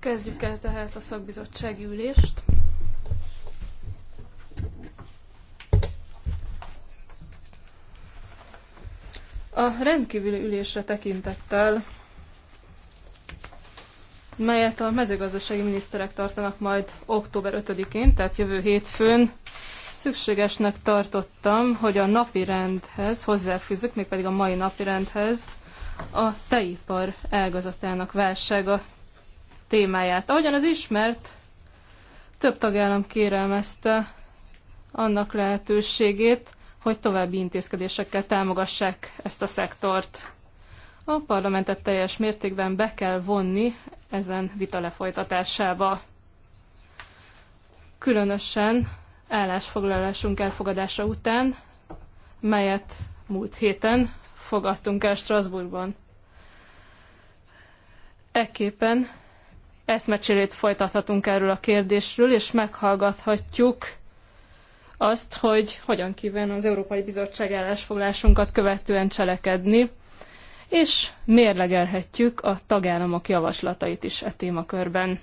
Kezdjük el tehát a szakbizottsági ülést. A rendkívüli ülésre tekintettel, melyet a mezőgazdasági miniszterek tartanak majd október 5-én, tehát jövő hétfőn, szükségesnek tartottam, hogy a napirendhez hozzáfűzzük, mégpedig a mai napirendhez a teipar ágazatának válsága témáját. Ahogyan az ismert, több tagállam kérelmezte annak lehetőségét, hogy további intézkedésekkel támogassák ezt a szektort. A parlamentet teljes mértékben be kell vonni ezen vita lefolytatásába. Különösen állásfoglalásunk elfogadása után, melyet múlt héten fogadtunk el Strasbourgban. Ekképpen eszmecserét folytathatunk erről a kérdésről, és meghallgathatjuk azt, hogy hogyan kíván az Európai Bizottság állásfoglásunkat követően cselekedni, és mérlegelhetjük a tagállamok javaslatait is e témakörben.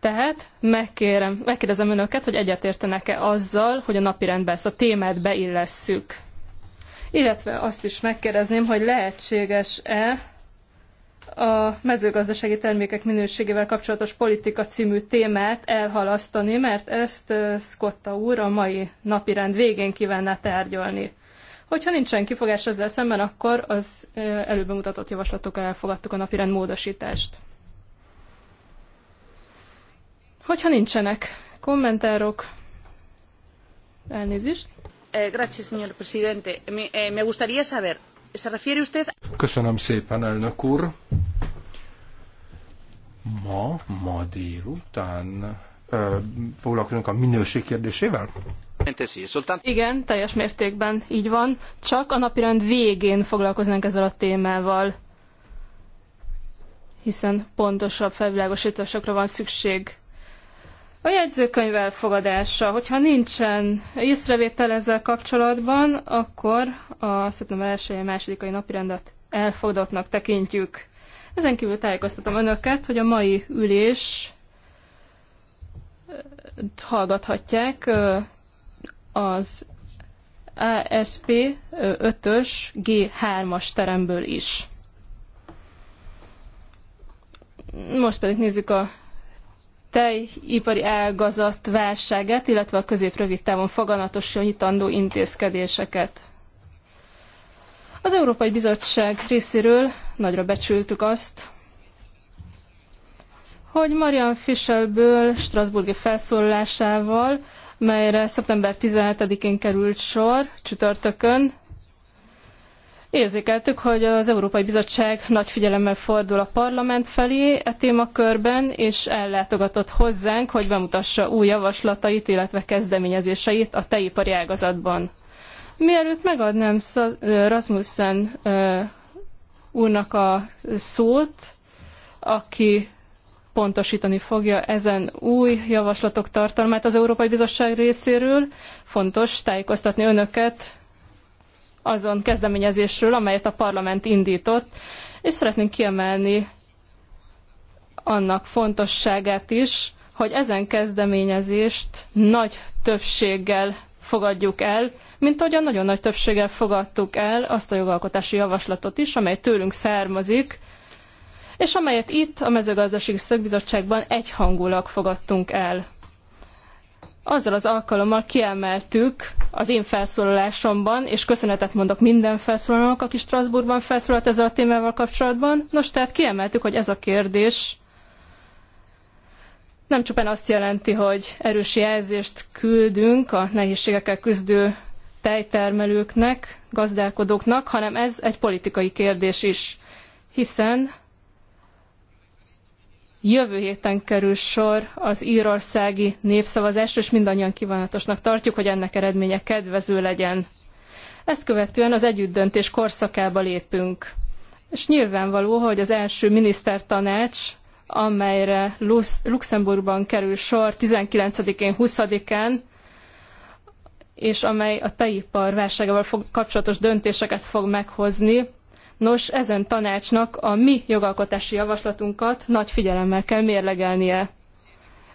Tehát megkérem, megkérdezem önöket, hogy egyetértenek-e azzal, hogy a napirendbe ezt a témát beillesszük illetve azt is megkérdezném, hogy lehetséges-e a mezőgazdasági termékek minőségével kapcsolatos politika című témát elhalasztani, mert ezt Scotta úr a mai napirend végén kívánná tárgyalni. Hogyha nincsen kifogás ezzel szemben, akkor az előbb mutatott javaslatokkal elfogadtuk a napirend módosítást. Hogyha nincsenek kommentárok, elnézést, Eh, gracias, señor presidente. Me, eh, me gustaría saber, ¿se refiere usted... Köszönöm szépen, elnök úr. Ma, ma délután ö, foglalkozunk a minőség kérdésével? Igen, teljes mértékben így van. Csak a napirend végén foglalkoznánk ezzel a témával, hiszen pontosabb felvilágosításokra van szükség. A jegyzőkönyv elfogadása, hogyha nincsen észrevétel ezzel kapcsolatban, akkor a szeptember 1 másodikai napirendet elfogadottnak tekintjük. Ezen kívül tájékoztatom önöket, hogy a mai ülés eh, hallgathatják eh, az ASP 5-ös eh, G3-as teremből is. Most pedig nézzük a tejipari ágazat válságát, illetve a közép-rövid távon foganatosítandó intézkedéseket. Az Európai Bizottság részéről nagyra becsültük azt, hogy Marian Fischelből Strasburgi felszólalásával, melyre szeptember 17-én került sor csütörtökön, Érzékeltük, hogy az Európai Bizottság nagy figyelemmel fordul a parlament felé e témakörben, és ellátogatott hozzánk, hogy bemutassa új javaslatait, illetve kezdeményezéseit a tejipari ágazatban. Mielőtt megadnám Rasmussen úrnak a szót, aki pontosítani fogja ezen új javaslatok tartalmát az Európai Bizottság részéről. Fontos tájékoztatni önöket azon kezdeményezésről, amelyet a parlament indított, és szeretnénk kiemelni annak fontosságát is, hogy ezen kezdeményezést nagy többséggel fogadjuk el, mint ahogyan nagyon nagy többséggel fogadtuk el azt a jogalkotási javaslatot is, amely tőlünk származik, és amelyet itt a mezőgazdasági szakbizottságban egyhangulag fogadtunk el azzal az alkalommal kiemeltük az én felszólalásomban, és köszönetet mondok minden felszólalónak, aki Strasbourgban felszólalt ezzel a témával kapcsolatban. Nos, tehát kiemeltük, hogy ez a kérdés nem csupán azt jelenti, hogy erős jelzést küldünk a nehézségekkel küzdő tejtermelőknek, gazdálkodóknak, hanem ez egy politikai kérdés is, hiszen Jövő héten kerül sor az írországi népszavazásra, és mindannyian kívánatosnak tartjuk, hogy ennek eredménye kedvező legyen. Ezt követően az együttdöntés korszakába lépünk. És nyilvánvaló, hogy az első minisztertanács, amelyre Luxemburgban kerül sor 19-én, 20-án, és amely a tejipar válságával fog, kapcsolatos döntéseket fog meghozni, Nos, ezen tanácsnak a mi jogalkotási javaslatunkat nagy figyelemmel kell mérlegelnie.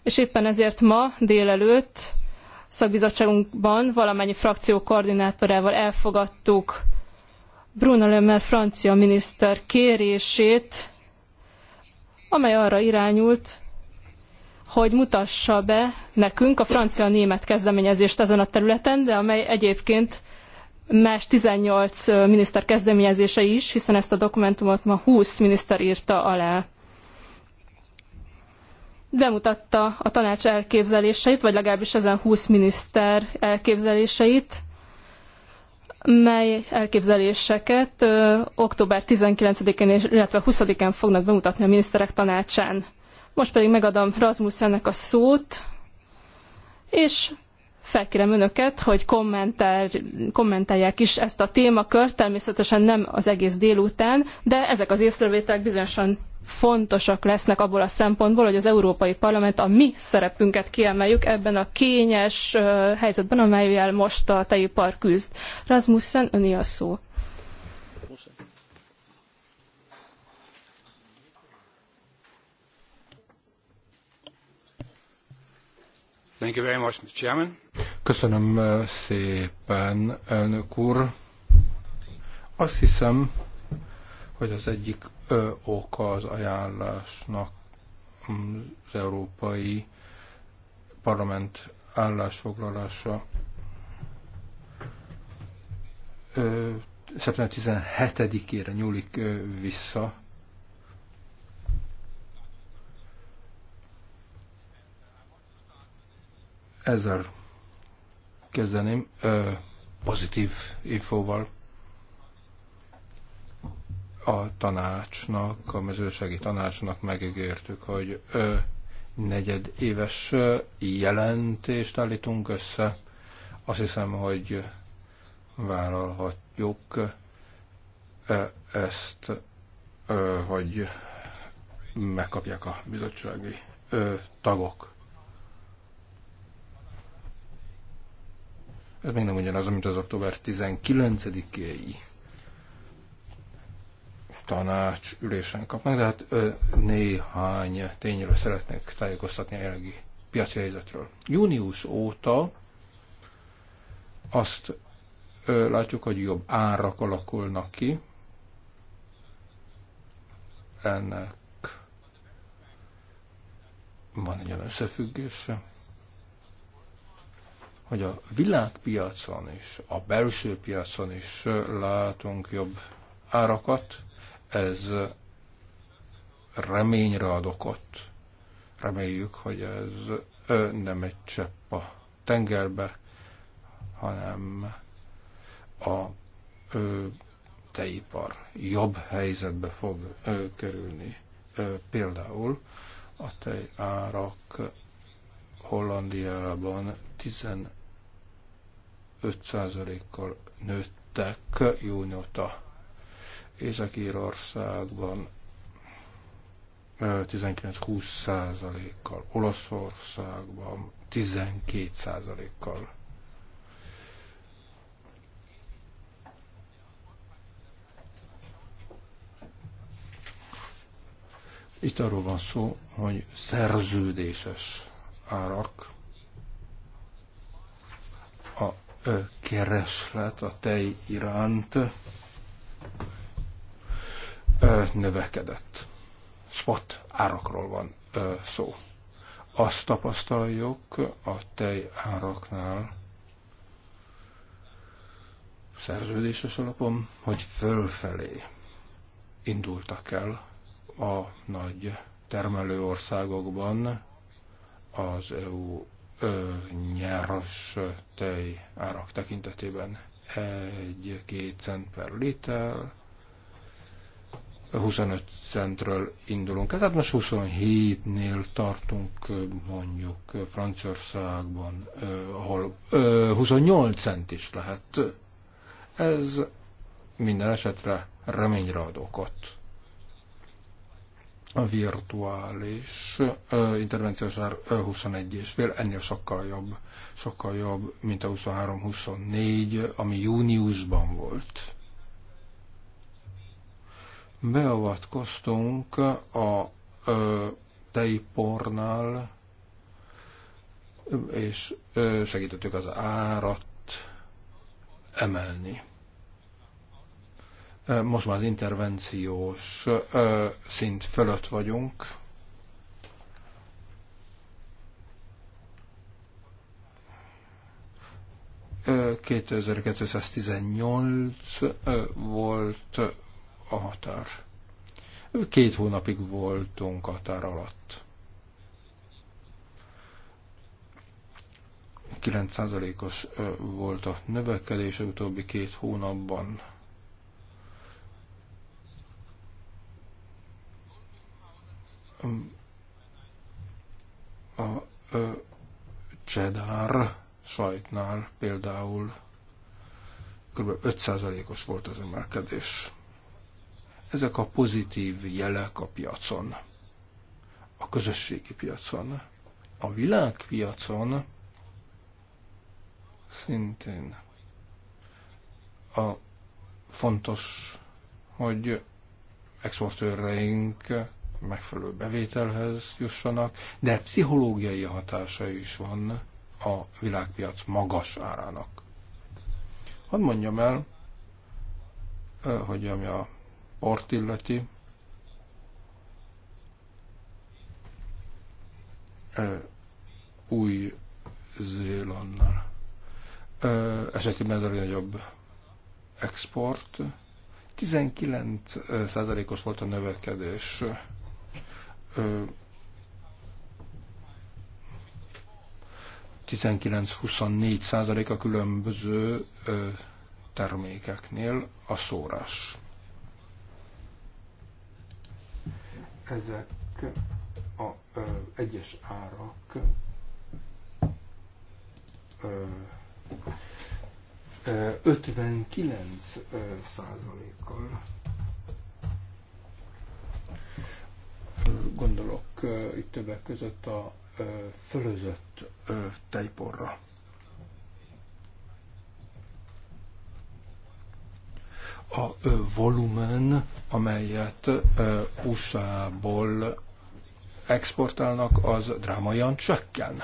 És éppen ezért ma délelőtt szakbizottságunkban valamennyi frakció koordinátorával elfogadtuk Bruno Le Maire francia miniszter kérését, amely arra irányult, hogy mutassa be nekünk a francia-német kezdeményezést ezen a területen, de amely egyébként más 18 miniszter kezdeményezése is, hiszen ezt a dokumentumot ma 20 miniszter írta alá. Bemutatta a tanács elképzeléseit, vagy legalábbis ezen 20 miniszter elképzeléseit, mely elképzeléseket ö, október 19-én, illetve 20-án fognak bemutatni a miniszterek tanácsán. Most pedig megadom Rasmussennek a szót, és Felkérem önöket, hogy kommentál, kommentálják is ezt a témakört, természetesen nem az egész délután, de ezek az észrevételek bizonyosan fontosak lesznek abból a szempontból, hogy az Európai Parlament a mi szerepünket kiemeljük ebben a kényes helyzetben, amelyel most a tejipar küzd. Rasmussen, öné a szó. Thank you very much, Mr. Chairman. Köszönöm eh, szépen, elnök úr. Azt hiszem, hogy az egyik ö, oka az ajánlásnak mm, az Európai Parlament állásfoglalása ö, szeptember 17-ére nyúlik ö, vissza. Ezzel kezdeném pozitív infóval. A tanácsnak, a mezősegi tanácsnak megígértük, hogy negyed éves jelentést állítunk össze. Azt hiszem, hogy vállalhatjuk ezt, hogy megkapják a bizottsági tagok. Ez még nem ugyanaz, mint az október 19-i tanács ülésen kapnak, de hát ö, néhány tényről szeretnék tájékoztatni a jelenlegi piaci helyzetről. Június óta azt ö, látjuk, hogy jobb árak alakulnak ki. Ennek van egy olyan összefüggése hogy a világpiacon is, a belső piacon is látunk jobb árakat, ez reményre ad okot. Reméljük, hogy ez nem egy csepp a tengerbe, hanem a tejipar teipar jobb helyzetbe fog kerülni. például a tejárak Hollandiában 5%-kal nőttek júnióta. Észak-Írországban 19-20%-kal, Olaszországban 12%-kal. Itt arról van szó, hogy szerződéses árak a kereslet a tej iránt növekedett. Spot árakról van szó. Azt tapasztaljuk a tej áraknál, szerződéses alapon, hogy fölfelé indultak el a nagy termelőországokban az EU ö, nyers tej árak tekintetében 1-2 cent per liter, 25 centről indulunk tehát most 27-nél tartunk mondjuk Franciaországban, ahol 28 cent is lehet. Ez minden esetre reményre ad okot a virtuális intervenciós ár 21 és fél, ennél sokkal jobb, sokkal jobb, mint a 23-24, ami júniusban volt. Beavatkoztunk a ö, tejpornál, és ö, segítettük az árat emelni. Most már az intervenciós szint fölött vagyunk. Ö, 2218 volt a határ. Két hónapig voltunk határ alatt. 9%-os volt a növekedés a utóbbi két hónapban. a csedár sajtnál például kb. 5%-os volt az emelkedés. Ezek a pozitív jelek a piacon, a közösségi piacon, a világpiacon szintén a fontos, hogy exportőreink megfelelő bevételhez jussanak, de pszichológiai hatása is van a világpiac magas árának. Hadd mondjam el, hogy ami a port illeti, új Zélannal Esetében ez a legnagyobb export. 19%-os volt a növekedés 19-24 százalék a különböző termékeknél a szórás. Ezek a ö, egyes árak ö, ö, 59 százalékkal Gondolok itt többek között a fölözött tejporra. a volumen, amelyet USA-ból exportálnak, az drámaian csökken.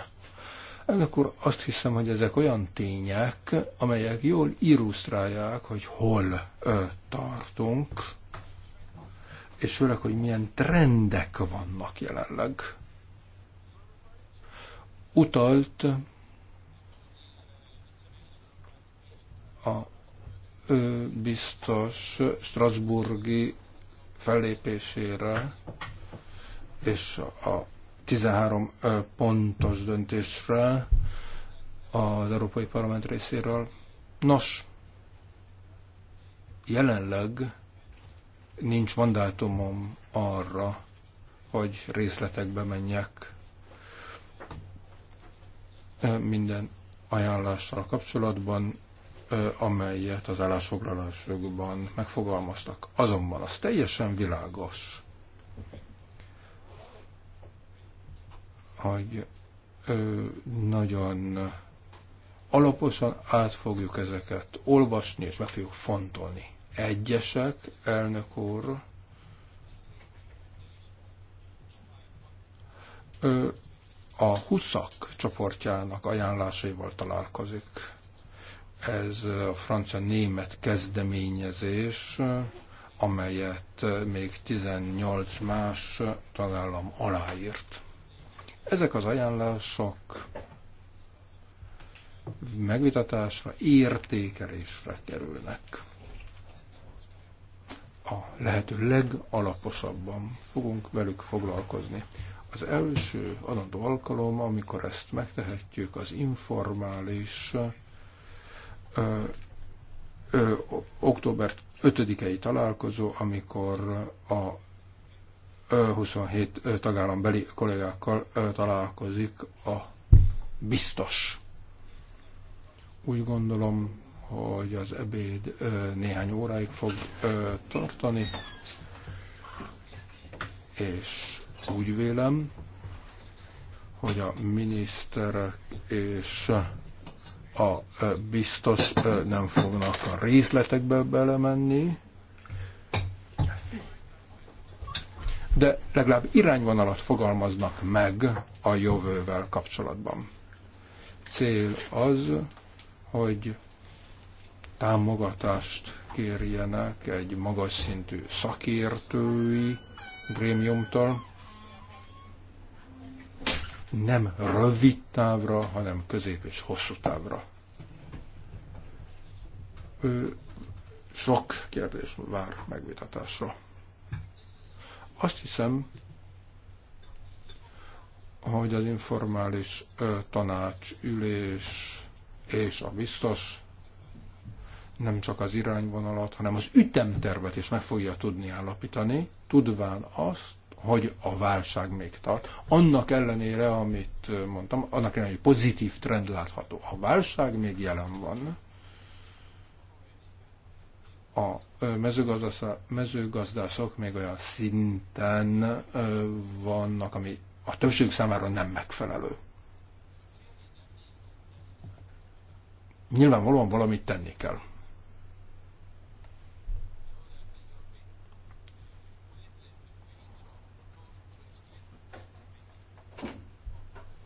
Elnök úr, azt hiszem, hogy ezek olyan tények, amelyek jól illusztrálják, hogy hol ö, tartunk és főleg, hogy milyen trendek vannak jelenleg. Utalt a ő biztos Strasburgi fellépésére és a 13 pontos döntésre az Európai Parlament részéről. Nos, jelenleg Nincs mandátumom arra, hogy részletekbe menjek minden ajánlással kapcsolatban, amelyet az állásfoglalásokban megfogalmaztak. Azonban az teljesen világos, hogy nagyon alaposan át fogjuk ezeket olvasni, és meg fogjuk fontolni egyesek, elnök úr, a huszak csoportjának ajánlásaival találkozik. Ez a francia-német kezdeményezés, amelyet még 18 más tagállam aláírt. Ezek az ajánlások megvitatásra, értékelésre kerülnek a lehető legalaposabban fogunk velük foglalkozni. Az első adandó alkalom, amikor ezt megtehetjük, az informális ö, ö, október 5-i találkozó, amikor a 27 tagállambeli kollégákkal találkozik a biztos. Úgy gondolom, hogy az ebéd néhány óráig fog tartani, és úgy vélem, hogy a miniszterek és a biztos nem fognak a részletekbe belemenni, de legalább irányvonalat fogalmaznak meg a jövővel kapcsolatban. Cél az, hogy támogatást kérjenek egy magas szintű szakértői grémiumtól, nem rövid távra, hanem közép és hosszú távra. Ő sok kérdés vár megvitatásra. Azt hiszem, hogy az informális tanács tanácsülés és a biztos nem csak az irányvonalat, hanem az ütemtervet is meg fogja tudni állapítani, tudván azt, hogy a válság még tart. Annak ellenére, amit mondtam, annak ellenére, hogy pozitív trend látható. A válság még jelen van. A mezőgazdászok még olyan szinten vannak, ami a többség számára nem megfelelő. Nyilvánvalóan valamit tenni kell.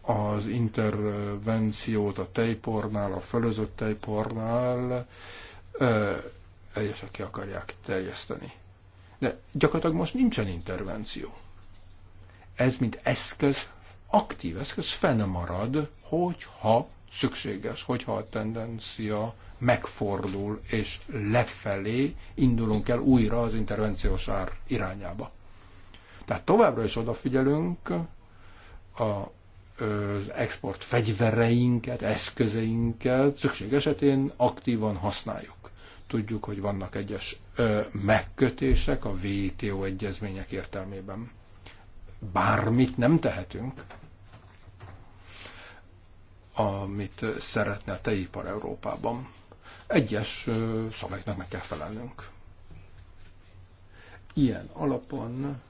az intervenciót a tejpornál, a fölözött tejpornál egyesek ki akarják terjeszteni. De gyakorlatilag most nincsen intervenció. Ez, mint eszköz, aktív eszköz fennmarad, hogyha szükséges, hogyha a tendencia megfordul, és lefelé indulunk el újra az intervenciós ár irányába. Tehát továbbra is odafigyelünk a az export fegyvereinket, eszközeinket szükség esetén aktívan használjuk. Tudjuk, hogy vannak egyes megkötések a WTO egyezmények értelmében. Bármit nem tehetünk, amit szeretne a teipar Európában. Egyes szabályoknak meg kell felelnünk. Ilyen alapon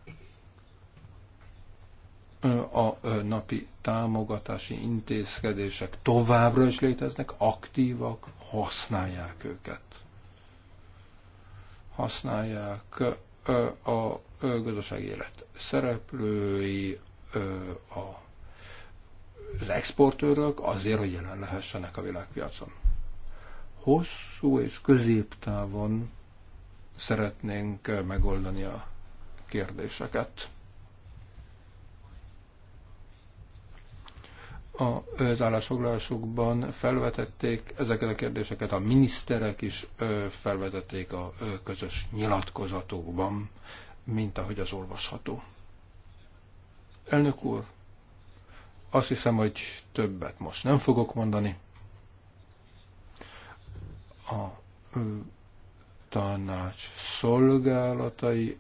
a napi támogatási intézkedések továbbra is léteznek, aktívak, használják őket. Használják a gazdasági élet szereplői, az exportőrök azért, hogy jelen lehessenek a világpiacon. Hosszú és középtávon szeretnénk megoldani a kérdéseket az állásfoglalásukban felvetették ezeket a kérdéseket, a miniszterek is felvetették a közös nyilatkozatokban, mint ahogy az olvasható. Elnök úr, azt hiszem, hogy többet most nem fogok mondani. A tanács szolgálatai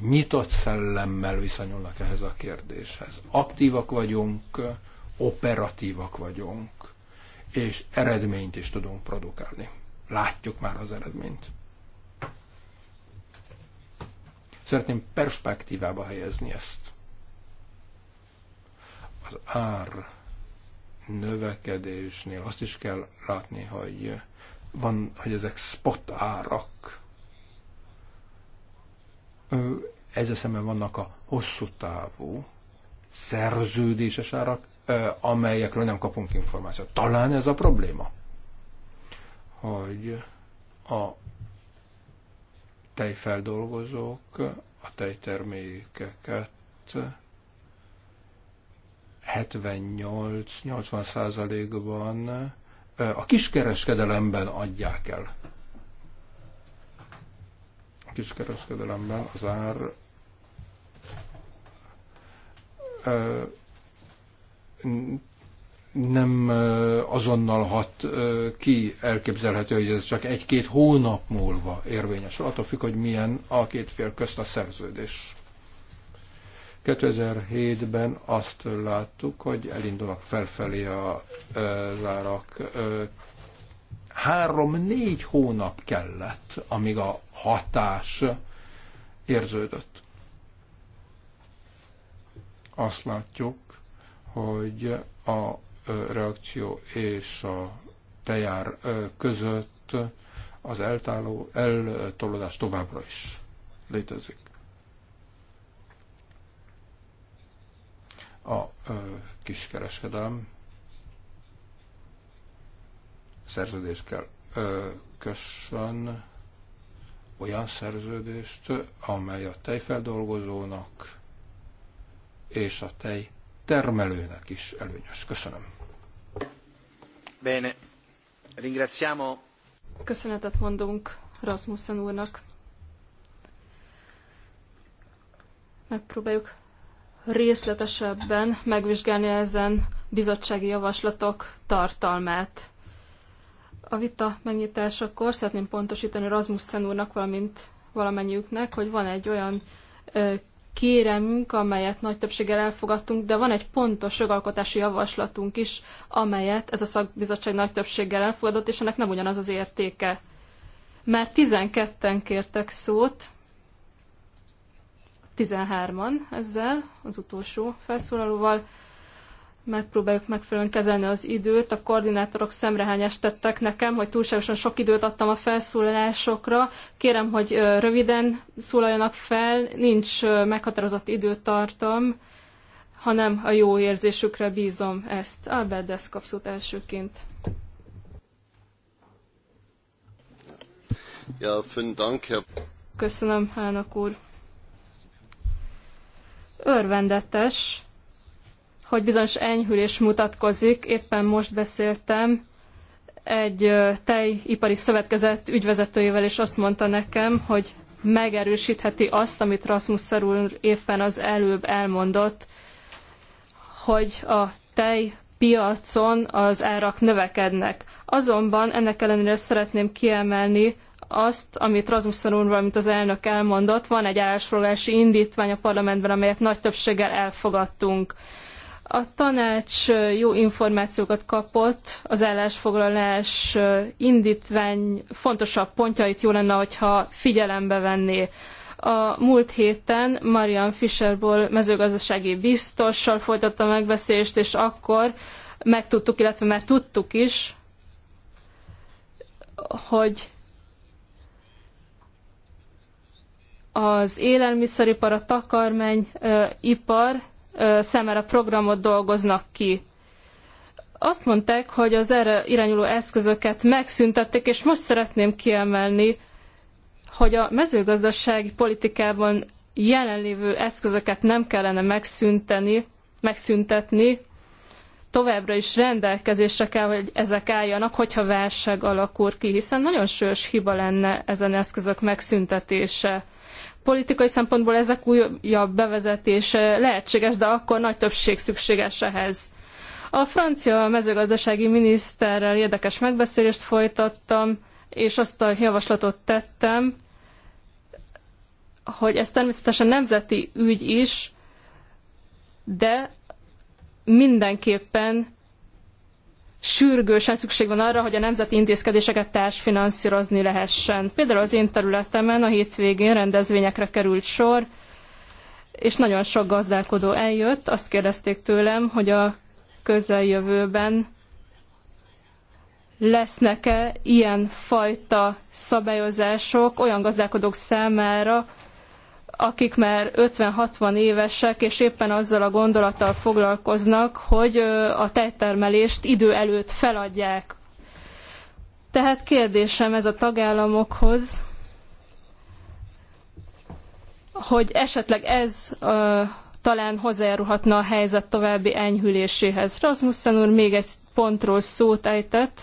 nyitott szellemmel viszonyulnak ehhez a kérdéshez. Aktívak vagyunk, operatívak vagyunk, és eredményt is tudunk produkálni. Látjuk már az eredményt. Szeretném perspektívába helyezni ezt. Az ár növekedésnél azt is kell látni, hogy van, hogy ezek spot árak. Ezzel szemben vannak a hosszú távú szerződéses árak, amelyekről nem kapunk információt. Talán ez a probléma, hogy a tejfeldolgozók a tejtermékeket 78-80 ban a kiskereskedelemben adják el. A kiskereskedelemben az ár nem azonnal hat ki, elképzelhető, hogy ez csak egy-két hónap múlva érvényes. Attól függ, hogy milyen a két fél közt a szerződés. 2007-ben azt láttuk, hogy elindulnak felfelé a zárak. Három-négy hónap kellett, amíg a hatás érződött. Azt látjuk, hogy a reakció és a tejár között az eltálló eltolódás továbbra is létezik. A kiskereskedelm szerződést kell kössön olyan szerződést, amely a tejfeldolgozónak és a tej termelőnek is előnyös. Köszönöm. Bene. Ringraziamo. Köszönetet mondunk Rasmussen úrnak. Megpróbáljuk részletesebben megvizsgálni ezen bizottsági javaslatok tartalmát. A vita megnyitásakor szeretném pontosítani Rasmussen úrnak, valamint valamennyiüknek, hogy van egy olyan kéremünk, amelyet nagy többséggel elfogadtunk, de van egy pontos jogalkotási javaslatunk is, amelyet ez a szakbizottság nagy többséggel elfogadott, és ennek nem ugyanaz az értéke. Már 12-en kértek szót, 13-an ezzel, az utolsó felszólalóval megpróbáljuk megfelelően kezelni az időt. A koordinátorok szemrehányást tettek nekem, hogy túlságosan sok időt adtam a felszólalásokra. Kérem, hogy röviden szólaljanak fel, nincs meghatározott időtartam, hanem a jó érzésükre bízom ezt. Albert Desz kapszott elsőként. Ja, Dank, Herr... Köszönöm, elnök úr. Örvendetes, hogy bizonyos enyhülés mutatkozik. Éppen most beszéltem egy tejipari szövetkezet ügyvezetőjével, és azt mondta nekem, hogy megerősítheti azt, amit Rasmusser úr éppen az előbb elmondott, hogy a tej piacon az árak növekednek. Azonban ennek ellenére szeretném kiemelni azt, amit Rasmussen úr, valamint az elnök elmondott, van egy állásfoglalási indítvány a parlamentben, amelyet nagy többséggel elfogadtunk. A tanács jó információkat kapott, az állásfoglalás indítvány fontosabb pontjait jó lenne, hogyha figyelembe venné. A múlt héten Marian Fisherból mezőgazdasági biztossal folytatta megbeszélést, és akkor megtudtuk, illetve már tudtuk is, hogy az élelmiszeripar, a takarmányipar számára programot dolgoznak ki. Azt mondták, hogy az erre irányuló eszközöket megszüntették, és most szeretném kiemelni, hogy a mezőgazdasági politikában jelenlévő eszközöket nem kellene megszünteni, megszüntetni, továbbra is rendelkezésre kell, hogy ezek álljanak, hogyha válság alakul ki, hiszen nagyon sős hiba lenne ezen eszközök megszüntetése. Politikai szempontból ezek újabb bevezetése lehetséges, de akkor nagy többség szükséges ehhez. A francia mezőgazdasági miniszterrel érdekes megbeszélést folytattam, és azt a javaslatot tettem, hogy ez természetesen nemzeti ügy is, de mindenképpen sürgősen szükség van arra, hogy a nemzeti intézkedéseket társfinanszírozni lehessen. Például az én területemen a hétvégén rendezvényekre került sor, és nagyon sok gazdálkodó eljött, azt kérdezték tőlem, hogy a közeljövőben lesznek-e ilyen fajta szabályozások olyan gazdálkodók számára, akik már 50-60 évesek, és éppen azzal a gondolattal foglalkoznak, hogy a tejtermelést idő előtt feladják. Tehát kérdésem ez a tagállamokhoz, hogy esetleg ez talán hozzájárulhatna a helyzet további enyhüléséhez. Rasmussen úr még egy pontról szót ejtett,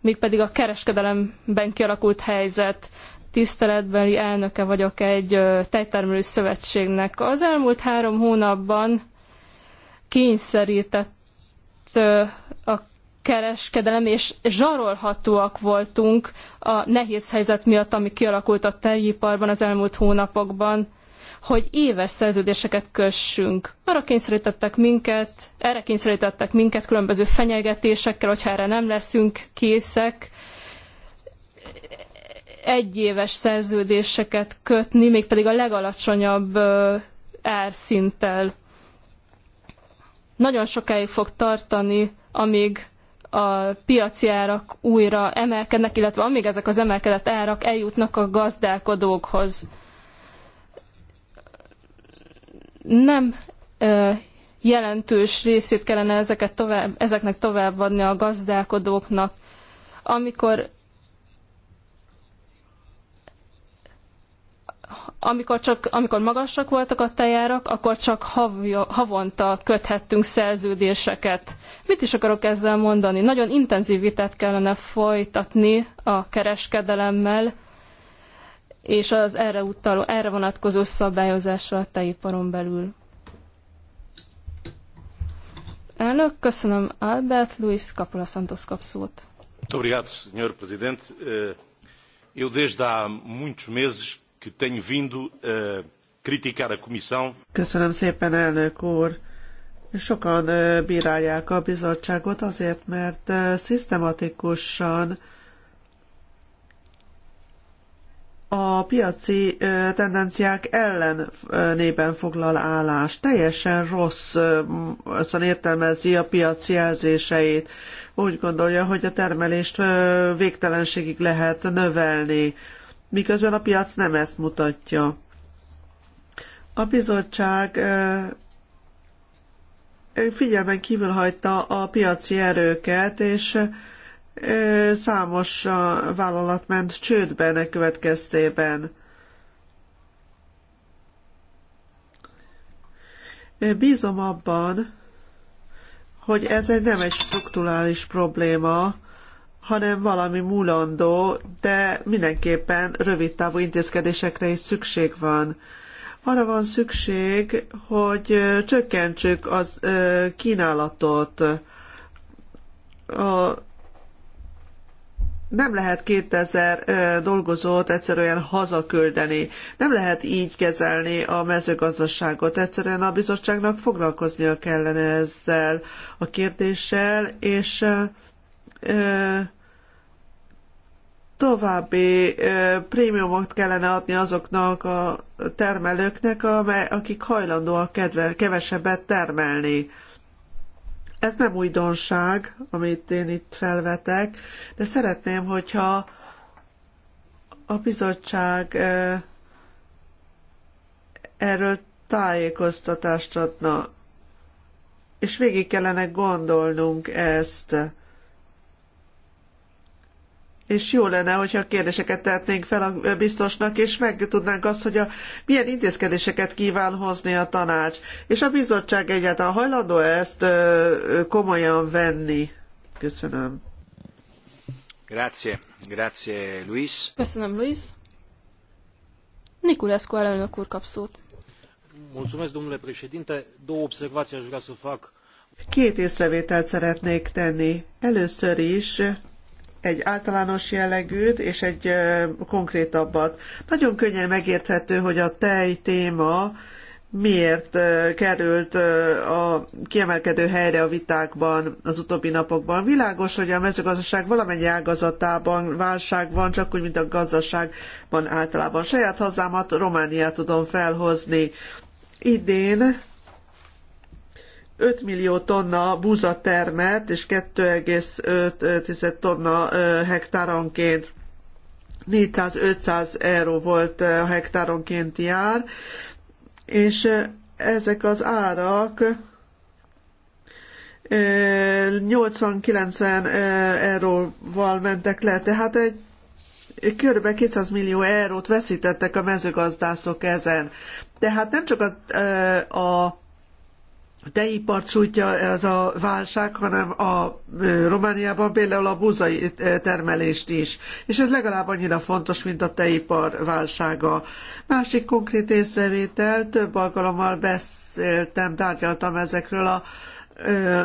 mégpedig a kereskedelemben kialakult helyzet tiszteletbeli elnöke vagyok egy tejtermelő szövetségnek. Az elmúlt három hónapban kényszerített a kereskedelem, és zsarolhatóak voltunk a nehéz helyzet miatt, ami kialakult a tejiparban az elmúlt hónapokban, hogy éves szerződéseket kössünk. Arra kényszerítettek minket, erre kényszerítettek minket különböző fenyegetésekkel, hogyha erre nem leszünk készek egyéves szerződéseket kötni, mégpedig a legalacsonyabb árszinttel. Nagyon sokáig fog tartani, amíg a piaci árak újra emelkednek, illetve amíg ezek az emelkedett árak eljutnak a gazdálkodókhoz. Nem ö, jelentős részét kellene ezeket tovább, ezeknek továbbadni a gazdálkodóknak. Amikor amikor, csak, amikor magasak voltak a tejárak, akkor csak havja, havonta köthettünk szerződéseket. Mit is akarok ezzel mondani? Nagyon intenzív vitát kellene folytatni a kereskedelemmel, és az erre, utaló, erre vonatkozó szabályozásra a tejiparon belül. Elnök, köszönöm Albert, Luis Capula Santos kap szót. Muito obrigado, Sr. Presidente. Eh, eu desde há muitos meses que tenho vindo a eh, criticar a Comissão. Köszönöm szépen, elnök úr. Sokan eh, bírálják a bizottságot azért, mert eh, szisztematikusan a piaci tendenciák ellenében foglal állást. Teljesen rossz szóval értelmezi a piac jelzéseit. Úgy gondolja, hogy a termelést végtelenségig lehet növelni miközben a piac nem ezt mutatja. A bizottság figyelmen kívül hagyta a piaci erőket, és számos vállalat ment csődbe ennek következtében. Bízom abban, hogy ez egy nem egy strukturális probléma, hanem valami múlandó, de mindenképpen rövid távú intézkedésekre is szükség van. Arra van szükség, hogy csökkentsük az kínálatot. A nem lehet 2000 dolgozót egyszerűen hazaküldeni. Nem lehet így kezelni a mezőgazdaságot. Egyszerűen a bizottságnak foglalkoznia kellene ezzel a kérdéssel, és további prémiumot kellene adni azoknak a termelőknek, amely, akik hajlandóak kedve, kevesebbet termelni. Ez nem újdonság, amit én itt felvetek, de szeretném, hogyha a bizottság erről tájékoztatást adna, és végig kellene gondolnunk ezt és jó lenne, hogyha kérdéseket tehetnénk fel a biztosnak, és tudnánk azt, hogy a, milyen intézkedéseket kíván hozni a tanács, és a bizottság egyáltalán hajlandó -e ezt ö, komolyan venni. Köszönöm. Grazie, grazie Luis. Köszönöm Luis. Niculescu elnök úr kap szót. Mulțumesc, domnule președinte. Două observații aș vrea să fac. Két észrevételt szeretnék tenni. Először is egy általános jellegűt és egy konkrétabbat. Nagyon könnyen megérthető, hogy a tej téma miért került a kiemelkedő helyre a vitákban az utóbbi napokban. Világos, hogy a mezőgazdaság valamennyi ágazatában válság van, csak úgy, mint a gazdaságban általában. Saját hazámat, Romániát tudom felhozni. Idén 5 millió tonna búza termet és 2,5 tonna hektáronként. 400-500 euró volt a hektáronkénti ár, és ezek az árak 80-90 euróval mentek le, tehát egy kb. 200 millió eurót veszítettek a mezőgazdászok ezen. Tehát nem csak a, a tejipart sújtja ez a válság, hanem a Romániában például a búzai termelést is. És ez legalább annyira fontos, mint a tejipar válsága. Másik konkrét észrevétel, több alkalommal beszéltem, tárgyaltam ezekről a ö,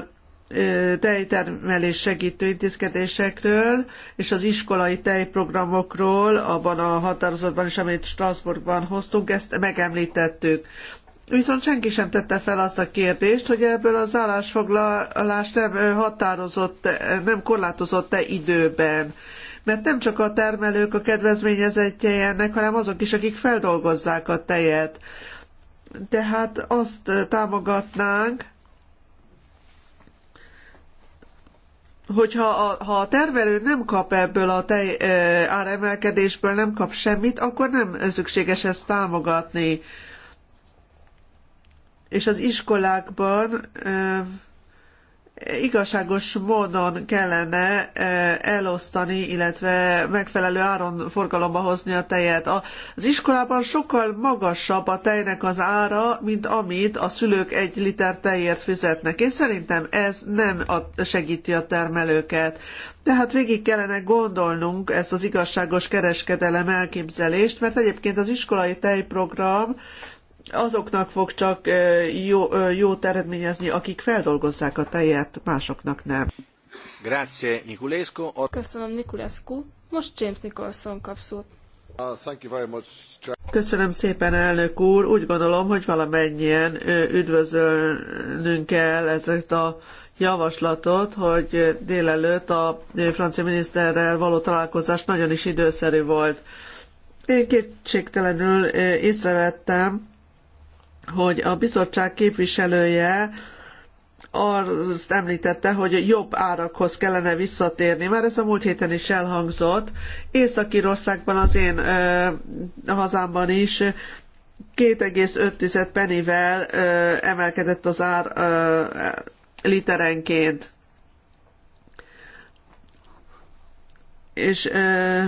tejtermelés segítő intézkedésekről és az iskolai tejprogramokról, abban a határozatban is, amit Strasbourgban hoztunk, ezt megemlítettük. Viszont senki sem tette fel azt a kérdést, hogy ebből az állásfoglalás nem határozott, nem korlátozott-e időben. Mert nem csak a termelők a kedvezményezettjei ennek, hanem azok is, akik feldolgozzák a tejet. Tehát azt támogatnánk, hogyha a, ha a termelő nem kap ebből a tej áremelkedésből, nem kap semmit, akkor nem szükséges ezt támogatni és az iskolákban igazságos módon kellene elosztani, illetve megfelelő áron forgalomba hozni a tejet. Az iskolában sokkal magasabb a tejnek az ára, mint amit a szülők egy liter tejért fizetnek. Én szerintem ez nem segíti a termelőket. Tehát végig kellene gondolnunk ezt az igazságos kereskedelem elképzelést, mert egyébként az iskolai tejprogram azoknak fog csak jó, jót eredményezni, akik feldolgozzák a tejet, másoknak nem. Grazie, Niculescu. Köszönöm, Niculescu. Most James Nicholson kap szót. Uh, Köszönöm szépen, elnök úr. Úgy gondolom, hogy valamennyien üdvözölnünk kell ezeket a javaslatot, hogy délelőtt a francia miniszterrel való találkozás nagyon is időszerű volt. Én kétségtelenül észrevettem, hogy a bizottság képviselője azt említette, hogy jobb árakhoz kellene visszatérni. Már ez a múlt héten is elhangzott. észak országban az én ö, hazámban is 2,5 pennivel ö, emelkedett az ár ö, literenként. És ö,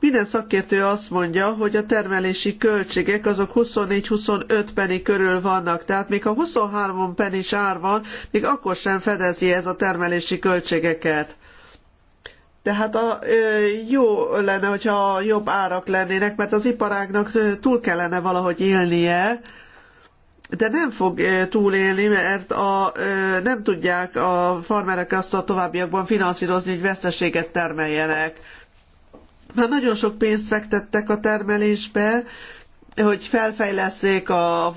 minden szakértő azt mondja, hogy a termelési költségek azok 24-25 penny körül vannak, tehát még ha 23 penis ár van, még akkor sem fedezi ez a termelési költségeket. Tehát a, jó lenne, hogyha jobb árak lennének, mert az iparágnak túl kellene valahogy élnie, de nem fog túlélni, mert a, nem tudják a farmerek azt a továbbiakban finanszírozni, hogy veszteséget termeljenek. Már nagyon sok pénzt fektettek a termelésbe, hogy felfejleszék a,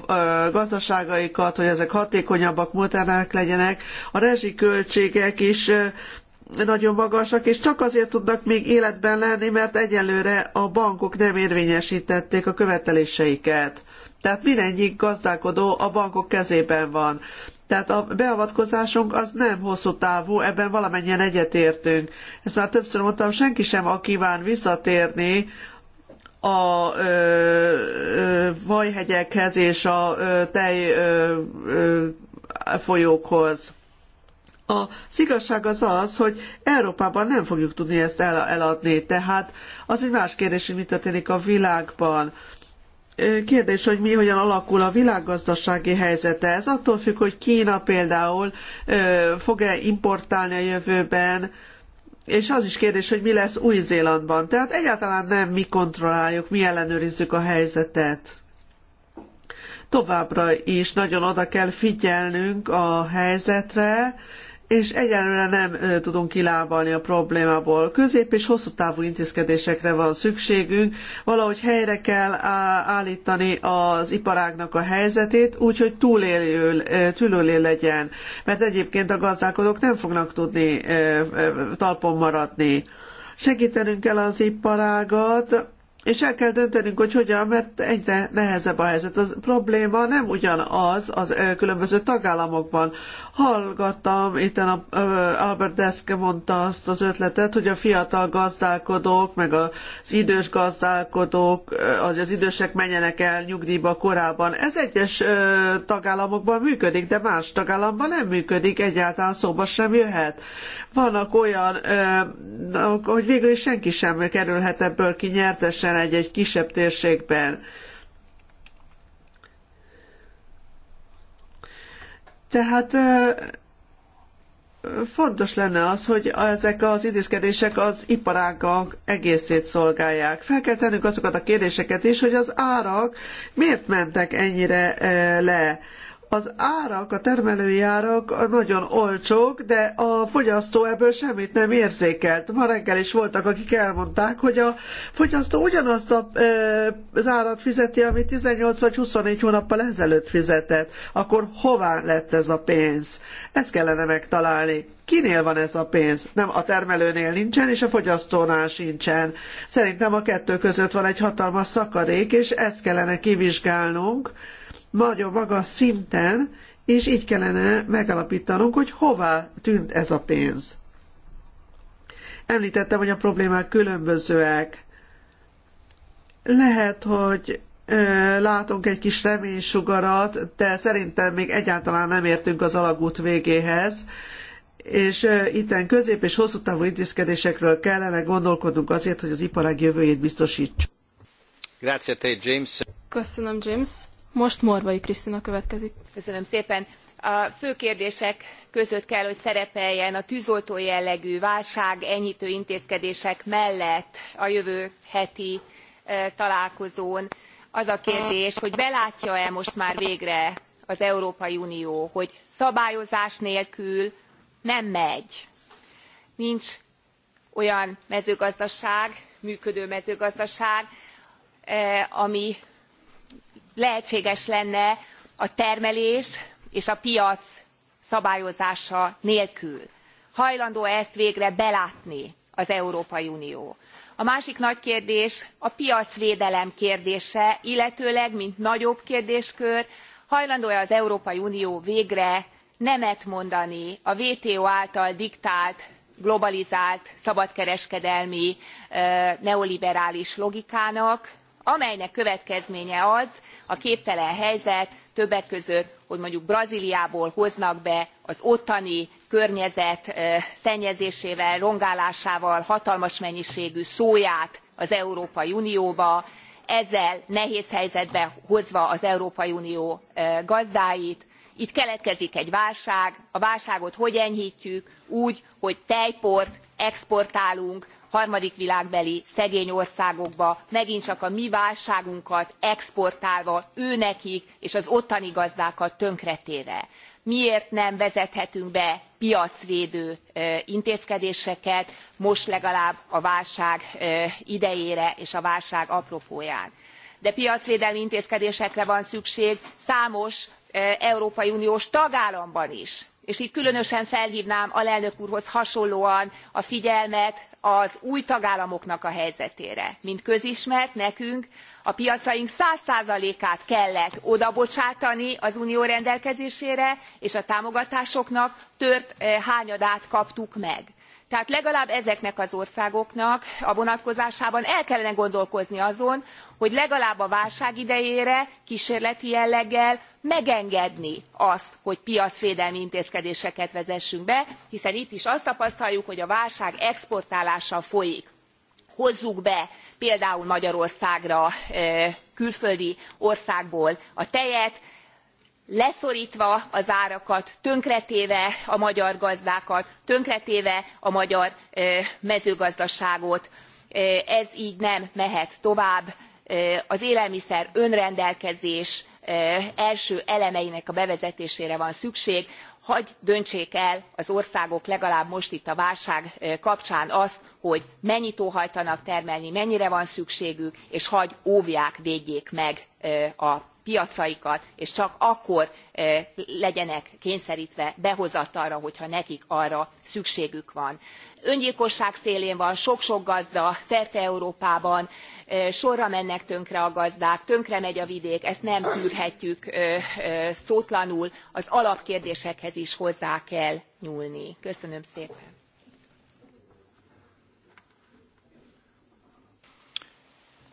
gazdaságaikat, hogy ezek hatékonyabbak, modernek legyenek. A rezsiköltségek is nagyon magasak, és csak azért tudnak még életben lenni, mert egyelőre a bankok nem érvényesítették a követeléseiket. Tehát mindegyik gazdálkodó a bankok kezében van. Tehát a beavatkozásunk az nem hosszú távú, ebben valamennyien egyetértünk. Ezt már többször mondtam, senki sem kíván visszatérni a ö, ö, vajhegyekhez és a ö, tej ö, ö, folyókhoz. A igazság az az, hogy Európában nem fogjuk tudni ezt el, eladni, tehát az egy más kérdés, hogy mi történik a világban. Kérdés, hogy mi hogyan alakul a világgazdasági helyzete. Ez attól függ, hogy Kína például fog-e importálni a jövőben, és az is kérdés, hogy mi lesz Új-Zélandban. Tehát egyáltalán nem mi kontrolláljuk, mi ellenőrizzük a helyzetet. Továbbra is nagyon oda kell figyelnünk a helyzetre, és egyelőre nem tudunk kilábalni a problémából. Közép és hosszú távú intézkedésekre van szükségünk, valahogy helyre kell állítani az iparágnak a helyzetét, úgy, hogy túlélő, legyen, mert egyébként a gazdálkodók nem fognak tudni talpon maradni. Segítenünk kell az iparágat, és el kell döntenünk, hogy hogyan, mert egyre nehezebb a helyzet. A probléma nem ugyanaz az különböző tagállamokban. Hallgattam, itt a Albert Deske mondta azt az ötletet, hogy a fiatal gazdálkodók, meg az idős gazdálkodók, az, az idősek menjenek el nyugdíjba korábban. Ez egyes tagállamokban működik, de más tagállamban nem működik, egyáltalán szóba sem jöhet. Vannak olyan, hogy végül is senki sem kerülhet ebből ki nyertesen egy-egy kisebb térségben. Tehát fontos lenne az, hogy ezek az intézkedések az iparágak egészét szolgálják. Fel kell tennünk azokat a kérdéseket is, hogy az árak miért mentek ennyire le. Az árak, a termelői árak nagyon olcsók, de a fogyasztó ebből semmit nem érzékelt. Ma reggel is voltak, akik elmondták, hogy a fogyasztó ugyanazt a, az árat fizeti, amit 18 vagy 24 hónappal ezelőtt fizetett. Akkor hová lett ez a pénz? Ezt kellene megtalálni. Kinél van ez a pénz? Nem a termelőnél nincsen, és a fogyasztónál sincsen. Szerintem a kettő között van egy hatalmas szakadék, és ezt kellene kivizsgálnunk nagyon magas szinten, és így kellene megalapítanunk, hogy hová tűnt ez a pénz. Említettem, hogy a problémák különbözőek. Lehet, hogy látunk egy kis reménysugarat, de szerintem még egyáltalán nem értünk az alagút végéhez, és itten közép- és hosszú távú intézkedésekről kellene gondolkodnunk azért, hogy az iparág jövőjét biztosítsuk. Grazie te, James. Köszönöm, James. Most Morvai Krisztina következik. Köszönöm szépen. A fő kérdések között kell, hogy szerepeljen a tűzoltó jellegű válság enyhítő intézkedések mellett a jövő heti e, találkozón az a kérdés hogy belátja e most már végre az európai unió hogy szabályozás nélkül nem megy nincs olyan mezőgazdaság működő mezőgazdaság e, ami lehetséges lenne a termelés és a piac szabályozása nélkül. hajlandó e ezt végre belátni az európai unió? a másik nagy kérdés a piacvédelem kérdése illetőleg mint nagyobb kérdéskör hajlandó e az európai unió végre nemet mondani a wto által diktált globalizált szabadkereskedelmi neoliberális logikának amelynek következménye az a képtelen helyzet többek között hogy mondjuk brazliából hoznak be az ottani környezet szennyezésével rongálásával hatalmas mennyiségű szóját az európai unióba ezzel nehéz helyzetbe hozva az európai unió gazdáit itt keletkezik egy válság a válságot hogy enyhtjük úgy hogy tejport exportálunk harmadik világbeli szegény országokba megint csak a mi válságunkat exportálva őnekik és az ottani gazdákat tönkretéve. miért nem vezethetünk be piacvédő intézkedéseket most legalább a válság idejére és a válság apropóján? de piacvédelmi intézkedésekre van szükség számos európai uniós tagállamban is és itt különösen felhvnám alelnök úrhoz hasonlóan a figyelmet az új tagállamoknak a helyzetére. mint közismert nekünk a piacaink one át kellett odabocsátani az unió rendelkezésére és a támogatásoknak tört eh, hányadát kaptuk meg tehát legalább ezeknek az országoknak a vonatkozásában el kellene gondolkozni azon hogy legalább a válság idejére ksérleti jelleggel megengedni azt hogy piacvédelmi intézkedéseket vezessünk be hiszen itt is azt tapasztaljuk hogy a válság exportálása folyik. hozzuk be például magyarországra külföldi országból a tejet leszortva az árakat tönkretéve a magyar gazdákat tönkretéve a magyar mezőgazdaságot. ez gy nem mehet tovább az élelmiszer önrendelkezés első elemeinek a bevezetésére van szükség. hadd döntsék el az országok legalább most itt a válság kapcsán azt hogy mennyit óhajtanak termelni mennyire van szükségük és hadd óvják védjék meg a piacaikat és csak akkor legyenek kényszertve behozatalra hogyha nekik arra szükségük van. öngyilkosság szélén van sok sok gazda szerte európában sorra mennek tönkre a gazdák tönkremegy a vidék ezt nem tűrhetjük szótlanul az alapkérdésekhez is hozzá kell nyúlni. köszönöm szépen!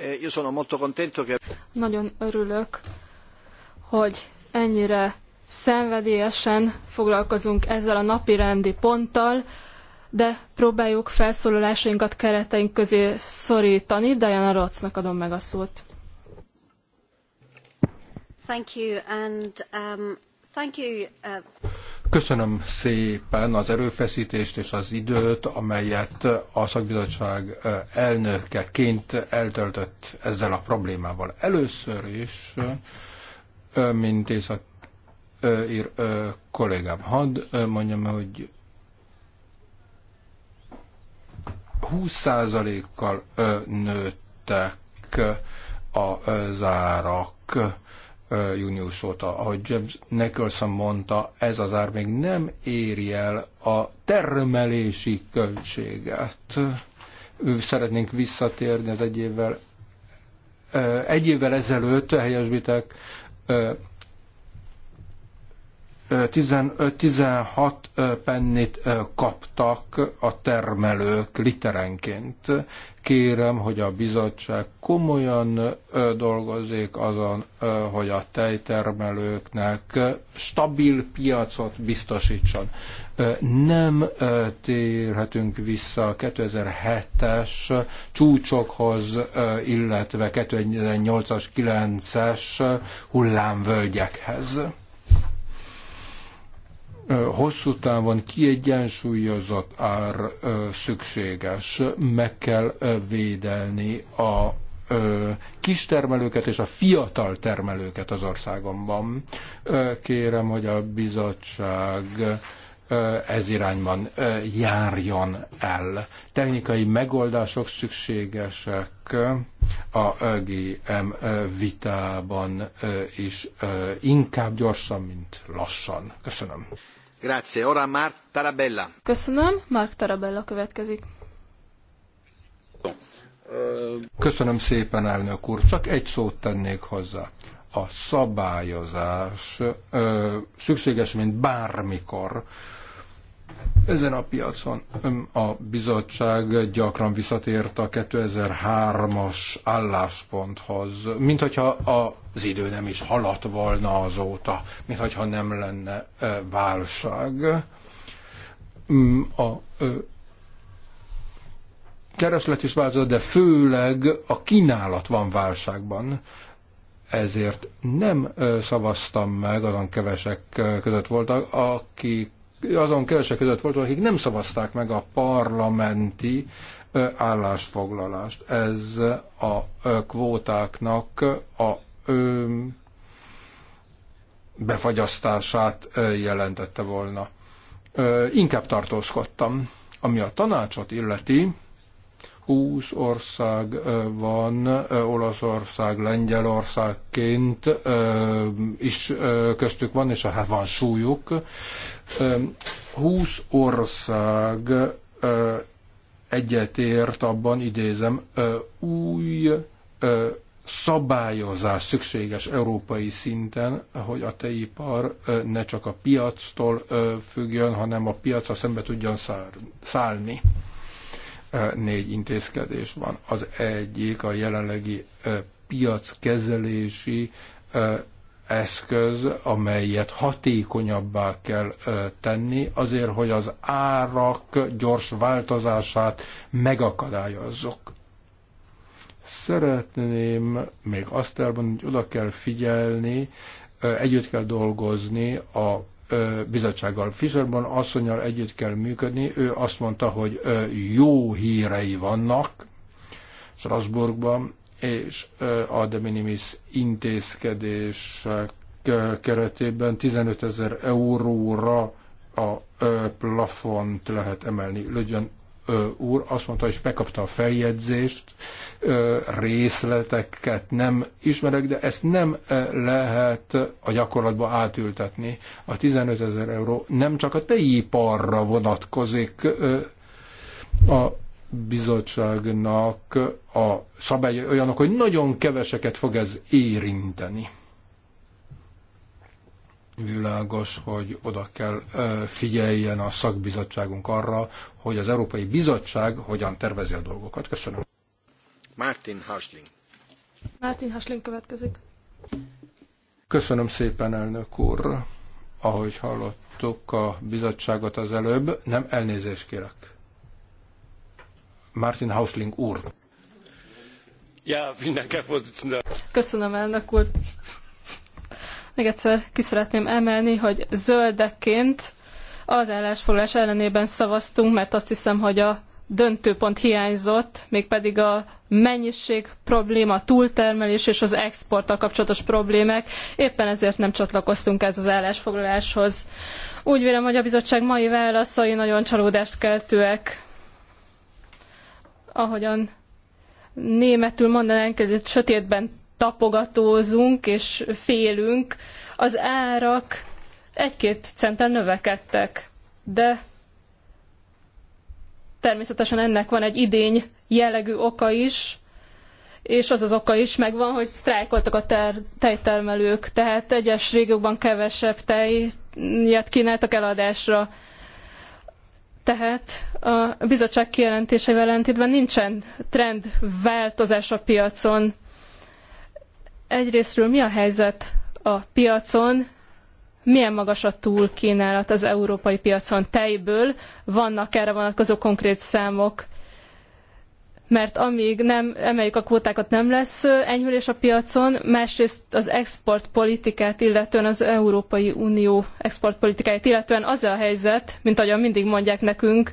E, Nagyon örülök, hogy ennyire szenvedélyesen foglalkozunk ezzel a napirendi ponttal, de próbáljuk felszólalásainkat kereteink közé szorítani. Diana Rocnak adom meg a szót. Thank you, and, um, thank you, uh... Köszönöm szépen az erőfeszítést és az időt, amelyet a szakbizottság elnökeként eltöltött ezzel a problémával. Először is, mint észak ír kollégám, hadd mondjam, hogy 20%-kal nőttek a zárak június óta. Ahogy James Nicholson mondta, ez az ár még nem éri el a termelési költséget. Szeretnénk visszatérni az egy évvel, egy évvel ezelőtt helyesbitek 15-16 pennit kaptak a termelők literenként. Kérem, hogy a bizottság komolyan dolgozzék azon, hogy a tejtermelőknek stabil piacot biztosítson. Nem térhetünk vissza a 2007-es csúcsokhoz, illetve 2008-as, 9-es hullámvölgyekhez hosszú távon kiegyensúlyozott ár szükséges, meg kell védelni a kistermelőket és a fiatal termelőket az országomban. Kérem, hogy a bizottság ez irányban járjon el. Technikai megoldások szükségesek a GM vitában is inkább gyorsan, mint lassan. Köszönöm. Grazie. Ora Mark Tarabella. Köszönöm. Mark Tarabella következik. Köszönöm szépen, elnök úr. Csak egy szót tennék hozzá. A szabályozás ö, szükséges, mint bármikor. Ezen a piacon a bizottság gyakran visszatért a 2003-as állásponthoz, mint hogyha a az idő nem is haladt volna azóta, mintha nem lenne válság. Mm, a kereslet is változott, de főleg a kínálat van válságban. Ezért nem szavaztam meg, azon kevesek között voltak, akik azon kevesek között voltak, akik nem szavazták meg a parlamenti állásfoglalást. Ez a kvótáknak a befagyasztását jelentette volna. Inkább tartózkodtam. Ami a tanácsot illeti, 20 ország van, Olaszország, Lengyelországként is köztük van, és hát van súlyuk. 20 ország egyetért abban, idézem, új szabályozás szükséges európai szinten, hogy a teipar ne csak a piactól függjön, hanem a piacra szembe tudjon szállni. Négy intézkedés van. Az egyik a jelenlegi piackezelési eszköz, amelyet hatékonyabbá kell tenni, azért, hogy az árak gyors változását megakadályozzuk Szeretném még azt elmondani, hogy oda kell figyelni, együtt kell dolgozni a bizottsággal. Fisherban asszonyal együtt kell működni. Ő azt mondta, hogy jó hírei vannak Strasbourgban, és a de minimis intézkedések keretében 15 ezer euróra a plafont lehet emelni. Legyen úr azt mondta, hogy megkapta a feljegyzést, részleteket nem ismerek, de ezt nem lehet a gyakorlatba átültetni. A 15 ezer euró nem csak a tejiparra vonatkozik, a bizottságnak a szabályai olyanok, hogy nagyon keveseket fog ez érinteni. Világos, hogy oda kell figyeljen a szakbizottságunk arra, hogy az Európai Bizottság hogyan tervezi a dolgokat. Köszönöm. Martin Hasling. Martin Hasling következik. Köszönöm szépen, elnök úr. Ahogy hallottuk a bizottságot az előbb, nem elnézést kérek. Martin Hausling úr. Ja, Köszönöm, elnök úr. Még egyszer ki szeretném emelni, hogy zöldekként az állásfoglalás ellenében szavaztunk, mert azt hiszem, hogy a döntőpont hiányzott, mégpedig a mennyiség probléma, a túltermelés és az exporttal kapcsolatos problémák. Éppen ezért nem csatlakoztunk ez az állásfoglaláshoz. Úgy vélem, hogy a bizottság mai válaszai nagyon csalódást keltőek. Ahogyan németül mondanánk, egy sötétben tapogatózunk és félünk, az árak egy-két centen növekedtek, de természetesen ennek van egy idény jellegű oka is, és az az oka is megvan, hogy sztrájkoltak a ter- tejtermelők, tehát egyes régiókban kevesebb tejet kínáltak eladásra. Tehát a bizottság kijelentéseivel ellentétben nincsen trendváltozás a piacon. Egyrésztről mi a helyzet a piacon, milyen magas a túlkínálat az európai piacon tejből, vannak erre vonatkozó konkrét számok, mert amíg nem emeljük a kvótákat, nem lesz enyhülés a piacon, másrészt az exportpolitikát, illetően az Európai Unió exportpolitikáját, illetően az a helyzet, mint ahogyan mindig mondják nekünk,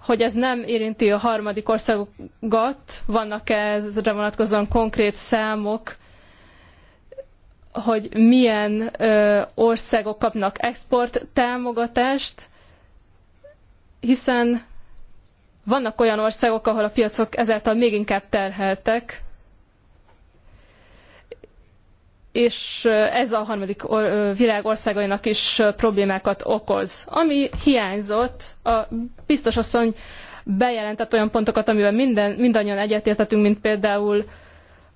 hogy ez nem érinti a harmadik országokat, vannak -e ezre vonatkozóan konkrét számok, hogy milyen ö, országok kapnak export támogatást, hiszen vannak olyan országok, ahol a piacok ezáltal még inkább terheltek, és ez a harmadik világ országainak is problémákat okoz. Ami hiányzott, a biztos asszony bejelentett olyan pontokat, amiben minden, mindannyian egyetértettünk, mint például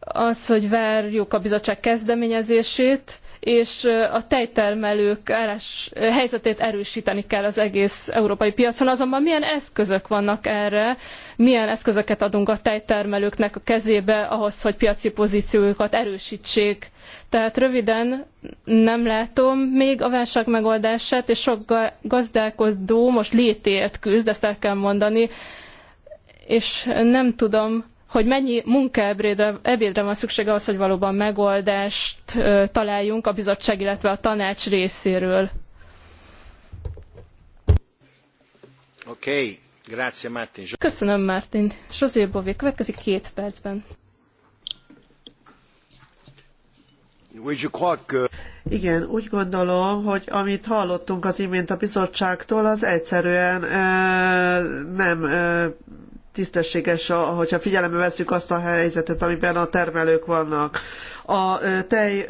az, hogy várjuk a bizottság kezdeményezését, és a tejtermelők állás, helyzetét erősíteni kell az egész európai piacon. Azonban milyen eszközök vannak erre, milyen eszközöket adunk a tejtermelőknek a kezébe ahhoz, hogy piaci pozíciójukat erősítsék. Tehát röviden nem látom még a válság megoldását, és sok gazdálkodó most létért küzd, ezt el kell mondani, és nem tudom, hogy mennyi munkaebédre ebédre van szükség ahhoz, hogy valóban megoldást találjunk a bizottság, illetve a tanács részéről. Okay. Grazie, Martin. Köszönöm, Martin. José Bové, következik két percben. Igen, úgy gondolom, hogy amit hallottunk az imént a bizottságtól, az egyszerűen nem tisztességes, hogyha figyelembe vesszük azt a helyzetet, amiben a termelők vannak a tej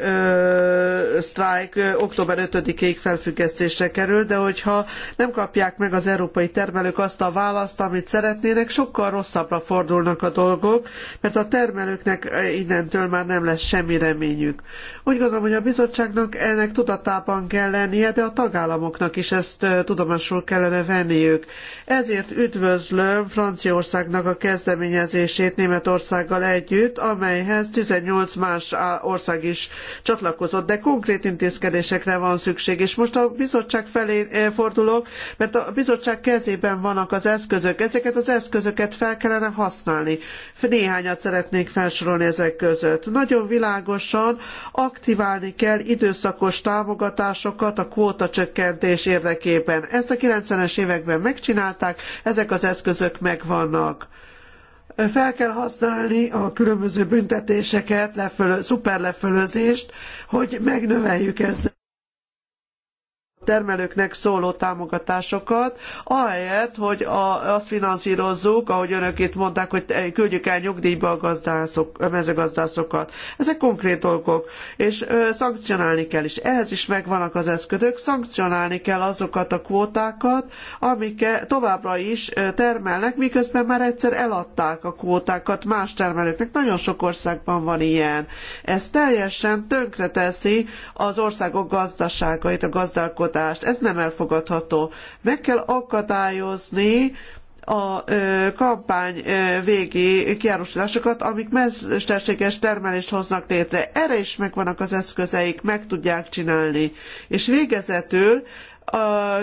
sztrájk október 5-ig felfüggesztésre kerül, de hogyha nem kapják meg az európai termelők azt a választ, amit szeretnének, sokkal rosszabbra fordulnak a dolgok, mert a termelőknek innentől már nem lesz semmi reményük. Úgy gondolom, hogy a bizottságnak ennek tudatában kell lennie, de a tagállamoknak is ezt tudomásul kellene venniük. Ezért üdvözlöm Franciaországnak a kezdeményezését Németországgal együtt, amelyhez 18 más ország is csatlakozott, de konkrét intézkedésekre van szükség. És most a bizottság felé eh, fordulok, mert a bizottság kezében vannak az eszközök. Ezeket az eszközöket fel kellene használni. Néhányat szeretnék felsorolni ezek között. Nagyon világosan aktiválni kell időszakos támogatásokat a kvóta csökkentés érdekében. Ezt a 90-es években megcsinálták, ezek az eszközök megvannak fel kell használni a különböző büntetéseket, lefölö, lefölözést, hogy megnöveljük ezzel termelőknek szóló támogatásokat, ahelyett, hogy a, azt finanszírozzuk, ahogy önök itt mondták, hogy eh, küldjük el nyugdíjba a, gazdászok, a mezőgazdászokat. Ezek konkrét dolgok, és ö, szankcionálni kell is. Ehhez is megvannak az eszközök, szankcionálni kell azokat a kvótákat, amik e, továbbra is termelnek, miközben már egyszer eladták a kvótákat más termelőknek. Nagyon sok országban van ilyen. Ez teljesen tönkreteszi az országok gazdaságait, a gazdálkodását támogatást. Ez nem elfogadható. Meg kell akadályozni a kampány végi kiárusításokat, amik mesterséges termelést hoznak létre. Erre is megvannak az eszközeik, meg tudják csinálni. És végezetül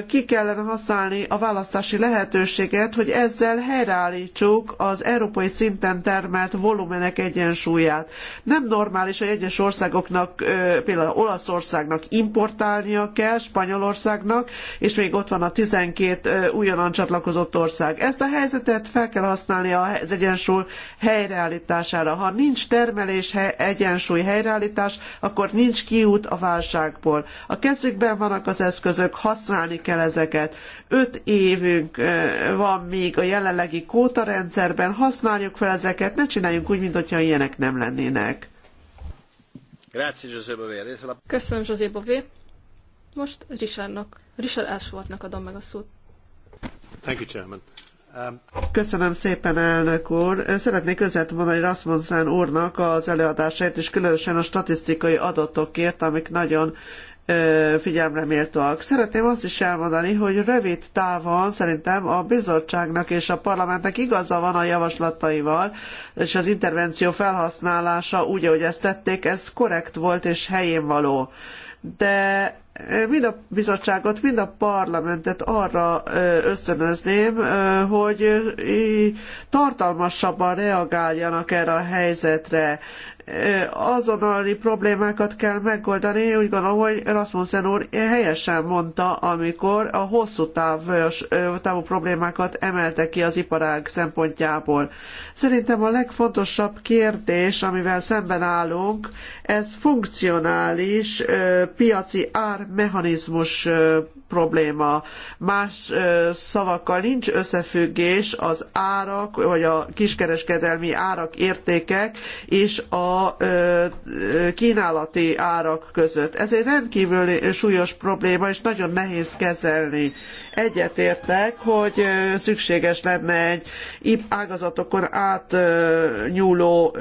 ki kellene használni a választási lehetőséget, hogy ezzel helyreállítsuk az európai szinten termelt volumenek egyensúlyát. Nem normális, hogy egyes országoknak, például Olaszországnak importálnia kell, Spanyolországnak, és még ott van a 12 újonnan csatlakozott ország. Ezt a helyzetet fel kell használni az egyensúly helyreállítására. Ha nincs termelés, egyensúly helyreállítás, akkor nincs kiút a válságból. A kezükben vannak az eszközök, használni kell ezeket. Öt évünk van még a jelenlegi kótarendszerben, használjuk fel ezeket, ne csináljunk úgy, mintha ilyenek nem lennének. Köszönöm, José Bové. Most Richardnak, Richard Ashworthnak adom meg a szót. Thank you, Chairman. Um, Köszönöm szépen, elnök úr. Szeretnék közvet mondani Rasmussen úrnak az előadásért, és különösen a statisztikai adatokért, amik nagyon figyelmre méltóak. Szeretném azt is elmondani, hogy rövid távon szerintem a bizottságnak és a parlamentnek igaza van a javaslataival, és az intervenció felhasználása úgy, ahogy ezt tették, ez korrekt volt és helyén való. De mind a bizottságot, mind a parlamentet arra ösztönözném, hogy tartalmasabban reagáljanak erre a helyzetre azonnali problémákat kell megoldani. Úgy gondolom, hogy Rasmussen úr helyesen mondta, amikor a hosszú távos, távú problémákat emelte ki az iparág szempontjából. Szerintem a legfontosabb kérdés, amivel szemben állunk, ez funkcionális piaci ármechanizmus probléma. Más szavakkal nincs összefüggés az árak, vagy a kiskereskedelmi árak, értékek és a kínálati árak között. Ez egy rendkívül súlyos probléma, és nagyon nehéz kezelni. Egyetértek, hogy szükséges lenne egy ágazatokon átnyúló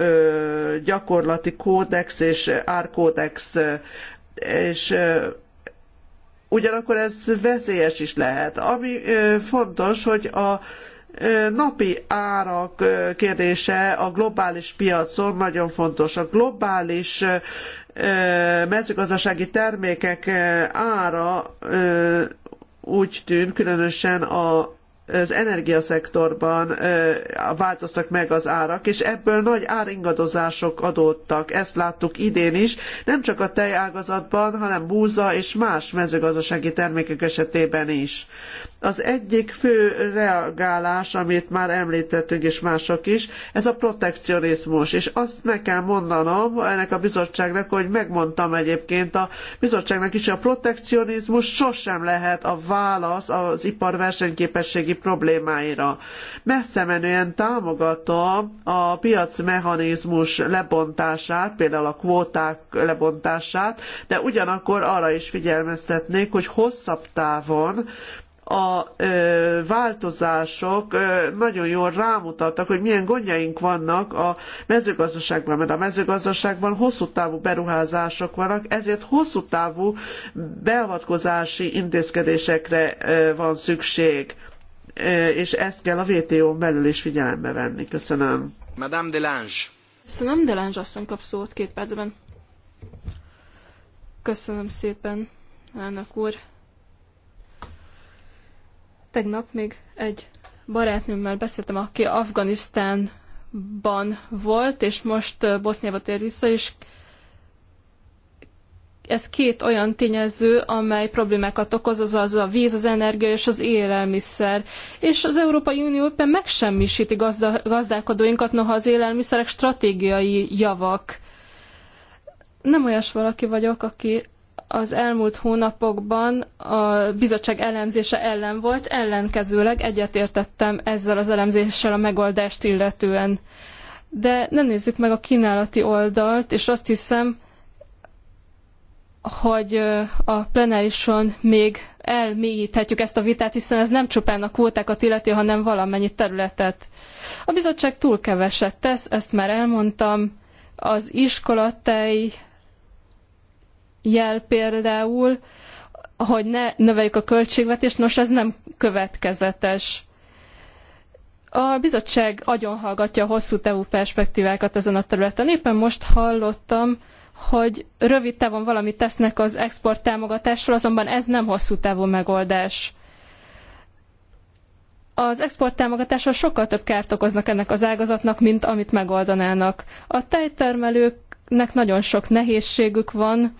gyakorlati kódex és árkódex és ugyanakkor ez veszélyes is lehet. Ami fontos, hogy a napi árak kérdése a globális piacon nagyon fontos. A globális mezőgazdasági termékek ára úgy tűn, különösen a az energiaszektorban változtak meg az árak, és ebből nagy áringadozások adódtak. Ezt láttuk idén is, nem csak a tejágazatban, hanem búza és más mezőgazdasági termékek esetében is. Az egyik fő reagálás, amit már említettünk és mások is, ez a protekcionizmus, és azt meg kell mondanom ennek a bizottságnak, hogy megmondtam egyébként a bizottságnak is, hogy a protekcionizmus sosem lehet a válasz az ipar versenyképességi problémáira. Messze menően támogatom a piacmechanizmus lebontását, például a kvóták lebontását, de ugyanakkor arra is figyelmeztetnék, hogy hosszabb távon a változások nagyon jól rámutattak, hogy milyen gondjaink vannak a mezőgazdaságban, mert a mezőgazdaságban hosszú távú beruházások vannak, ezért hosszú távú beavatkozási intézkedésekre van szükség, és ezt kell a WTO-n belül is figyelembe venni. Köszönöm. Madame Delange. Köszönöm, Delange asszony kap szót két percben. Köszönöm szépen, elnök úr. Tegnap még egy barátnőmmel beszéltem, aki Afganisztánban volt, és most Boszniába tér vissza, és ez két olyan tényező, amely problémákat okoz, az a víz, az energia és az élelmiszer. És az Európai Unió éppen megsemmisíti gazda, gazdálkodóinkat, noha az élelmiszerek stratégiai javak. Nem olyas valaki vagyok, aki az elmúlt hónapokban a bizottság elemzése ellen volt, ellenkezőleg egyetértettem ezzel az elemzéssel a megoldást illetően. De nem nézzük meg a kínálati oldalt, és azt hiszem, hogy a plenárison még elmélyíthetjük ezt a vitát, hiszen ez nem csupán a kvótákat illeti, hanem valamennyi területet. A bizottság túl keveset tesz, ezt már elmondtam, az iskolatei jel például, hogy ne növeljük a költségvetést, nos ez nem következetes. A bizottság hallgatja a hosszú távú perspektívákat ezen a területen. Éppen most hallottam, hogy rövid távon valamit tesznek az export támogatásról, azonban ez nem hosszú távú megoldás. Az export támogatásról sokkal több kárt okoznak ennek az ágazatnak, mint amit megoldanának. A tejtermelőknek nagyon sok nehézségük van,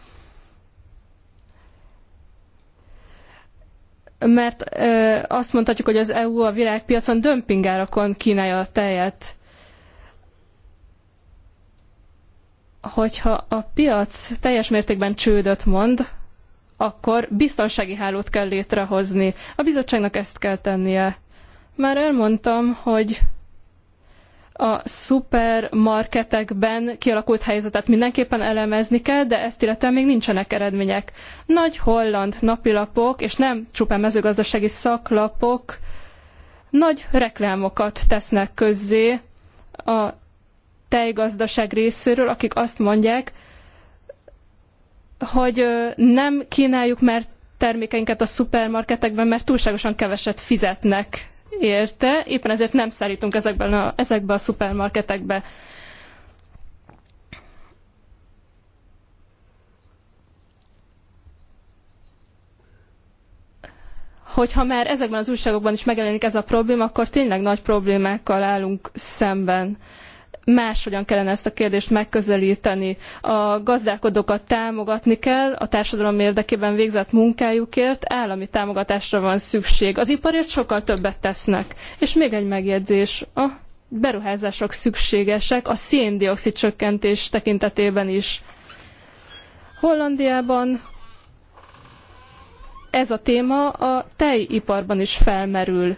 mert ö, azt mondhatjuk, hogy az EU a világpiacon dömpingárakon kínálja a tejet. Hogyha a piac teljes mértékben csődöt mond, akkor biztonsági hálót kell létrehozni. A bizottságnak ezt kell tennie. Már elmondtam, hogy a szupermarketekben kialakult helyzetet mindenképpen elemezni kell, de ezt illetően még nincsenek eredmények. Nagy holland napilapok, és nem csupán mezőgazdasági szaklapok, nagy reklámokat tesznek közzé a tejgazdaság részéről, akik azt mondják, hogy nem kínáljuk már termékeinket a szupermarketekben, mert túlságosan keveset fizetnek érte, éppen ezért nem szállítunk ezekben a, ezekbe a szupermarketekbe. Hogyha már ezekben az újságokban is megjelenik ez a probléma, akkor tényleg nagy problémákkal állunk szemben. Uh, máshogyan kellene ezt a kérdést megközelíteni. A gazdálkodókat támogatni kell, a társadalom érdekében végzett munkájukért állami támogatásra van szükség. Az iparért sokkal többet tesznek. És még egy megjegyzés. A beruházások szükségesek a széndiokszid csökkentés tekintetében is. Hollandiában ez a téma a tejiparban is felmerül.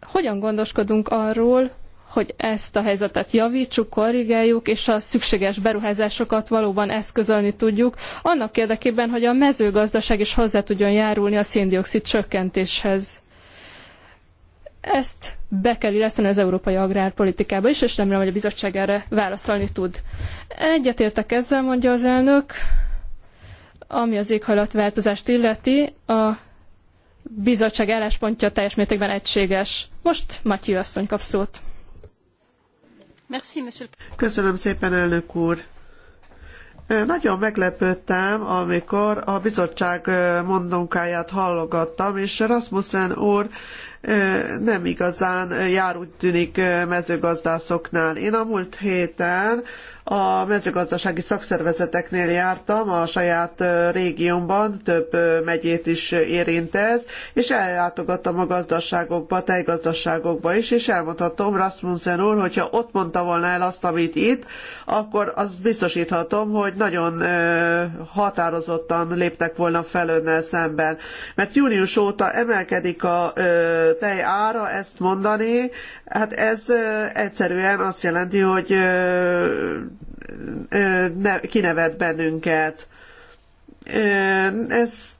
Hogyan gondoskodunk arról, hogy ezt a helyzetet javítsuk, korrigáljuk, és a szükséges beruházásokat valóban eszközölni tudjuk, annak érdekében, hogy a mezőgazdaság is hozzá tudjon járulni a széndiokszid csökkentéshez. Ezt be kell illeszteni az európai agrárpolitikába is, és remélem, hogy a bizottság erre válaszolni tud. Egyetértek ezzel, mondja az elnök, ami az éghajlatváltozást illeti, a bizottság álláspontja teljes mértékben egységes. Most Matyi asszony kap szót. Köszönöm szépen, elnök úr. Nagyon meglepődtem, amikor a bizottság mondunkáját hallogattam, és Rasmussen úr nem igazán jár úgy tűnik mezőgazdászoknál. Én a múlt héten a mezőgazdasági szakszervezeteknél jártam, a saját régiómban több megyét is érint ez, és ellátogattam a gazdaságokba, tejgazdaságokba is, és elmondhatom Rasmussen úr, hogyha ott mondta volna el azt, amit itt, akkor azt biztosíthatom, hogy nagyon határozottan léptek volna fel önnel szemben. Mert június óta emelkedik a tej ára, ezt mondani, Hát ez egyszerűen azt jelenti, hogy kinevet bennünket. Ez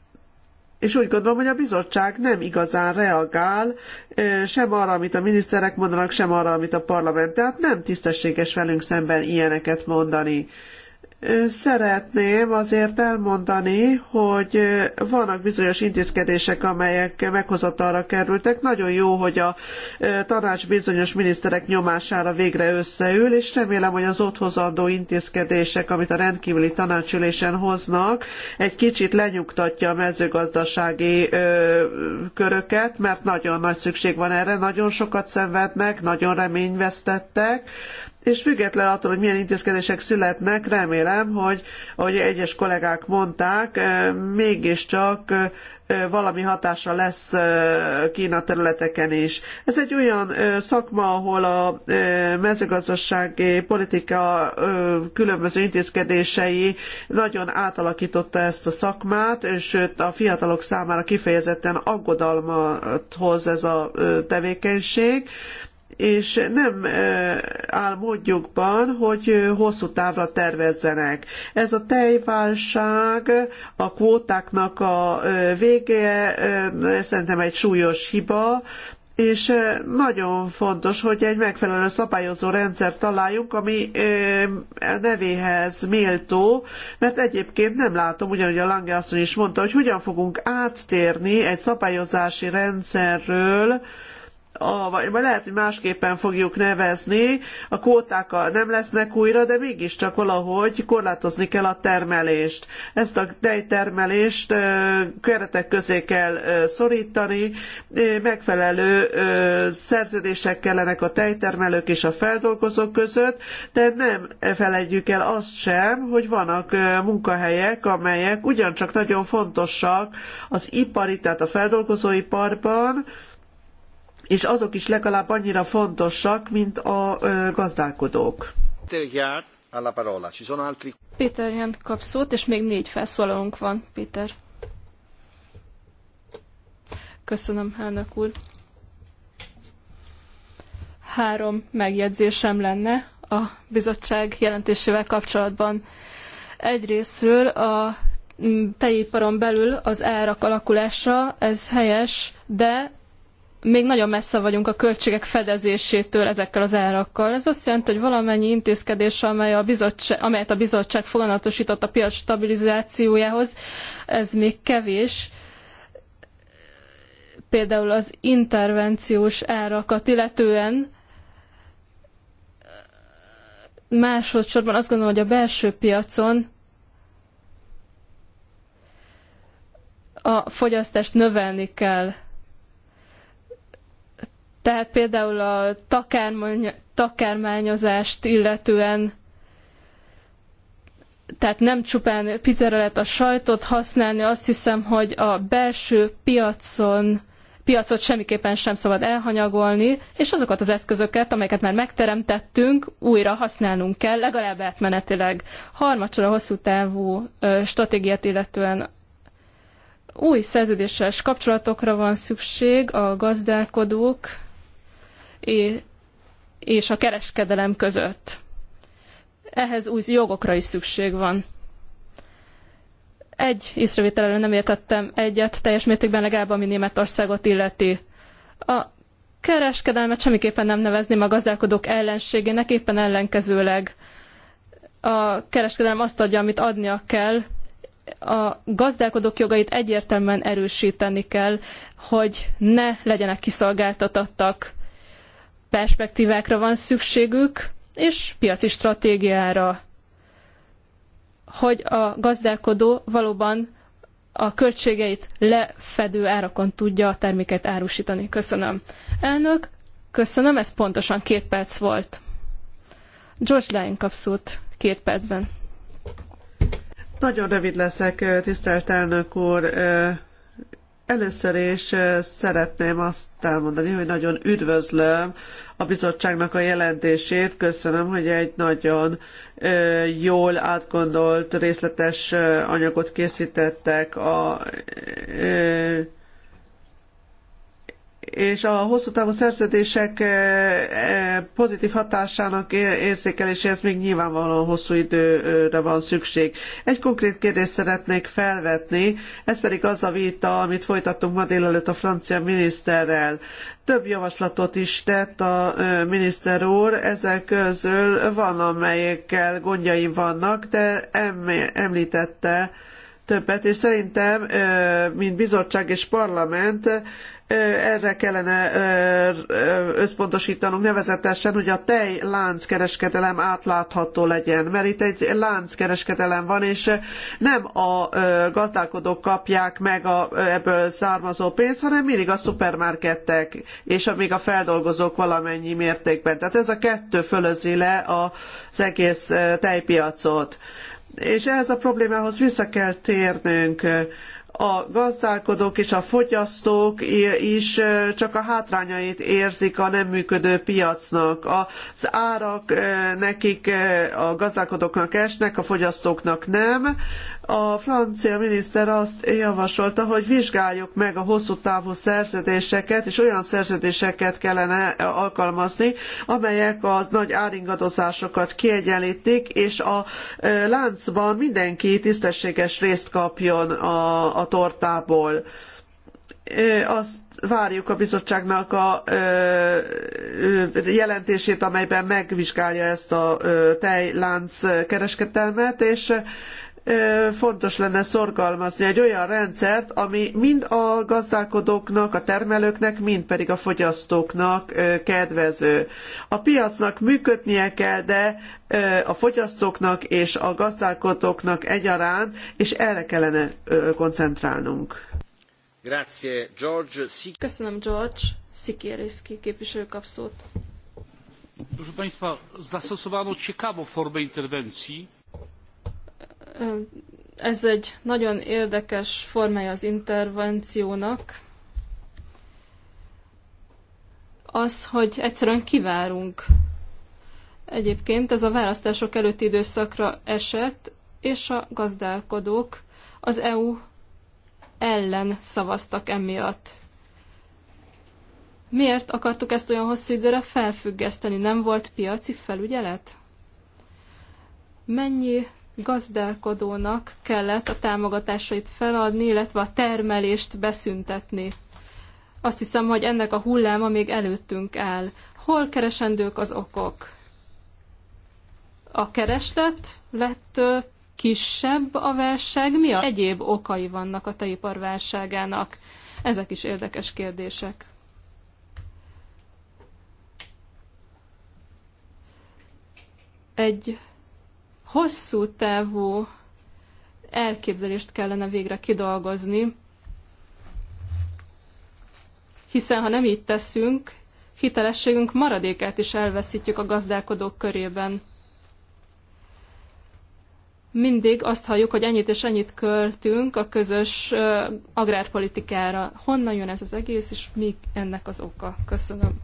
és úgy gondolom, hogy a bizottság nem igazán reagál sem arra, amit a miniszterek mondanak, sem arra, amit a parlament. Tehát nem tisztességes velünk szemben ilyeneket mondani. Szeretném azért elmondani, hogy vannak bizonyos intézkedések, amelyek meghozatalra kerültek. Nagyon jó, hogy a tanács bizonyos miniszterek nyomására végre összeül, és remélem, hogy az ott hozandó intézkedések, amit a rendkívüli tanácsülésen hoznak, egy kicsit lenyugtatja a mezőgazdasági köröket, mert nagyon nagy szükség van erre, nagyon sokat szenvednek, nagyon reményvesztettek, és független attól, hogy milyen intézkedések születnek, remélem, hogy, ahogy egyes kollégák mondták, mégiscsak valami hatása lesz Kína területeken is. Ez egy olyan szakma, ahol a mezőgazdasági politika különböző intézkedései nagyon átalakította ezt a szakmát, sőt a fiatalok számára kifejezetten aggodalmat hoz ez a tevékenység és nem áll módjukban, hogy hosszú távra tervezzenek. Ez a tejválság, a kvótáknak a vége szerintem egy súlyos hiba, és nagyon fontos, hogy egy megfelelő szabályozó rendszert találjunk, ami nevéhez méltó, mert egyébként nem látom, ugyanúgy a Lange asszony is mondta, hogy hogyan fogunk áttérni egy szabályozási rendszerről, a, vagy lehet, hogy másképpen fogjuk nevezni, a kvóták nem lesznek újra, de mégiscsak valahogy korlátozni kell a termelést. Ezt a tejtermelést keretek közé kell szorítani, megfelelő szerződések kellenek a tejtermelők és a feldolgozók között, de nem felejtjük el azt sem, hogy vannak munkahelyek, amelyek ugyancsak nagyon fontosak az ipari, tehát a feldolgozóiparban, és azok is legalább annyira fontosak, mint a gazdálkodók. Péter Jan kap szót, és még négy felszólalónk van, Péter. Köszönöm, elnök úr. Három megjegyzésem lenne a bizottság jelentésével kapcsolatban. Egyrésztről a tejiparon belül az árak alakulása, ez helyes, de még nagyon messze vagyunk a költségek fedezésétől ezekkel az árakkal. Ez azt jelenti, hogy valamennyi intézkedés, amely a bizottság, amelyet a bizottság foganatosított a piac stabilizációjához, ez még kevés. Például az intervenciós árakat illetően másodszorban azt gondolom, hogy a belső piacon a fogyasztást növelni kell tehát például a takármányozást illetően tehát nem csupán pizzára lehet a sajtot használni, azt hiszem, hogy a belső piacon piacot semmiképpen sem szabad elhanyagolni, és azokat az eszközöket, amelyeket már megteremtettünk, újra használnunk kell, legalább átmenetileg. Harmadszor a hosszú távú stratégiát illetően új szerződéses kapcsolatokra van szükség a gazdálkodók és a kereskedelem között. Ehhez új jogokra is szükség van. Egy észrevételre nem értettem egyet, teljes mértékben legalább ami Németországot illeti. A kereskedelmet semmiképpen nem nevezném a gazdálkodók ellenségének, éppen ellenkezőleg a kereskedelem azt adja, amit adnia kell, a gazdálkodók jogait egyértelműen erősíteni kell, hogy ne legyenek kiszolgáltatottak perspektívákra van szükségük, és piaci stratégiára, hogy a gazdálkodó valóban a költségeit lefedő árakon tudja a terméket árusítani. Köszönöm. Elnök, köszönöm, ez pontosan két perc volt. George Lyon kap szót két percben. Nagyon rövid leszek, tisztelt elnök úr. Először is szeretném azt elmondani, hogy nagyon üdvözlöm a bizottságnak a jelentését. Köszönöm, hogy egy nagyon jól átgondolt, részletes anyagot készítettek a és a hosszú távú szerződések eh, eh, pozitív hatásának érzékeléséhez még nyilvánvalóan hosszú időre van szükség. Egy konkrét kérdést szeretnék felvetni, ez pedig az a vita, amit folytattunk ma délelőtt a francia miniszterrel. Több javaslatot is tett a eh, miniszter úr, ezek közül van, amelyekkel gondjaim vannak, de említette többet, és szerintem, mint bizottság és parlament, erre kellene összpontosítanunk nevezetesen, hogy a tej lánckereskedelem átlátható legyen, mert itt egy lánckereskedelem van, és nem a gazdálkodók kapják meg a, ebből származó pénzt, hanem mindig a szupermarkettek, és a, még a feldolgozók valamennyi mértékben. Tehát ez a kettő fölözi le az egész tejpiacot. És ehhez a problémához vissza kell térnünk a gazdálkodók és a fogyasztók is csak a hátrányait érzik a nem működő piacnak. Az árak nekik a gazdálkodóknak esnek, a fogyasztóknak nem, a francia miniszter azt javasolta, hogy vizsgáljuk meg a hosszú távú szerződéseket, és olyan szerződéseket kellene alkalmazni, amelyek a nagy áringadozásokat kiegyenlítik, és a láncban mindenki tisztességes részt kapjon a, a tortából azt várjuk a bizottságnak a jelentését, amelyben megvizsgálja ezt a tejlánc kereskedelmet, és fontos lenne szorgalmazni egy olyan rendszert, ami mind a gazdálkodóknak, a termelőknek, mind pedig a fogyasztóknak kedvező. A piacnak működnie kell, de a fogyasztóknak és a gazdálkodóknak egyaránt, és erre kellene koncentrálnunk. Grazie, George. Köszönöm, George. Szikériszki képviselő kap szót. Proszę Państwa, zastosowano ciekawą formę interwencji ez egy nagyon érdekes formája az intervenciónak. Az, hogy egyszerűen kivárunk. Egyébként ez a választások előtti időszakra esett, és a gazdálkodók az EU ellen szavaztak emiatt. Miért akartuk ezt olyan hosszú időre felfüggeszteni? Nem volt piaci felügyelet? Mennyi gazdálkodónak kellett a támogatásait feladni, illetve a termelést beszüntetni. Azt hiszem, hogy ennek a hulláma még előttünk áll. Hol keresendők az okok? A kereslet lett kisebb a válság a? Egyéb okai vannak a tejipar válságának. Ezek is érdekes kérdések. Egy hosszú távú elképzelést kellene végre kidolgozni, hiszen ha nem így teszünk, hitelességünk maradékát is elveszítjük a gazdálkodók körében. Mindig azt halljuk, hogy ennyit és ennyit költünk a közös agrárpolitikára. Honnan jön ez az egész, és mi ennek az oka? Köszönöm.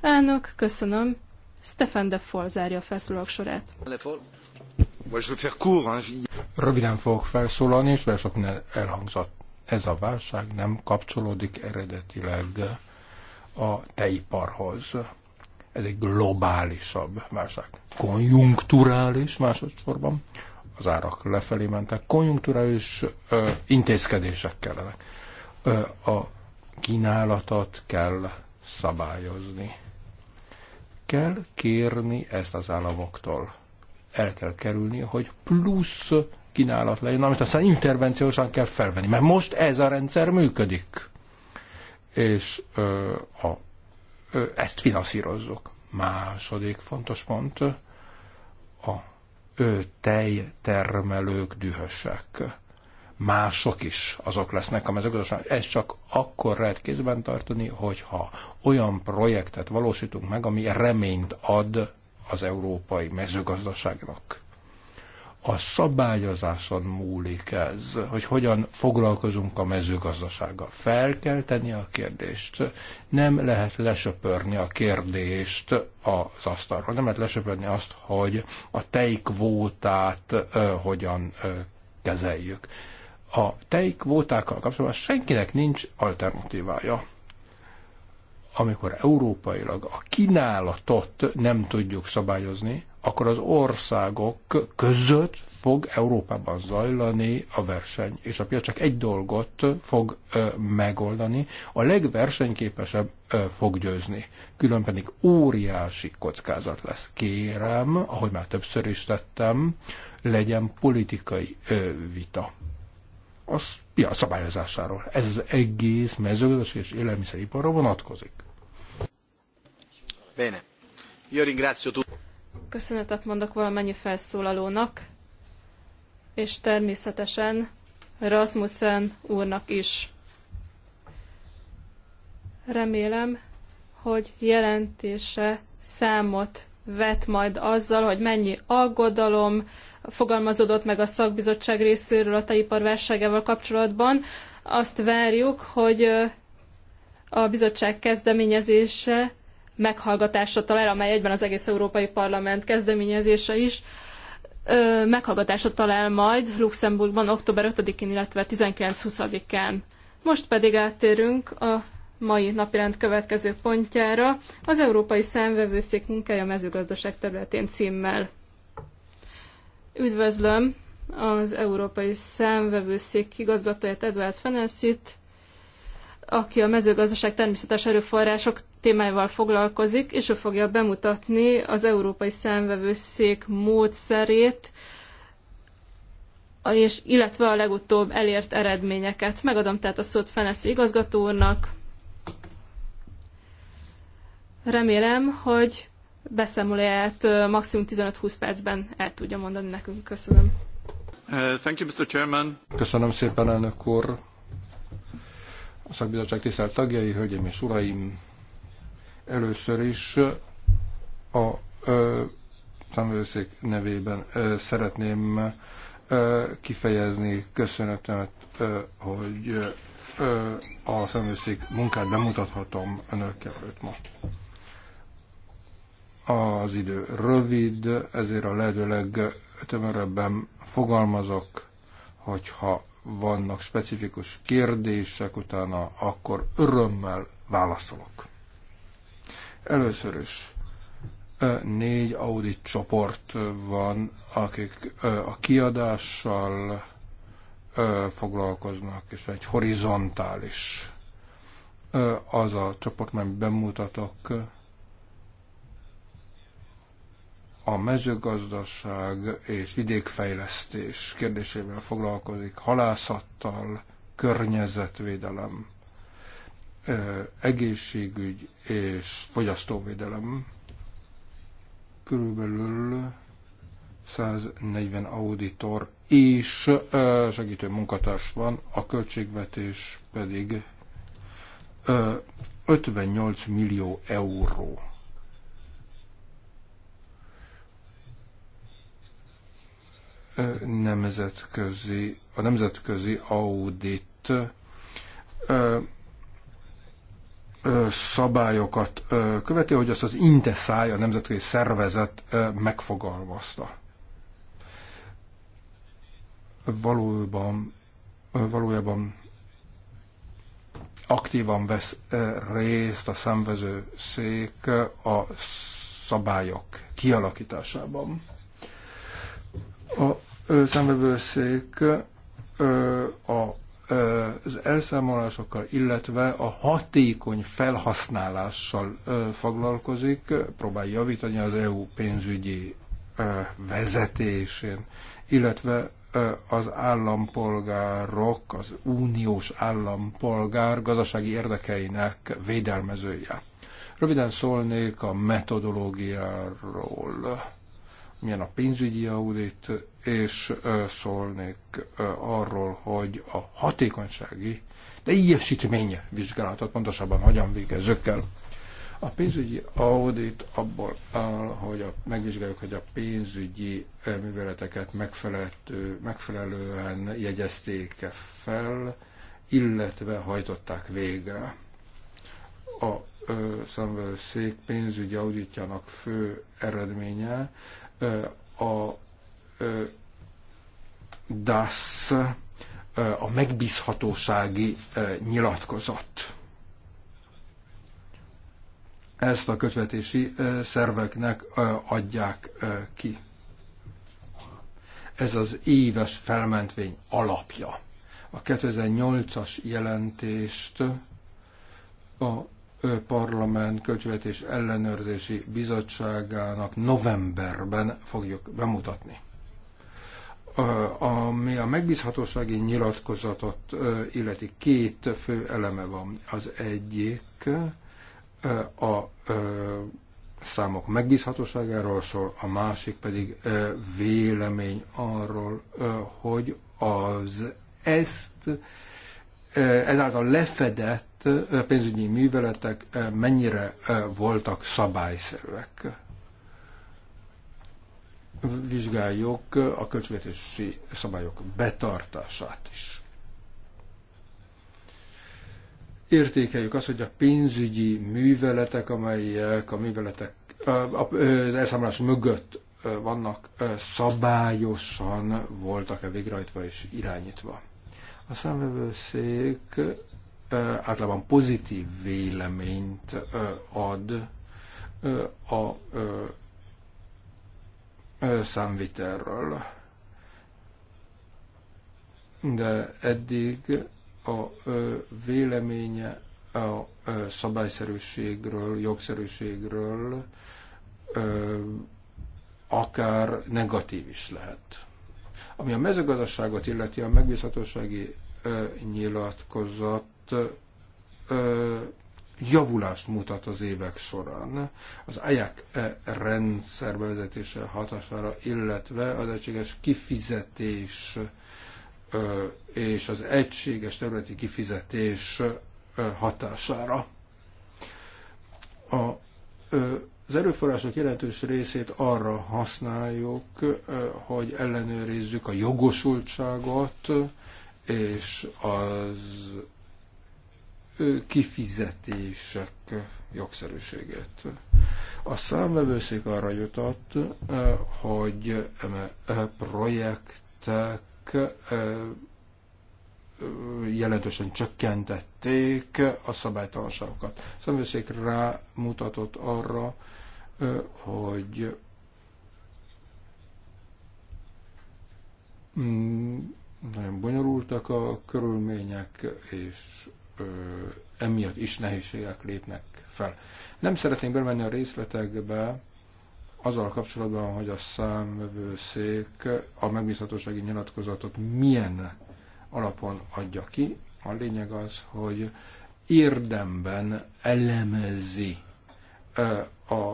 Elnök, köszönöm. Stefan de Fall zárja a felszólalók sorát. Röviden fogok felszólalni, és mert sok elhangzott. Ez a válság nem kapcsolódik eredetileg a teiparhoz. Ez egy globálisabb válság. Konjunkturális másodszorban. Az árak lefelé mentek. Konjunkturális ö, intézkedések kellenek. Ö, a kínálatot kell szabályozni. Kell kérni ezt az államoktól el kell kerülni, hogy plusz kínálat legyen, amit aztán intervenciósan kell felvenni. Mert most ez a rendszer működik. És ö, a, ö, ezt finanszírozzuk. Második fontos pont a ő tejtermelők dühösek. Mások is azok lesznek a mezőgazdaság. Ez csak akkor lehet kézben tartani, hogyha olyan projektet valósítunk meg, ami reményt ad az európai mezőgazdaságnak. A szabályozáson múlik ez, hogy hogyan foglalkozunk a mezőgazdasággal. Fel kell tenni a kérdést. Nem lehet lesöpörni a kérdést az asztalról. Nem lehet lesöpörni azt, hogy a tejkvótát uh, hogyan kezeljük. A tejkvótákkal kapcsolatban senkinek nincs alternatívája amikor európailag a kínálatot nem tudjuk szabályozni, akkor az országok között fog Európában zajlani a verseny, és a piac csak egy dolgot fog ö, megoldani, a legversenyképesebb ö, fog győzni. Külön pedig óriási kockázat lesz. Kérem, ahogy már többször is tettem, legyen politikai ö, vita. Az piac szabályozásáról. Ez az egész mezőgazdaság és élelmiszeriparra vonatkozik. Bene. Io ringrazio tu. Köszönetet mondok valamennyi felszólalónak, és természetesen Rasmussen úrnak is. Remélem, hogy jelentése számot vet majd azzal, hogy mennyi aggodalom fogalmazódott meg a szakbizottság részéről a tejipar válságával kapcsolatban. Azt várjuk, hogy a bizottság kezdeményezése meghallgatásra talál, amely egyben az egész Európai Parlament kezdeményezése is, meghallgatásra talál majd Luxemburgban október 5-én, illetve 19-20-án. Most pedig áttérünk a mai napirend következő pontjára, az Európai Számvevőszék munkája mezőgazdaság területén címmel. Üdvözlöm az Európai Számvevőszék igazgatóját Eduard Fenesit, aki a mezőgazdaság természetes erőforrások témájával foglalkozik, és ő fogja bemutatni az Európai Szemvevőszék módszerét, és, illetve a legutóbb elért eredményeket. Megadom tehát a szót Feneszi igazgató úrnak. Remélem, hogy beszámolját maximum 15-20 percben el tudja mondani nekünk. Köszönöm. Uh, thank you, Mr. Chairman. Köszönöm szépen, elnök úr. A szakbizottság tisztelt tagjai, hölgyeim és uraim, Először is a tanulőszék nevében szeretném kifejezni köszönetemet, hogy a szemőszék munkát bemutathatom önök előtt ma. Az idő rövid, ezért a lehető legtömörebben fogalmazok, hogyha vannak specifikus kérdések utána, akkor örömmel válaszolok. Először is négy audit csoport van, akik a kiadással foglalkoznak, és egy horizontális az a csoport, mert bemutatok a mezőgazdaság és vidékfejlesztés kérdésével foglalkozik, halászattal, környezetvédelem, egészségügy és fogyasztóvédelem. Körülbelül 140 auditor és segítő munkatárs van, a költségvetés pedig 58 millió euró. Nemzetközi, a nemzetközi audit szabályokat követi, hogy azt az Inteszáj, a nemzetközi szervezet megfogalmazta. Valóban, valójában aktívan vesz részt a szemvező szék a szabályok kialakításában. A szemvező szék a az elszámolásokkal, illetve a hatékony felhasználással foglalkozik, próbál javítani az EU pénzügyi vezetésén, illetve az állampolgárok, az uniós állampolgár gazdasági érdekeinek védelmezője. Röviden szólnék a metodológiáról milyen a pénzügyi audit, és szólnék arról, hogy a hatékonysági teljesítménye vizsgálatot pontosabban hogyan végezzük el. A pénzügyi audit abból áll, hogy a, megvizsgáljuk, hogy a pénzügyi műveleteket megfelelően jegyezték-e fel, illetve hajtották végre. A szék pénzügyi auditjának fő eredménye a DASZ, a megbízhatósági nyilatkozat. Ezt a közvetési szerveknek adják ki. Ez az éves felmentvény alapja. A 2008-as jelentést a Parlament Költségvetés Ellenőrzési Bizottságának novemberben fogjuk bemutatni. Ami a megbízhatósági nyilatkozatot illeti, két fő eleme van. Az egyik a számok megbízhatóságáról szól, a másik pedig vélemény arról, hogy az ezt ezáltal lefedett pénzügyi műveletek mennyire voltak szabályszerűek. Vizsgáljuk a költségvetési szabályok betartását is. Értékeljük azt, hogy a pénzügyi műveletek, amelyek a műveletek az elszámolás mögött vannak, szabályosan voltak-e végrehajtva és irányítva. A számvevőszék általában pozitív véleményt ad a számviterről, De eddig a véleménye a szabályszerűségről, jogszerűségről akár negatív is lehet. Ami a mezőgazdaságot illeti, a megbízhatósági nyilatkozat javulást mutat az évek során. Az AJAC rendszer bevezetése hatására, illetve az egységes kifizetés és az egységes területi kifizetés hatására. A, az erőforrások jelentős részét arra használjuk, hogy ellenőrizzük a jogosultságot és az kifizetések jogszerűségét. A számvevőszék arra jutott, hogy projektek jelentősen csökkentették a szabálytalanságokat. A számvevőszék rámutatott arra, hogy mm, nagyon bonyolultak a körülmények, és emiatt is nehézségek lépnek fel. Nem szeretnénk bemenni a részletekbe azzal kapcsolatban, hogy a számvevőszék a megbízhatósági nyilatkozatot milyen alapon adja ki. A lényeg az, hogy érdemben elemezi a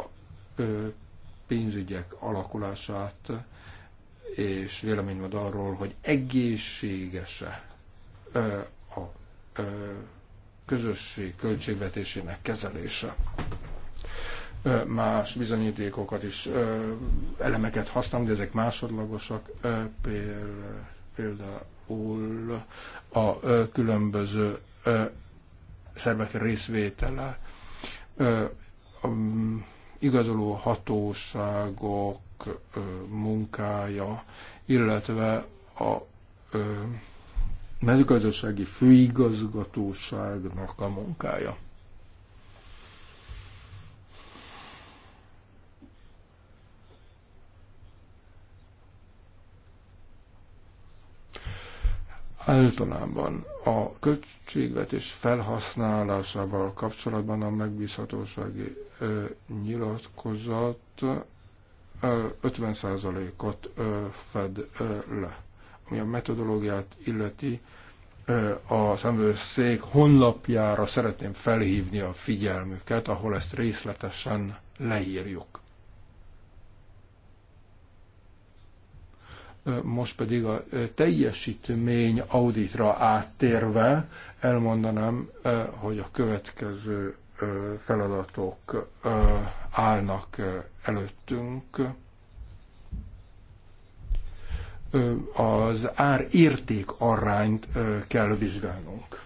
pénzügyek alakulását, és vélemény van arról, hogy egészséges-e közösség költségvetésének kezelése. Más bizonyítékokat is, elemeket használunk, de ezek másodlagosak, például a különböző szervek részvétele, mm, igazoló hatóságok munkája, illetve a mezőgazdasági főigazgatóságnak a munkája. Általában a költségvetés felhasználásával kapcsolatban a megbízhatósági ö, nyilatkozat 50%-ot fed le ami a metodológiát illeti, a szemvőszék honlapjára szeretném felhívni a figyelmüket, ahol ezt részletesen leírjuk. Most pedig a teljesítmény auditra áttérve elmondanám, hogy a következő feladatok állnak előttünk az ár-érték arányt kell vizsgálnunk.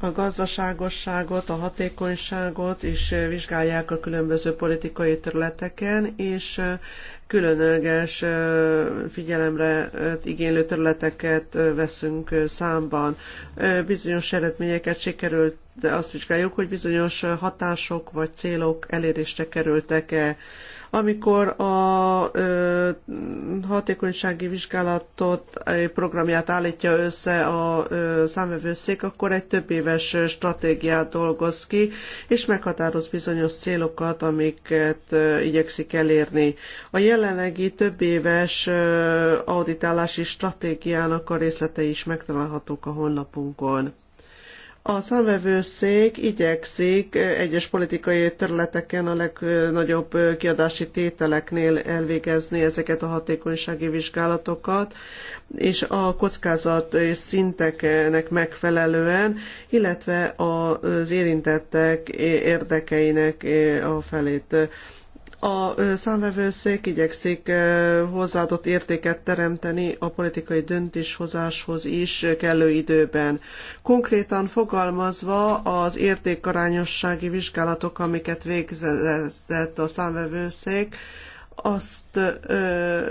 A gazdaságosságot, a hatékonyságot is vizsgálják a különböző politikai területeken, és különleges figyelemre igénylő területeket veszünk számban. Bizonyos eredményeket sikerült, de azt vizsgáljuk, hogy bizonyos hatások vagy célok elérésre kerültek-e amikor a ö, hatékonysági vizsgálatot programját állítja össze a ö, számvevőszék, akkor egy több éves stratégiát dolgoz ki, és meghatároz bizonyos célokat, amiket ö, igyekszik elérni. A jelenlegi több éves ö, auditálási stratégiának a részletei is megtalálhatók a honlapunkon. A számvevőszék igyekszik egyes politikai területeken a legnagyobb kiadási tételeknél elvégezni ezeket a hatékonysági vizsgálatokat, és a kockázat szinteknek megfelelően, illetve az érintettek érdekeinek a felét a számvevőszék igyekszik hozzáadott értéket teremteni a politikai döntéshozáshoz is kellő időben. Konkrétan fogalmazva az értékarányossági vizsgálatok, amiket végzett a számvevőszék, azt ö,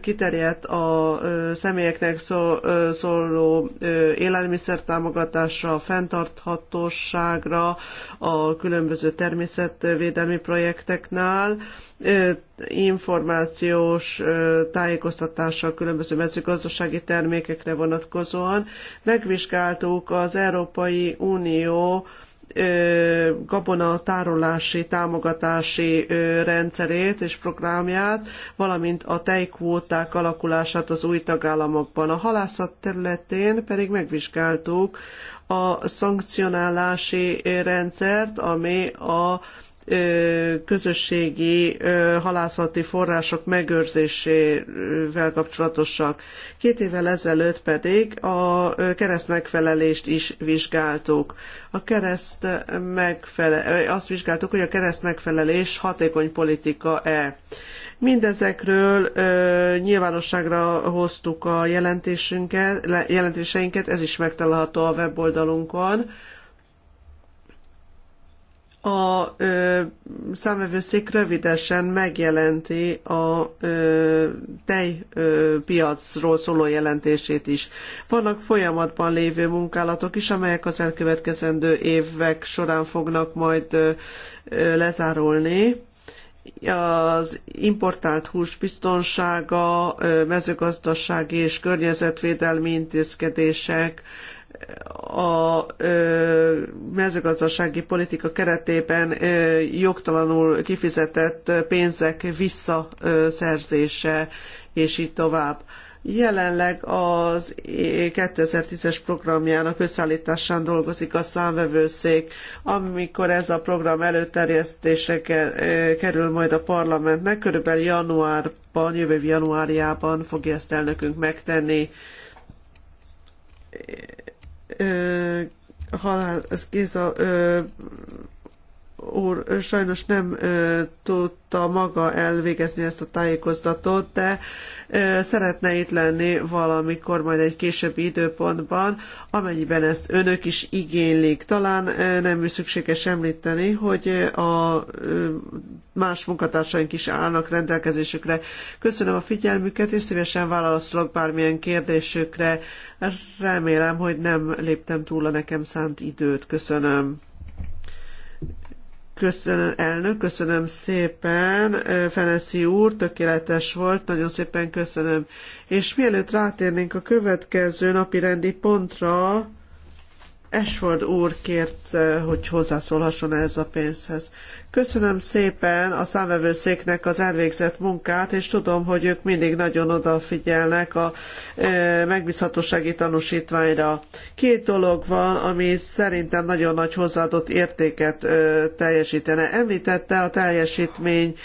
kiterjedt a ö, személyeknek szó, ö, szóló ö, élelmiszertámogatásra, a fenntarthatóságra, a különböző természetvédelmi projekteknál, ö, információs ö, tájékoztatásra a különböző mezőgazdasági termékekre vonatkozóan. Megvizsgáltuk az Európai Unió ö, gabona tárolási, támogatási rendszerét és programját, valamint a tejkvóták alakulását az új tagállamokban. A halászat területén pedig megvizsgáltuk a szankcionálási rendszert, ami a közösségi halászati források megőrzésével kapcsolatosak. Két évvel ezelőtt pedig a kereszt megfelelést is vizsgáltuk. A kereszt megfele- azt vizsgáltuk, hogy a kereszt megfelelés hatékony politika-e. Mindezekről ö, nyilvánosságra hoztuk a jelentésünket, jelentéseinket, ez is megtalálható a weboldalunkon a ö, számvevőszék rövidesen megjelenti a ö, tejpiacról szóló jelentését is. Vannak folyamatban lévő munkálatok is, amelyek az elkövetkezendő évek során fognak majd ö, ö, lezárulni az importált hús biztonsága, mezőgazdasági és környezetvédelmi intézkedések, a mezőgazdasági politika keretében jogtalanul kifizetett pénzek visszaszerzése, és így tovább. Jelenleg az 2010-es programjának összeállításán dolgozik a számvevőszék. Amikor ez a program előterjesztésre kerül majd a parlamentnek, körülbelül januárban, jövő januárjában fogja ezt elnökünk megtenni ö, halál, Halász Géza úr sajnos nem tudta maga elvégezni ezt a tájékoztatót, de szeretne itt lenni valamikor, majd egy későbbi időpontban, amennyiben ezt önök is igénylik. Talán nem is szükséges említeni, hogy a más munkatársaink is állnak rendelkezésükre. Köszönöm a figyelmüket, és szívesen válaszolok bármilyen kérdésükre. Remélem, hogy nem léptem túl a nekem szánt időt. Köszönöm. Köszönöm, elnök, köszönöm szépen, Feneszi úr, tökéletes volt, nagyon szépen köszönöm. És mielőtt rátérnénk a következő napi rendi pontra, Esford úr kért, hogy hozzászólhasson ehhez a pénzhez. Köszönöm szépen a számvevőszéknek az elvégzett munkát, és tudom, hogy ők mindig nagyon odafigyelnek a e, megbízhatósági tanúsítványra. Két dolog van, ami szerintem nagyon nagy hozzáadott értéket ö, teljesítene. Említette a teljesítmény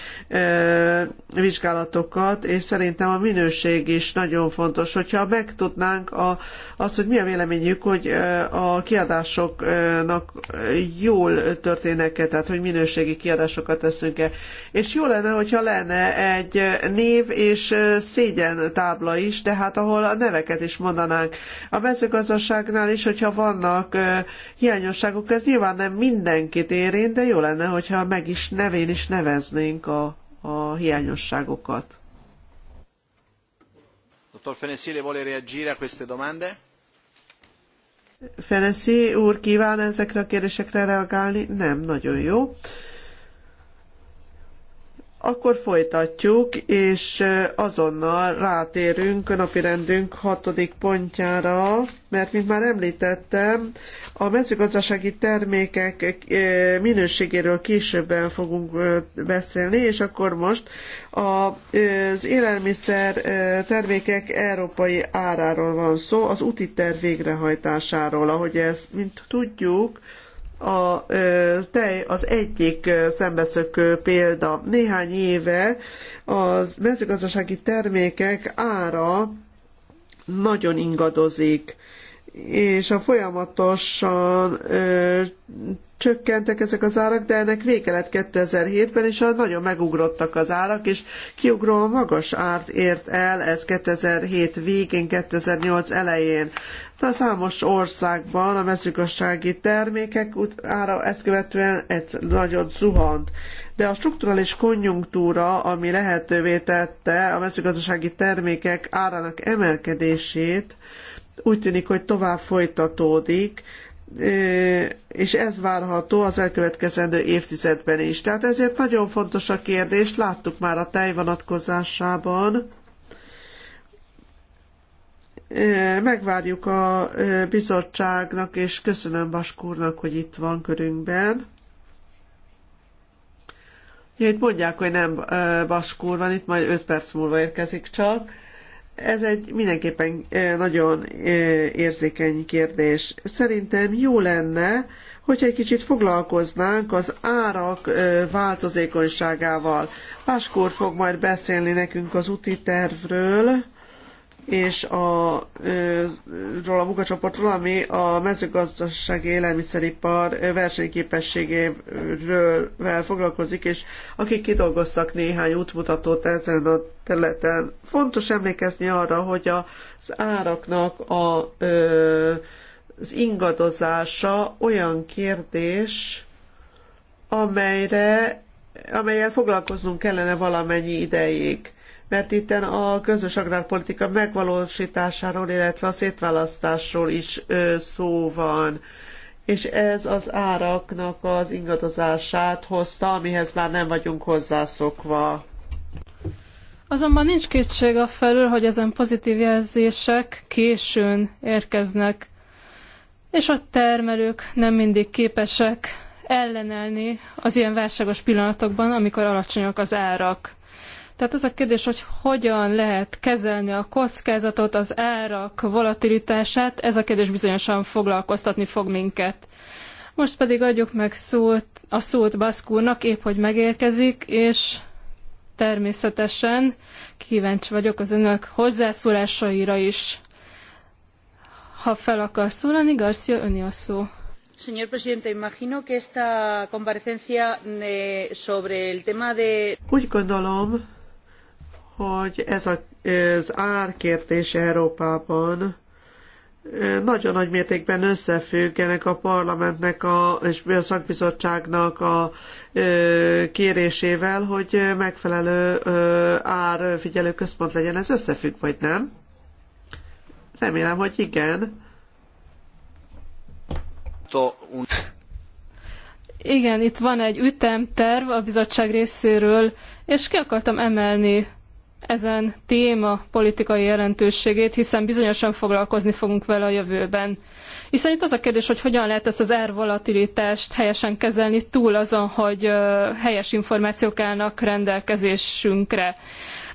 vizsgálatokat, és szerintem a minőség is nagyon fontos. Hogyha megtudnánk a, azt, hogy mi a véleményük, hogy a kiadásoknak jól történnek-e, tehát hogy minőségi kiadásokat teszünk-e. És jó lenne, hogyha lenne egy név és szégyen tábla is, tehát ahol a neveket is mondanánk. A mezőgazdaságnál is, hogyha vannak hiányosságok, ez nyilván nem mindenkit érint, de jó lenne, hogyha meg is nevén is neveznénk a, a hiányosságokat. Dr. Fenesile vuole reagire a queste domande? Fenesi úr kíván ezekre a kérdésekre reagálni? Nem, nagyon jó akkor folytatjuk, és azonnal rátérünk a napirendünk hatodik pontjára, mert mint már említettem, a mezőgazdasági termékek minőségéről későbben fogunk beszélni, és akkor most az élelmiszer termékek európai áráról van szó, az úti terv végrehajtásáról. Ahogy ezt, mint tudjuk, a tej az egyik szembeszökő példa. Néhány éve az mezőgazdasági termékek ára nagyon ingadozik, és a folyamatosan ö, csökkentek ezek az árak, de ennek vége lett 2007-ben, és nagyon megugrottak az árak, és kiugróan magas árt ért el ez 2007 végén, 2008 elején de számos országban a mezőgazdasági termékek ára ezt követően egy nagyot zuhant. De a strukturális konjunktúra, ami lehetővé tette a mezőgazdasági termékek árának emelkedését, úgy tűnik, hogy tovább folytatódik, és ez várható az elkövetkezendő évtizedben is. Tehát ezért nagyon fontos a kérdés, láttuk már a tej vonatkozásában, Megvárjuk a bizottságnak, és köszönöm Baskúrnak, hogy itt van körünkben. Ja, itt mondják, hogy nem Baskúr van, itt majd 5 perc múlva érkezik csak. Ez egy mindenképpen nagyon érzékeny kérdés. Szerintem jó lenne, hogyha egy kicsit foglalkoznánk az árak változékonyságával. Páskor fog majd beszélni nekünk az úti tervről, és a, ról a munkacsoportról, ami a mezőgazdasági élelmiszeripar versenyképességéről foglalkozik, és akik kidolgoztak néhány útmutatót ezen a területen. Fontos emlékezni arra, hogy az áraknak a, az ingadozása olyan kérdés, amelyre, amelyel foglalkoznunk kellene valamennyi ideig mert itt a közös agrárpolitika megvalósításáról, illetve a szétválasztásról is szó van. És ez az áraknak az ingadozását hozta, amihez már nem vagyunk hozzászokva. Azonban nincs kétség a felül, hogy ezen pozitív jelzések későn érkeznek, és a termelők nem mindig képesek ellenállni az ilyen válságos pillanatokban, amikor alacsonyak az árak. Tehát az a kérdés, hogy hogyan lehet kezelni a kockázatot, az árak volatilitását, ez a kérdés bizonyosan foglalkoztatni fog minket. Most pedig adjuk meg szót, a szót Baszkúrnak, épp hogy megérkezik, és természetesen kíváncsi vagyok az önök hozzászólásaira is. Ha fel akar szólalni, Garcia, öni a szó. Señor presidente, imagino que esta comparecencia eh, sobre el tema de... Úgy gondolom, hogy ez a, az árkérdés Európában nagyon nagy mértékben összefüggenek a parlamentnek a, és a szakbizottságnak a ö, kérésével, hogy megfelelő ö, árfigyelő központ legyen. Ez összefügg, vagy nem? Remélem, hogy igen. Igen, itt van egy ütemterv a bizottság részéről, és ki akartam emelni ezen téma politikai jelentőségét, hiszen bizonyosan foglalkozni fogunk vele a jövőben. Hiszen itt az a kérdés, hogy hogyan lehet ezt az árvolatilitást helyesen kezelni túl azon, hogy helyes információk állnak rendelkezésünkre.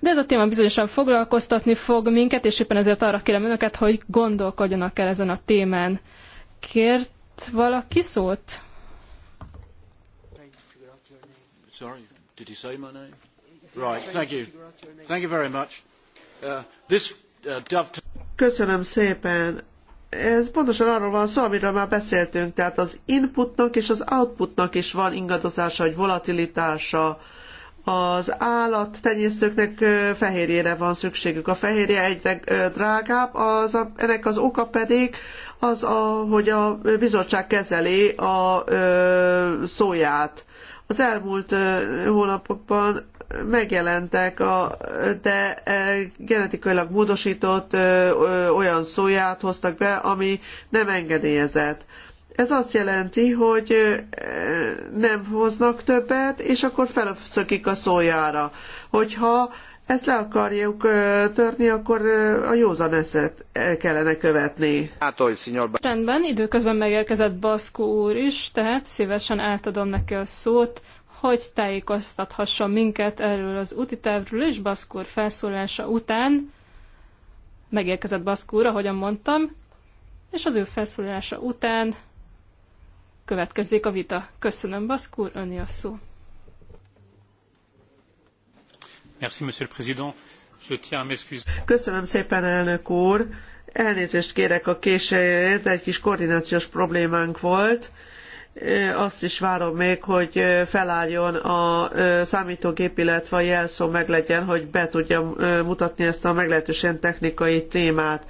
De ez a téma bizonyosan foglalkoztatni fog minket, és éppen ezért arra kérem önöket, hogy gondolkodjanak el ezen a témán. Kért valaki szót? Sorry, did you say my name? Right, thank you. Thank you very much. Uh, this uh, Köszönöm szépen. Ez pontosan arról van szó, amiről már beszéltünk, tehát az inputnak és az outputnak is van ingadozása, vagy volatilitása. Az állattenyésztőknek fehérjére van szükségük. A fehérje egyre drágább, az a, ennek az oka pedig az, a, hogy a bizottság kezeli a a szóját. Az elmúlt hónapokban megjelentek, a, de e, genetikailag módosított olyan szóját hoztak be, ami nem engedélyezett. Ez azt jelenti, hogy nem hoznak többet, és akkor felszökik a szójára. Hogyha ezt le akarjuk törni, akkor a józan eszet kellene követni. Átolj, Rendben, időközben megérkezett Baszkó úr is, tehát szívesen átadom neki a szót, hogy tájékoztathasson minket erről az úti tervről, és Baszkúr felszólása után megérkezett Baszkúr, ahogyan mondtam, és az ő felszólása után következzék a vita. Köszönöm, Baszkúr, önni a szó. Merci, monsieur le président. Je tiens à m'excuser. Köszönöm szépen, elnök úr. Elnézést kérek a későért, egy kis koordinációs problémánk volt azt is várom még, hogy felálljon a számítógép, illetve a jelszó meglegyen, hogy be tudjam mutatni ezt a meglehetősen technikai témát.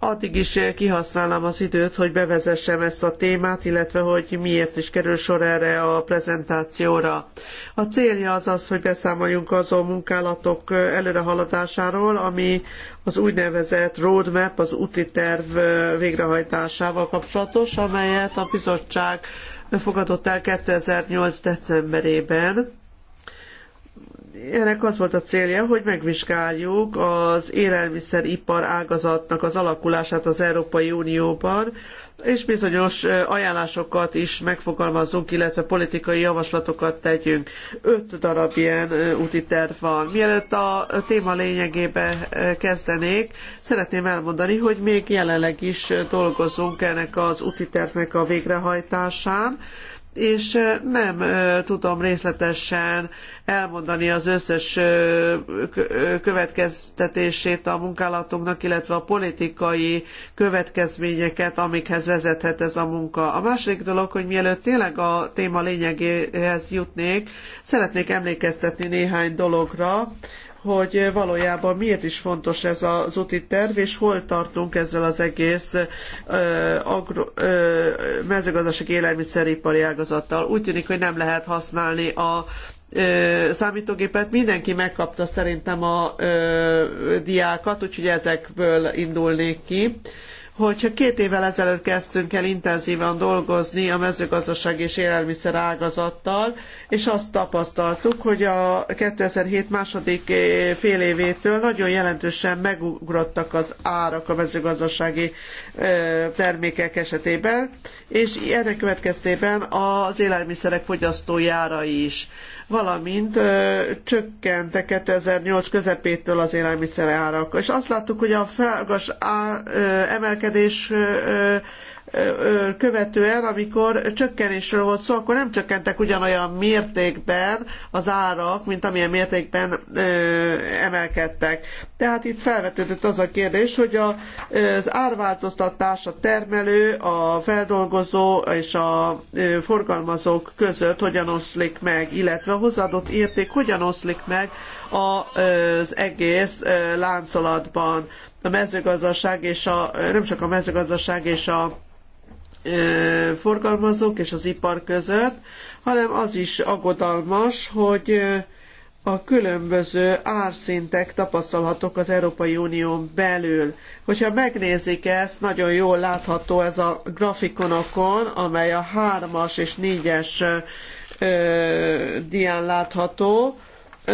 Addig is kihasználnám az időt, hogy bevezessem ezt a témát, illetve hogy miért is kerül sor erre a prezentációra. A célja az az, hogy beszámoljunk azon munkálatok előrehaladásáról, ami az úgynevezett roadmap, az úti terv végrehajtásával kapcsolatos, amelyet a bizottság fogadott el 2008. decemberében. Ennek az volt a célja, hogy megvizsgáljuk az élelmiszeripar ágazatnak az alakulását az Európai Unióban, és bizonyos ajánlásokat is megfogalmazzunk, illetve politikai javaslatokat tegyünk. Öt darab ilyen úti terv van. Mielőtt a téma lényegébe kezdenék, szeretném elmondani, hogy még jelenleg is dolgozunk ennek az úti tervnek a végrehajtásán és nem tudom részletesen elmondani az összes következtetését a munkálatunknak, illetve a politikai következményeket, amikhez vezethet ez a munka. A második dolog, hogy mielőtt tényleg a téma lényegéhez jutnék, szeretnék emlékeztetni néhány dologra, hogy valójában miért is fontos ez az úti terv, és hol tartunk ezzel az egész agro, mezőgazdasági élelmiszeripari ágazattal. Úgy tűnik, hogy nem lehet használni a számítógépet. Mindenki megkapta szerintem a diákat, úgyhogy ezekből indulnék ki. Ö, hogyha két évvel ezelőtt kezdtünk el intenzíven dolgozni a mezőgazdaság és élelmiszer ágazattal, és azt tapasztaltuk, hogy a 2007 második fél évétől nagyon jelentősen megugrottak az árak a mezőgazdasági termékek esetében, és ennek következtében az élelmiszerek fogyasztójára is valamint csökkentek 2008 közepétől az élelmiszerárak. És azt láttuk, hogy a felgas emelkedés követően, amikor csökkenésről volt szó, akkor nem csökkentek ugyanolyan mértékben az árak, mint amilyen mértékben emelkedtek. Tehát itt felvetődött az a kérdés, hogy a, az árváltoztatás a termelő, a feldolgozó és a forgalmazók között hogyan oszlik meg, illetve a hozzáadott érték hogyan oszlik meg az egész láncolatban a mezőgazdaság és a, nem csak a mezőgazdaság és a forgalmazók és az ipar között, hanem az is aggodalmas, hogy a különböző árszintek tapasztalhatók az Európai Unión belül. Hogyha megnézik ezt, nagyon jól látható ez a grafikonokon, amely a hármas és négyes dián látható,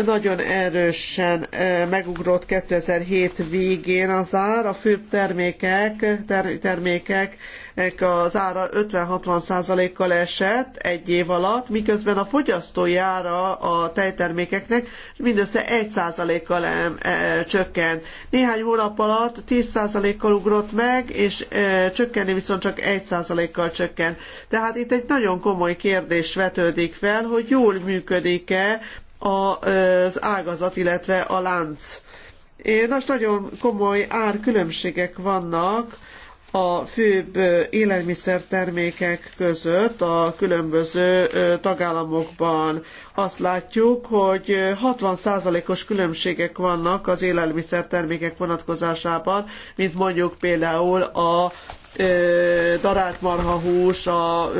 nagyon erősen megugrott 2007 végén az ár, a fő termékek, ter, termékek az ára 50-60 százalékkal esett egy év alatt, miközben a fogyasztói ára a tejtermékeknek mindössze 1 százalékkal csökkent. Néhány hónap alatt 10 százalékkal ugrott meg, és csökkenni viszont csak 1 százalékkal csökkent. Tehát itt egy nagyon komoly kérdés vetődik fel, hogy jól működik-e az ágazat, illetve a lánc. Nos, nagyon komoly árkülönbségek vannak a főbb élelmiszertermékek között a különböző tagállamokban. Azt látjuk, hogy 60%-os különbségek vannak az élelmiszertermékek vonatkozásában, mint mondjuk például a darált marhahús, a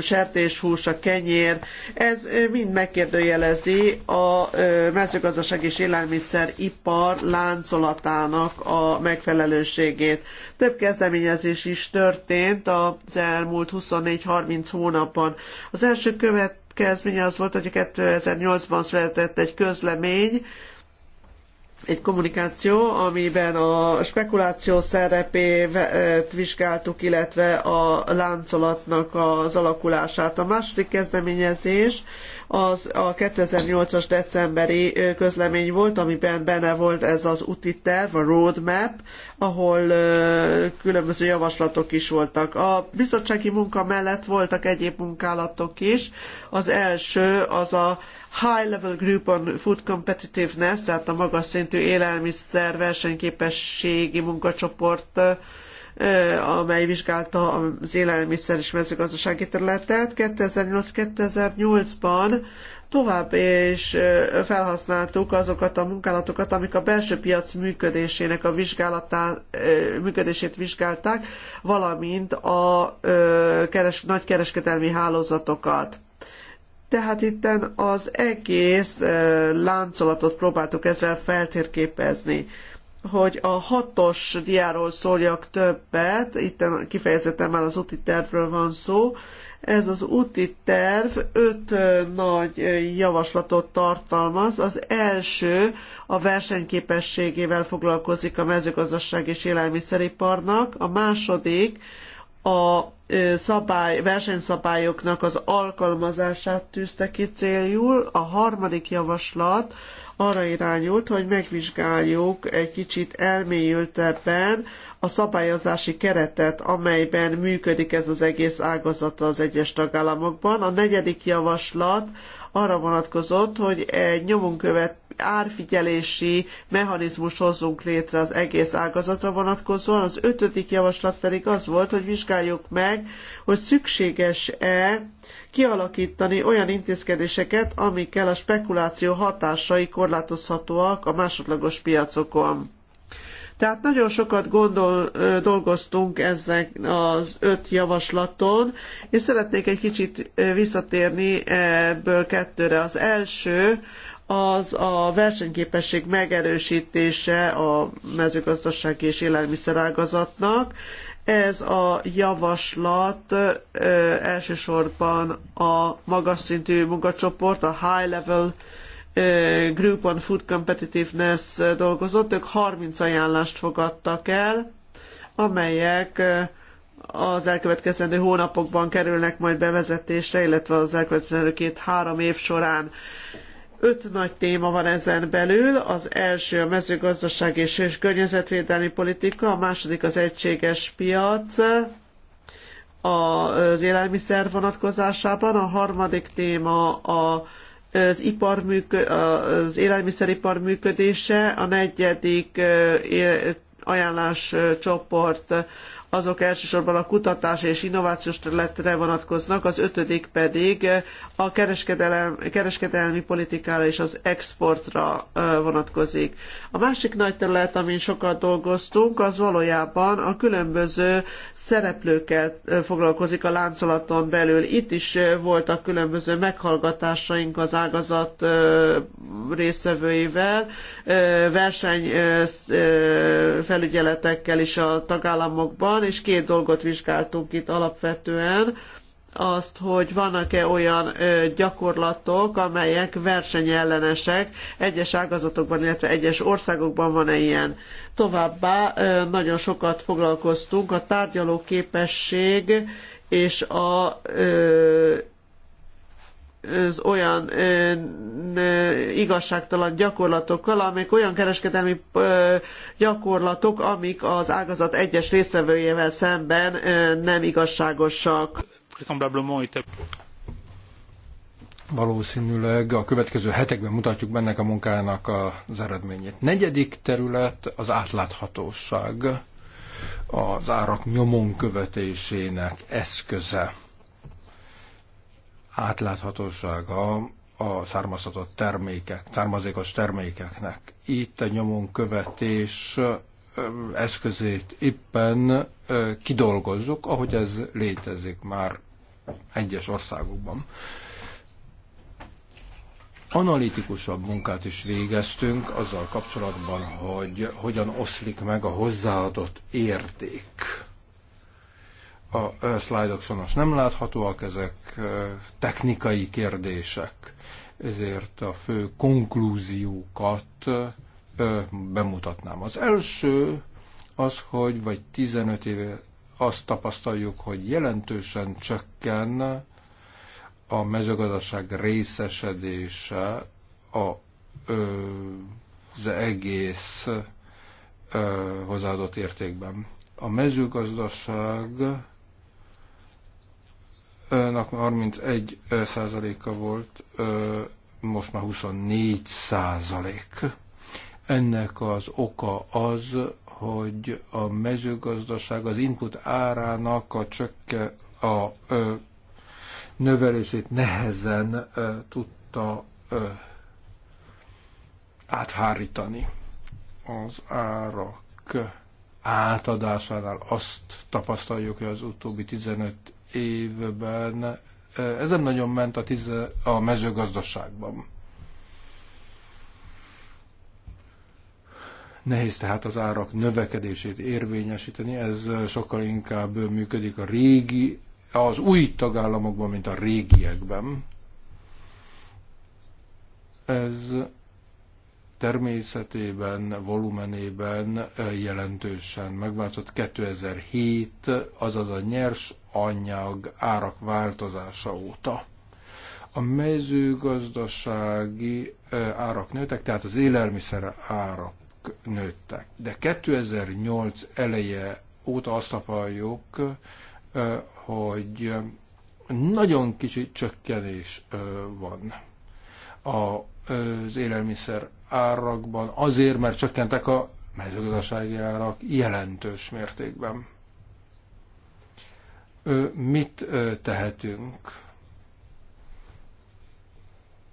sertéshús, a kenyér, ez mind megkérdőjelezi a mezőgazdaság és élelmiszeripar láncolatának a megfelelőségét. Több kezdeményezés is történt az elmúlt 24-30 hónapban. Az első következménye az volt, hogy 2008-ban született egy közlemény, egy kommunikáció, amiben a spekuláció szerepét vizsgáltuk, illetve a láncolatnak az alakulását. A második kezdeményezés az a 2008-as decemberi közlemény volt, amiben benne volt ez az úti terv, a roadmap, ahol különböző javaslatok is voltak. A bizottsági munka mellett voltak egyéb munkálatok is. Az első az a High Level Group on Food Competitiveness, tehát a magas szintű élelmiszer versenyképességi munkacsoport amely vizsgálta az élelmiszer és mezőgazdasági területet. 2008-2008-ban tovább és felhasználtuk azokat a munkálatokat, amik a belső piac működésének a működését vizsgálták, valamint a keres, kereskedelmi hálózatokat. Tehát itt az egész láncolatot próbáltuk ezzel feltérképezni hogy a hatos diáról szóljak többet, itt kifejezetten már az úti tervről van szó, ez az úti terv öt nagy javaslatot tartalmaz. Az első a versenyképességével foglalkozik a mezőgazdaság és élelmiszeriparnak, a második a szabály, versenyszabályoknak az alkalmazását tűzte ki céljul, a harmadik javaslat arra irányult, hogy megvizsgáljuk egy kicsit elmélyültebben a szabályozási keretet, amelyben működik ez az egész ágazata az egyes tagállamokban. A negyedik javaslat arra vonatkozott, hogy egy követ árfigyelési mechanizmus hozzunk létre az egész ágazatra vonatkozóan. Az ötödik javaslat pedig az volt, hogy vizsgáljuk meg, hogy szükséges-e kialakítani olyan intézkedéseket, amikkel a spekuláció hatásai korlátozhatóak a másodlagos piacokon. Tehát nagyon sokat gondol, dolgoztunk ezek az öt javaslaton, és szeretnék egy kicsit visszatérni ebből kettőre. Az első, az a versenyképesség megerősítése a mezőgazdasági és élelmiszerágazatnak. Ez a javaslat ö, elsősorban a magas szintű munkacsoport, a High Level ö, Group on Food Competitiveness dolgozott. Ők 30 ajánlást fogadtak el, amelyek ö, az elkövetkezendő hónapokban kerülnek majd bevezetésre, illetve az elkövetkezendő két-három év során. Öt nagy téma van ezen belül, az első a mezőgazdaság és, és környezetvédelmi politika, a második az egységes piac, az élelmiszer vonatkozásában, a harmadik téma a az, ipar működ, az élelmiszeripar működése, a negyedik ajánláscsoport azok elsősorban a kutatás és innovációs területre vonatkoznak, az ötödik pedig a kereskedelmi politikára és az exportra vonatkozik. A másik nagy terület, amin sokat dolgoztunk, az valójában a különböző szereplőkkel foglalkozik a láncolaton belül. Itt is voltak különböző meghallgatásaink az ágazat résztvevőivel, versenyfelügyeletekkel is a tagállamokban, van, és két dolgot vizsgáltunk itt alapvetően azt, hogy vannak-e olyan gyakorlatok, amelyek versenyellenesek, egyes ágazatokban, illetve egyes országokban van-e ilyen. Továbbá nagyon sokat foglalkoztunk a tárgyaló képesség és a az olyan igazságtalan gyakorlatokkal, amik olyan kereskedelmi gyakorlatok, amik az ágazat egyes résztvevőjével szemben nem igazságosak. Valószínűleg a következő hetekben mutatjuk bennek a munkának az eredményét. Negyedik terület az átláthatóság, az árak nyomon követésének eszköze átláthatósága a származhatott termékek, származékos termékeknek. Itt a nyomon követés eszközét éppen kidolgozzuk, ahogy ez létezik már egyes országokban. Analitikusabb munkát is végeztünk azzal kapcsolatban, hogy hogyan oszlik meg a hozzáadott érték a szlájdok sajnos nem láthatóak, ezek technikai kérdések, ezért a fő konklúziókat bemutatnám. Az első az, hogy vagy 15 éve azt tapasztaljuk, hogy jelentősen csökken a mezőgazdaság részesedése a, ö, az egész ö, hozzáadott értékben. A mezőgazdaság nak 31 százaléka volt, most már 24 százalék. Ennek az oka az, hogy a mezőgazdaság az input árának a csökke a ö, növelését nehezen ö, tudta ö, áthárítani az árak átadásánál azt tapasztaljuk, hogy az utóbbi 15 évben ez nem nagyon ment a, tize, a mezőgazdaságban. Nehéz tehát az árak növekedését érvényesíteni, ez sokkal inkább működik a régi, az új tagállamokban, mint a régiekben. Ez természetében, volumenében jelentősen megváltozott 2007, azaz a nyers anyag árak változása óta. A mezőgazdasági árak nőttek, tehát az élelmiszer árak nőttek. De 2008 eleje óta azt tapaljuk, hogy nagyon kicsi csökkenés van az élelmiszer árakban, azért, mert csökkentek a mezőgazdasági árak jelentős mértékben mit tehetünk?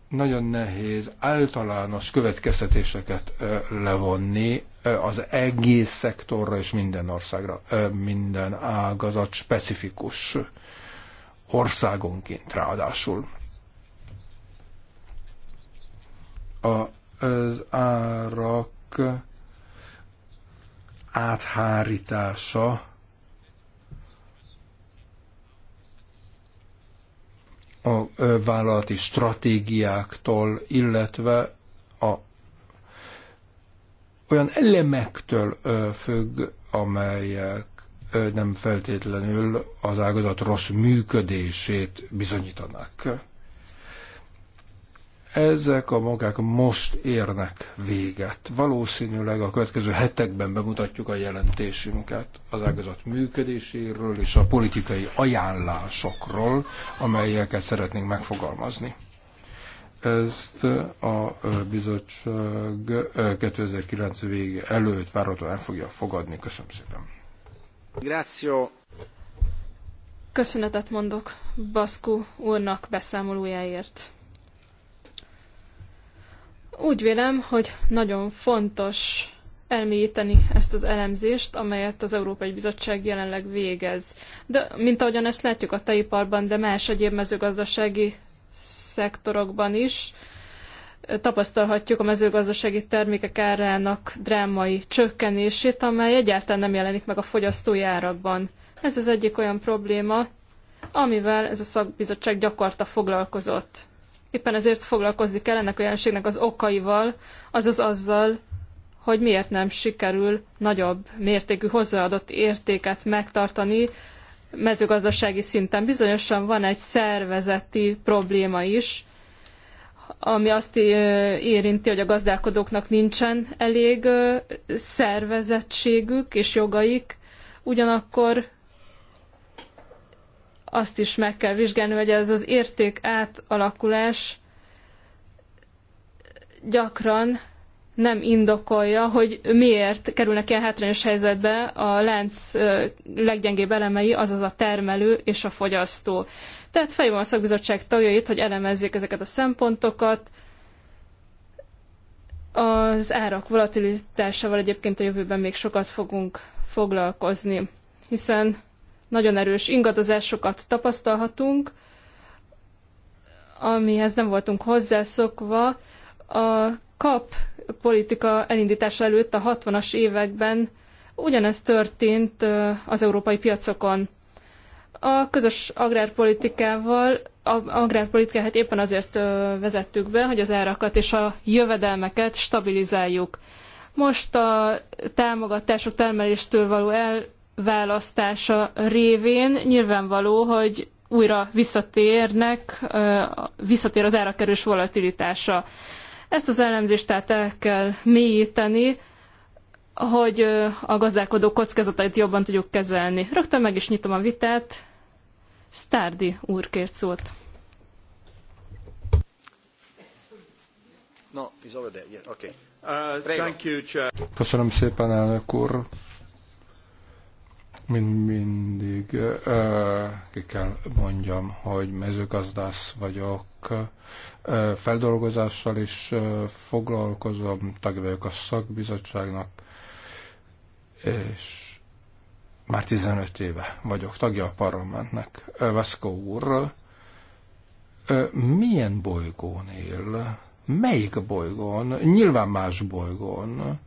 Nagyon nehéz általános következtetéseket levonni az egész szektorra és minden országra, minden ágazat specifikus országonként ráadásul. Az árak áthárítása a vállalati stratégiáktól, illetve a olyan elemektől függ, amelyek nem feltétlenül az ágazat rossz működését bizonyítanak. Ezek a munkák most érnek véget. Valószínűleg a következő hetekben bemutatjuk a jelentésünket az ágazat működéséről és a politikai ajánlásokról, amelyeket szeretnénk megfogalmazni. Ezt a bizottság 2009 vége előtt várhatóan el fogja fogadni. Köszönöm szépen. Grazio, Köszönetet mondok Baszku úrnak beszámolójáért. Úgy vélem, hogy nagyon fontos elmélyíteni ezt az elemzést, amelyet az Európai Bizottság jelenleg végez. De, mint ahogyan ezt látjuk a teiparban, de más egyéb mezőgazdasági szektorokban is, tapasztalhatjuk a mezőgazdasági termékek árának drámai csökkenését, amely egyáltalán nem jelenik meg a fogyasztói árakban. Ez az egyik olyan probléma, amivel ez a szakbizottság gyakorta foglalkozott. Éppen ezért foglalkozni kell ennek a jelenségnek az okaival, azaz azzal, hogy miért nem sikerül nagyobb mértékű hozzáadott értéket megtartani mezőgazdasági szinten. Bizonyosan van egy szervezeti probléma is, ami azt érinti, hogy a gazdálkodóknak nincsen elég szervezettségük és jogaik, ugyanakkor azt is meg kell vizsgálni, hogy ez az érték átalakulás gyakran nem indokolja, hogy miért kerülnek ilyen hátrányos helyzetbe a lánc leggyengébb elemei, azaz a termelő és a fogyasztó. Tehát fejlőm a szakbizottság tagjait, hogy elemezzék ezeket a szempontokat. Az árak volatilitásával egyébként a jövőben még sokat fogunk foglalkozni, hiszen nagyon erős ingadozásokat tapasztalhatunk, amihez nem voltunk hozzászokva. A kap politika elindítása előtt a 60-as években ugyanez történt az európai piacokon. A közös agrárpolitikával, agrárpolitikát hát éppen azért vezettük be, hogy az árakat és a jövedelmeket stabilizáljuk. Most a támogatások termeléstől való el választása révén nyilvánvaló, hogy újra visszatérnek, visszatér az árakerős volatilitása. Ezt az elemzést tehát el kell mélyíteni, hogy a gazdálkodó kockázatait jobban tudjuk kezelni. Rögtön meg is nyitom a vitát. Sztárdi úr kért szót. No, he's over there. Yeah, okay. Uh, Köszönöm szépen, elnök úr. Mint mindig ki kell mondjam, hogy mezőgazdász vagyok, feldolgozással is foglalkozom, tag vagyok a szakbizottságnak, és már 15 éve vagyok tagja a parlamentnek. Veszko úr, milyen bolygón él? Melyik bolygón? Nyilván más bolygón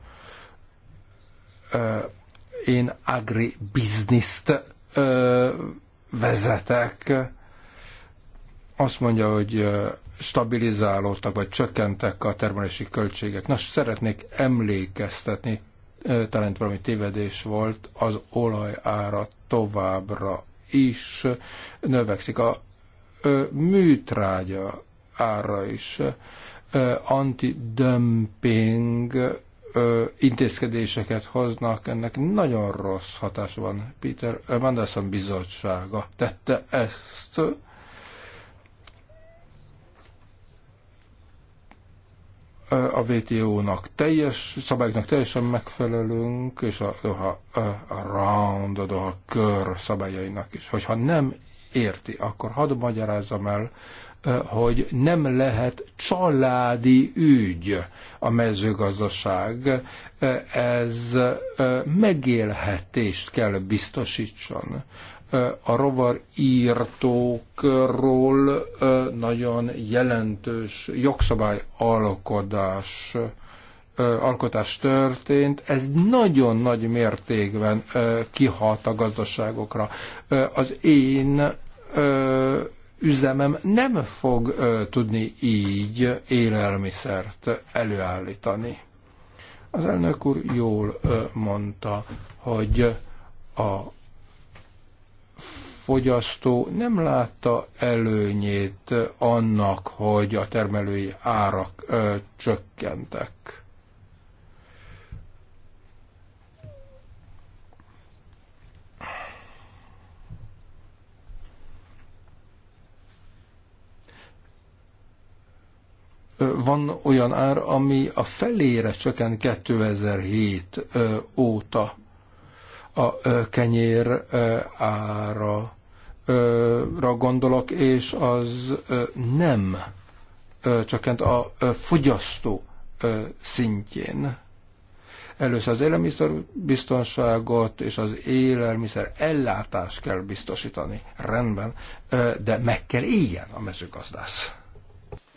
én agribizniszt vezetek. Azt mondja, hogy stabilizálódtak vagy csökkentek a termelési költségek. Nos, szeretnék emlékeztetni, talán valami tévedés volt, az olaj ára továbbra is növekszik. A műtrágya ára is antidömping ö, intézkedéseket hoznak, ennek nagyon rossz hatása van. Peter Mandelson bizottsága tette ezt. A WTO-nak teljes, szabályoknak teljesen megfelelünk, és a Doha a round, a Doha kör szabályainak is. Hogyha nem érti, akkor hadd magyarázzam el, hogy nem lehet családi ügy a mezőgazdaság, ez megélhetést kell biztosítson. A írtókról nagyon jelentős jogszabály alkodás alkotás történt, ez nagyon nagy mértékben kihat a gazdaságokra. Az én üzemem nem fog tudni így élelmiszert előállítani. Az elnök úr jól mondta, hogy a fogyasztó nem látta előnyét annak, hogy a termelői árak ö, csökkentek. van olyan ár, ami a felére csökken 2007 óta a kenyér ára gondolok, és az nem csökkent a fogyasztó szintjén. Először az élelmiszer biztonságot és az élelmiszer ellátást kell biztosítani. Rendben, de meg kell éljen a mezőgazdász.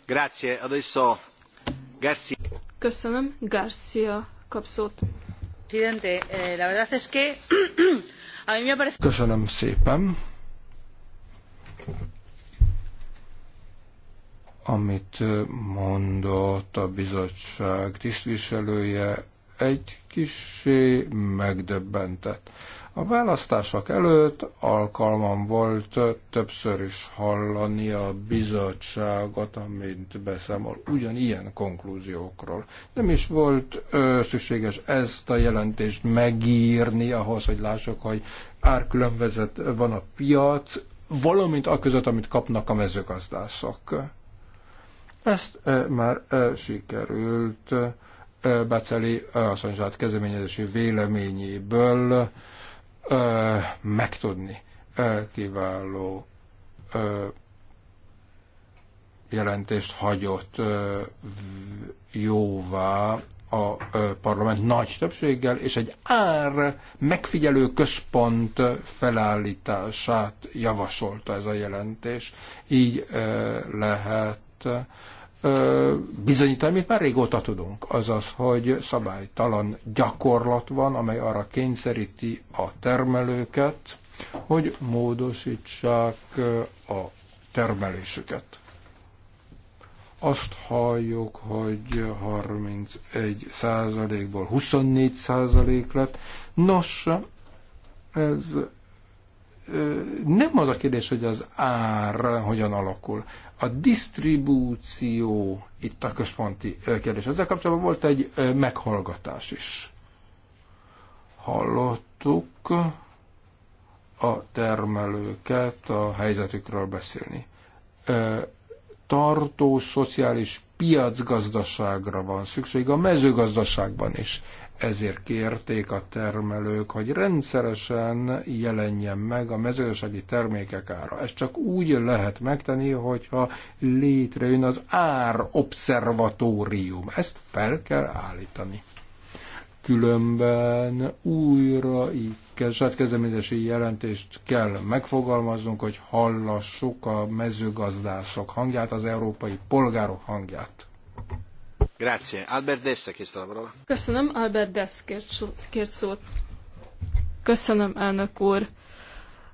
Grazie. Adesso Garcia. Köszönöm. Garcia kap szót. Eh, Köszönöm szépen. Amit eh, mondott a bizottság tisztviselője, egy kisé megdöbbentett. A választások előtt alkalmam volt többször is hallani a bizottságot, amint beszámol ugyanilyen konklúziókról. Nem is volt ö, szükséges ezt a jelentést megírni ahhoz, hogy lássuk, hogy árkülönbözet van a piac, valamint a között, amit kapnak a mezőgazdászok. Ezt ö, már ö, sikerült ö, Beceli asszonyzsát kezdeményezési véleményéből ö, megtudni. Ö, kiváló ö, jelentést hagyott ö, jóvá a ö, parlament nagy többséggel, és egy ár megfigyelő központ felállítását javasolta ez a jelentés. Így ö, lehet bizonyítani, amit már régóta tudunk, azaz, hogy szabálytalan gyakorlat van, amely arra kényszeríti a termelőket, hogy módosítsák a termelésüket. Azt halljuk, hogy 31 százalékból 24 százalék lett. Nos, ez nem az a kérdés, hogy az ár hogyan alakul. A disztribúció itt a központi kérdés. Ezzel kapcsolatban volt egy meghallgatás is. Hallottuk a termelőket a helyzetükről beszélni. Tartó szociális piacgazdaságra van szükség a mezőgazdaságban is. Ezért kérték a termelők, hogy rendszeresen jelenjen meg a mezőgazdasági termékek ára. Ez csak úgy lehet megtenni, hogyha létrejön az árobszervatórium. Ezt fel kell állítani. Különben újra kezdeményezési jelentést kell megfogalmaznunk, hogy hallassuk a mezőgazdászok hangját, az európai polgárok hangját Grazie. Albert Dessa kérte a parola. Köszönöm, Albert Dess kért szót. Köszönöm, elnök úr.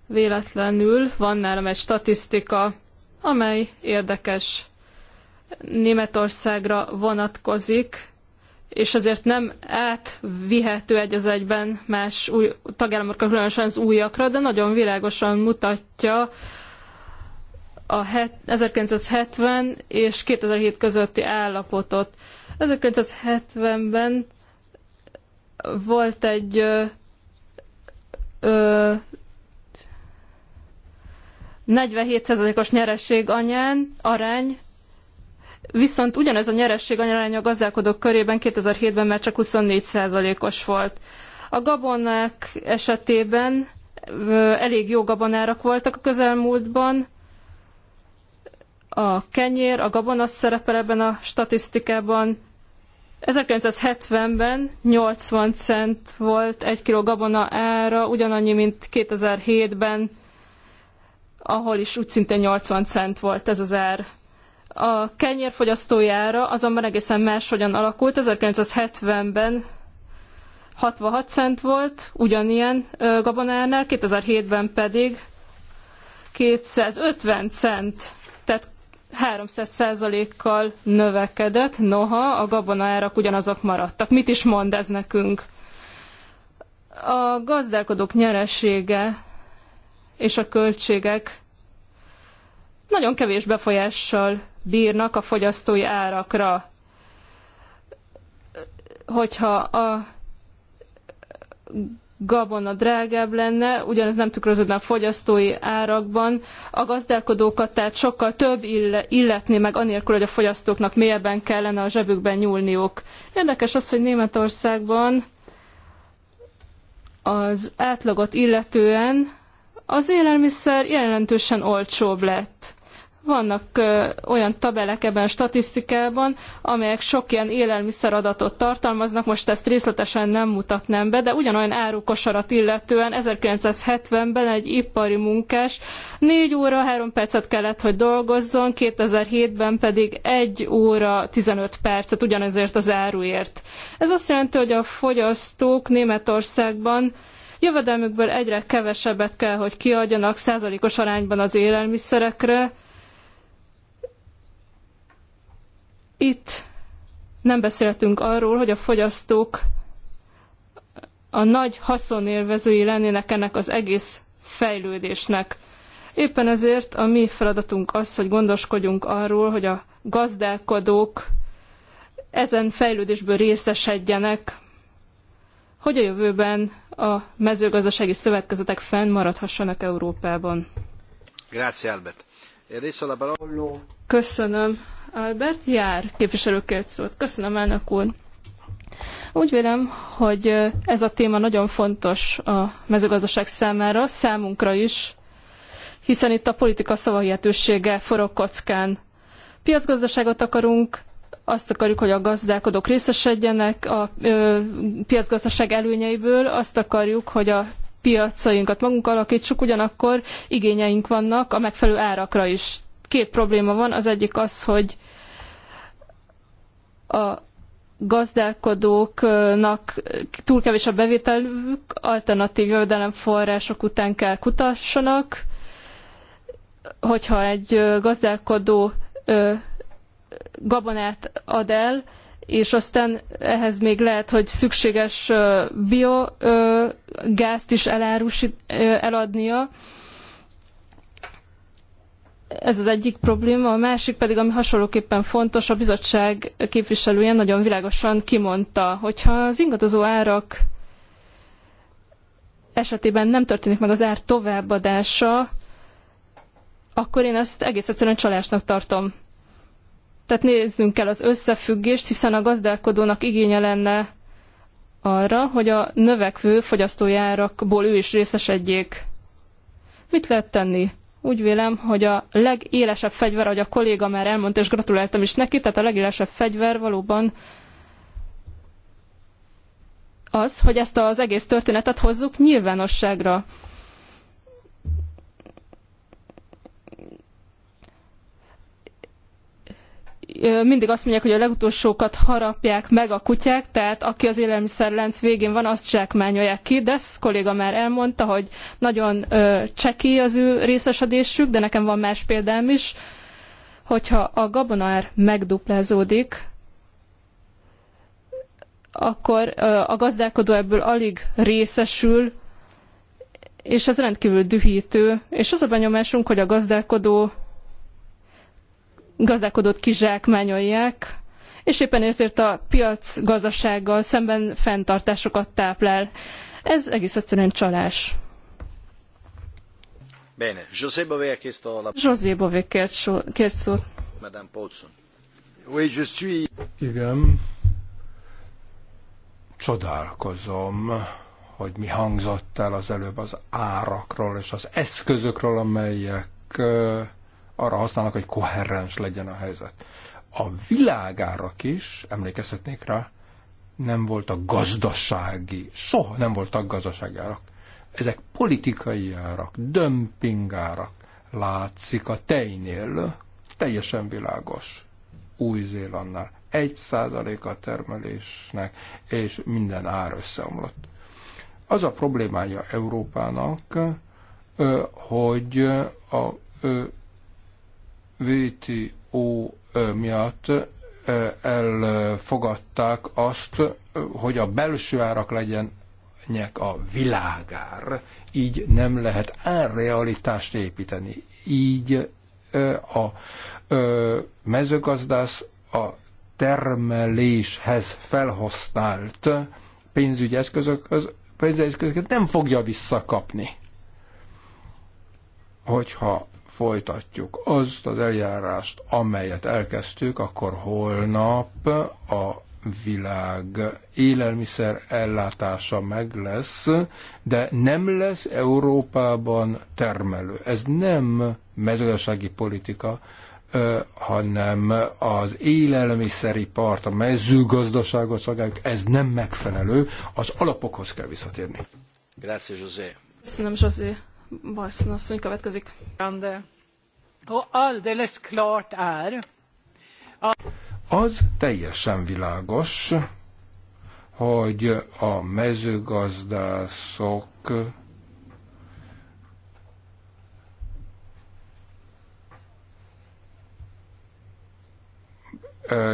Véletlenül van nálam egy statisztika, amely érdekes Németországra vonatkozik, és azért nem átvihető egy az egyben más új tagállamokra, különösen az újakra, de nagyon világosan mutatja, a 1970 és 2007 közötti állapotot. 1970-ben volt egy ö, ö, 47%-os nyeresség anyán, arány, viszont ugyanez a nyeresség arány a gazdálkodók körében 2007-ben már csak 24%-os volt. A gabonák esetében ö, elég jó gabonárak voltak a közelmúltban, a kenyér, a gabona szerepel ebben a statisztikában. 1970-ben 80 cent volt egy kiló gabona ára, ugyanannyi, mint 2007-ben, ahol is úgy szinte 80 cent volt ez az ár. A kenyér fogyasztójára azonban egészen máshogyan alakult. 1970-ben 66 cent volt, ugyanilyen gabonárnál, 2007-ben pedig 250 cent 300%-kal növekedett, noha a gabonaárak ugyanazok maradtak. Mit is mond ez nekünk? A gazdálkodók nyeresége és a költségek nagyon kevés befolyással bírnak a fogyasztói árakra. Hogyha a gabona drágább lenne, ugyanez nem tükröződne a fogyasztói árakban. A gazdálkodókat tehát sokkal több illetné meg, anélkül, hogy a fogyasztóknak mélyebben kellene a zsebükben nyúlniuk. Érdekes az, hogy Németországban az átlagot illetően az élelmiszer jelentősen olcsóbb lett. Vannak olyan tabelek ebben a statisztikában, amelyek sok ilyen élelmiszeradatot tartalmaznak, most ezt részletesen nem mutatnám be, de ugyanolyan árukosarat illetően 1970-ben egy ipari munkás 4 óra 3 percet kellett, hogy dolgozzon, 2007-ben pedig 1 óra 15 percet ugyanezért az áruért. Ez azt jelenti, hogy a fogyasztók Németországban jövedelmükből egyre kevesebbet kell, hogy kiadjanak százalékos arányban az élelmiszerekre, Itt nem beszéltünk arról, hogy a fogyasztók a nagy haszonélvezői lennének ennek az egész fejlődésnek. Éppen ezért a mi feladatunk az, hogy gondoskodjunk arról, hogy a gazdálkodók ezen fejlődésből részesedjenek, hogy a jövőben a mezőgazdasági szövetkezetek fennmaradhassanak Európában. Grazie Albert. E Köszönöm Albert Jár képviselőként szólt. Köszönöm, elnök úr. Úgy vélem, hogy ez a téma nagyon fontos a mezőgazdaság számára, számunkra is, hiszen itt a politika szavahihetősége forog kockán. Piacgazdaságot akarunk, azt akarjuk, hogy a gazdálkodók részesedjenek a ö, piacgazdaság előnyeiből, azt akarjuk, hogy a piacainkat magunk alakítsuk, ugyanakkor igényeink vannak a megfelelő árakra is két probléma van. Az egyik az, hogy a gazdálkodóknak túl kevés a bevételük, alternatív jövedelemforrások után kell kutassanak. Hogyha egy gazdálkodó gabonát ad el, és aztán ehhez még lehet, hogy szükséges biogázt is elárusít, eladnia, ez az egyik probléma, a másik pedig, ami hasonlóképpen fontos, a bizottság képviselője nagyon világosan kimondta, hogyha az ingadozó árak esetében nem történik meg az ár továbbadása, akkor én ezt egész egyszerűen csalásnak tartom. Tehát néznünk kell az összefüggést, hiszen a gazdálkodónak igénye lenne arra, hogy a növekvő fogyasztójárakból ő is részesedjék. Mit lehet tenni? Úgy vélem, hogy a legélesebb fegyver, ahogy a kolléga már elmondta, és gratuláltam is neki, tehát a legélesebb fegyver valóban az, hogy ezt az egész történetet hozzuk nyilvánosságra. mindig azt mondják, hogy a legutolsókat harapják meg a kutyák, tehát aki az élelmiszerlánc végén van, azt zsákmányolják ki. ezt kolléga már elmondta, hogy nagyon cseki az ő részesedésük, de nekem van más példám is, hogyha a gabonár megduplázódik, akkor a gazdálkodó ebből alig részesül, és ez rendkívül dühítő, és az a benyomásunk, hogy a gazdálkodó gazdálkodót kizsákmányolják, és éppen ezért a piac gazdasággal szemben fenntartásokat táplál. Ez egész egyszerűen csalás. Bene, José Bové kért a... José Bové kért, so, kért szót. Madame Paulson. Oui, je suis... Igen. Csodálkozom, hogy mi hangzott el az előbb az árakról és az eszközökről, amelyek arra használnak, hogy koherens legyen a helyzet. A világára is, emlékezhetnék rá, nem voltak gazdasági, soha nem voltak gazdasági árak. Ezek politikai árak, árak Látszik a tejnél, teljesen világos. Új-Zélandnál. Egy százalék a termelésnek, és minden ár összeomlott. Az a problémája Európának, hogy a VTO miatt elfogadták azt, hogy a belső árak legyenek a világár, így nem lehet árrealitást építeni. Így a mezőgazdász a termeléshez felhasznált pénzügyi eszközökhöz, pénzügyi eszközöket nem fogja visszakapni. Hogyha folytatjuk azt az eljárást, amelyet elkezdtük, akkor holnap a világ élelmiszer ellátása meg lesz, de nem lesz Európában termelő. Ez nem mezőgazdasági politika, hanem az élelmiszeripart, a mezőgazdaságot szolgáljuk, ez nem megfelelő, az alapokhoz kell visszatérni. Grazie, José. Köszönöm, José asszony következik. Az teljesen világos, hogy a mezőgazdászok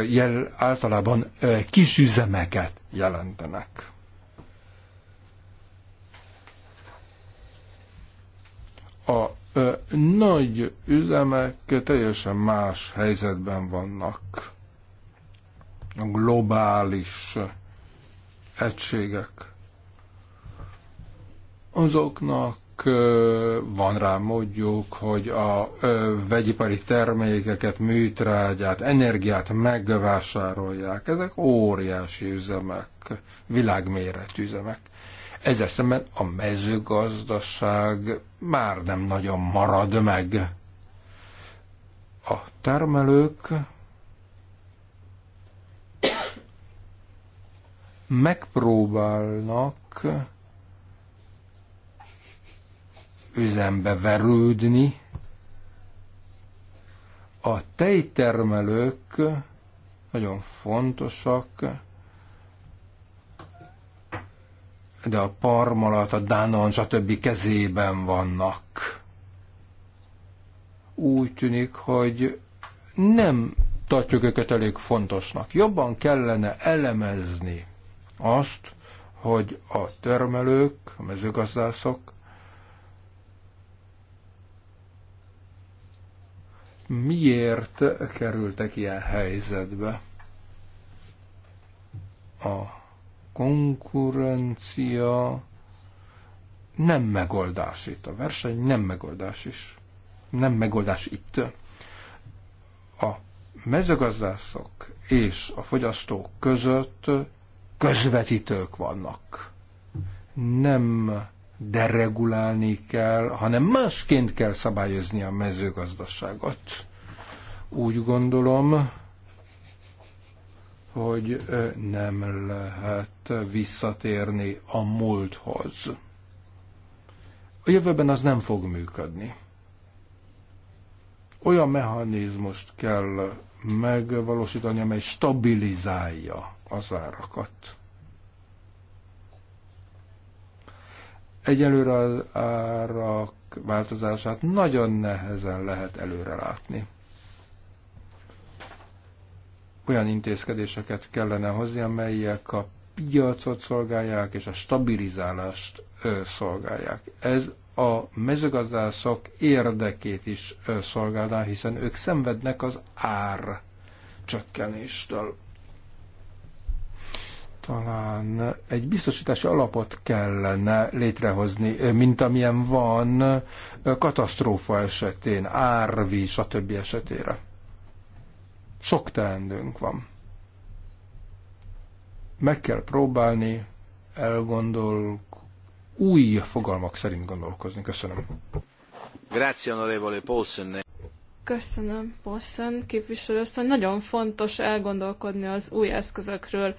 jel, általában kisüzemeket jelentenek. A ö, nagy üzemek teljesen más helyzetben vannak. A globális egységek. Azoknak van rá módjuk, hogy a vegyipari termékeket, műtrágyát, energiát megvásárolják. Ezek óriási üzemek, világméretű üzemek. Ezzel szemben a mezőgazdaság már nem nagyon marad meg. A termelők megpróbálnak üzembe verődni, a tejtermelők nagyon fontosak, de a Parmalat, a Danon, többi kezében vannak. Úgy tűnik, hogy nem tartjuk őket elég fontosnak. Jobban kellene elemezni azt, hogy a termelők, a mezőgazdászok miért kerültek ilyen helyzetbe a konkurencia nem megoldás itt. A verseny nem megoldás is. Nem megoldás itt. A mezőgazdászok és a fogyasztók között közvetítők vannak. Nem deregulálni kell, hanem másként kell szabályozni a mezőgazdaságot. Úgy gondolom, hogy nem lehet visszatérni a múlthoz. A jövőben az nem fog működni. Olyan mechanizmust kell megvalósítani, amely stabilizálja az árakat. Egyelőre az árak változását nagyon nehezen lehet előrelátni olyan intézkedéseket kellene hozni, amelyek a piacot szolgálják és a stabilizálást szolgálják. Ez a mezőgazdászok érdekét is szolgálná, hiszen ők szenvednek az ár csökkenéstől. Talán egy biztosítási alapot kellene létrehozni, mint amilyen van katasztrófa esetén, árvíz, stb. esetére sok teendőnk van. Meg kell próbálni elgondol, új fogalmak szerint gondolkozni. Köszönöm. Grazie, onorevole Paulsen. Köszönöm, Paulsen képviselő, hogy nagyon fontos elgondolkodni az új eszközökről.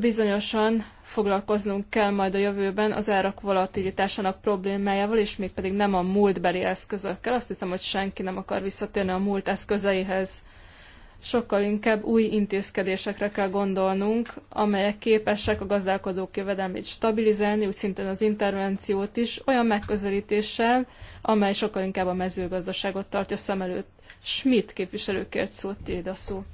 Bizonyosan foglalkoznunk kell majd a jövőben az árak volatilitásának problémájával, és mégpedig nem a múltbeli eszközökkel. Azt hiszem, hogy senki nem akar visszatérni a múlt eszközeihez sokkal inkább új intézkedésekre kell gondolnunk, amelyek képesek a gazdálkodók jövedelmét stabilizálni, úgy szintén az intervenciót is, olyan megközelítéssel, amely sokkal inkább a mezőgazdaságot tartja szem előtt. Schmidt képviselőkért szót tiéd a szó.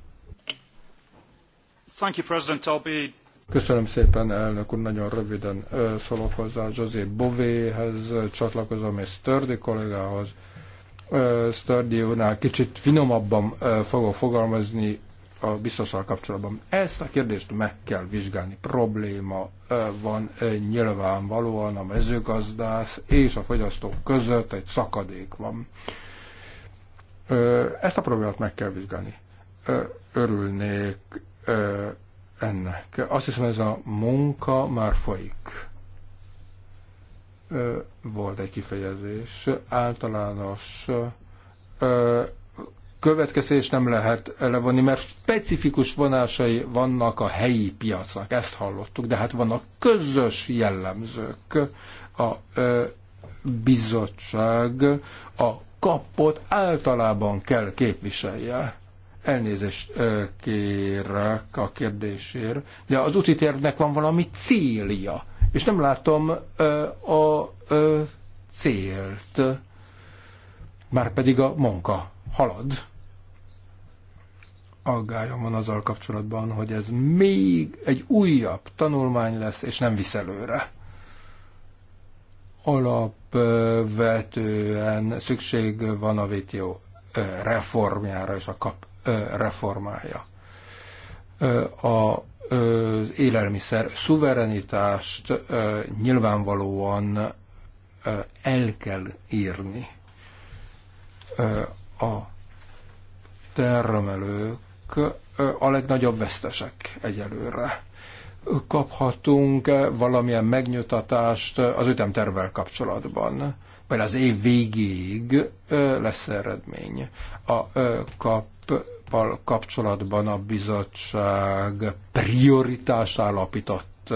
Thank you, President. I'll be... Köszönöm szépen, elnök úr, nagyon röviden szólok hozzá José Bovéhez, csatlakozom és Sturdy kollégához Stardiónál kicsit finomabban fogok fogalmazni a biztossal kapcsolatban. Ezt a kérdést meg kell vizsgálni. Probléma van nyilvánvalóan a mezőgazdász és a fogyasztók között egy szakadék van. Ezt a problémát meg kell vizsgálni. Örülnék ennek. Azt hiszem, ez a munka már folyik volt egy kifejezés, általános következés nem lehet levonni, mert specifikus vonásai vannak a helyi piacnak, ezt hallottuk, de hát vannak közös jellemzők. A bizottság a kapot általában kell képviselje. Elnézést kérek a kérdésért. De az úti tervnek van valami célja és nem látom a célt, már pedig a munka halad. Aggályom van azzal kapcsolatban, hogy ez még egy újabb tanulmány lesz, és nem visz előre. Alapvetően szükség van a VTO reformjára és a kap reformája. A az élelmiszer szuverenitást nyilvánvalóan el kell írni. A termelők a legnagyobb vesztesek egyelőre. Kaphatunk valamilyen megnyugtatást az ütemtervel kapcsolatban. vagy az év végéig lesz eredmény. A kap Európával kapcsolatban a bizottság prioritás állapított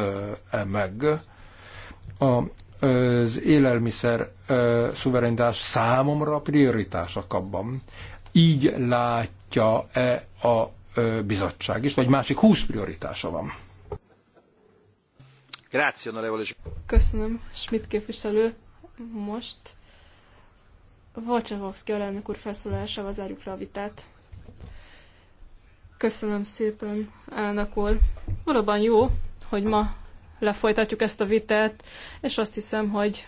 e meg. A az élelmiszer szuverenitás számomra prioritás a Így látja-e a bizottság is, vagy másik 20 prioritása van? Köszönöm, Schmidt képviselő. Most Wojciechowski alelnök úr felszólalásával zárjuk le a vitát. Köszönöm szépen, elnök úr. Valóban jó, hogy ma lefolytatjuk ezt a vitát, és azt hiszem, hogy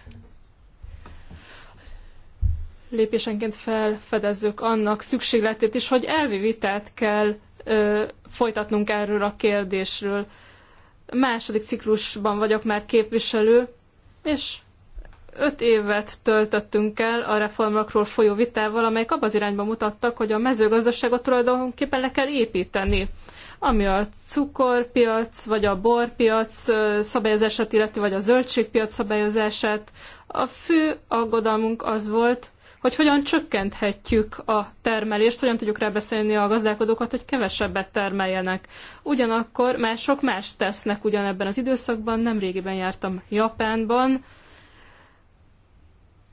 lépésenként felfedezzük annak szükségletét is, hogy elvi vitát kell ö, folytatnunk erről a kérdésről. Második ciklusban vagyok már képviselő, és öt évet töltöttünk el a reformokról folyó vitával, amelyek abba az irányba mutattak, hogy a mezőgazdaságot tulajdonképpen le kell építeni ami a cukorpiac, vagy a borpiac szabályozását illeti, vagy a zöldségpiac szabályozását. A fő aggodalmunk az volt, hogy hogyan csökkenthetjük a termelést, hogyan tudjuk rábeszélni a gazdálkodókat, hogy kevesebbet termeljenek. Ugyanakkor mások más tesznek ugyanebben az időszakban. Nemrégiben jártam Japánban,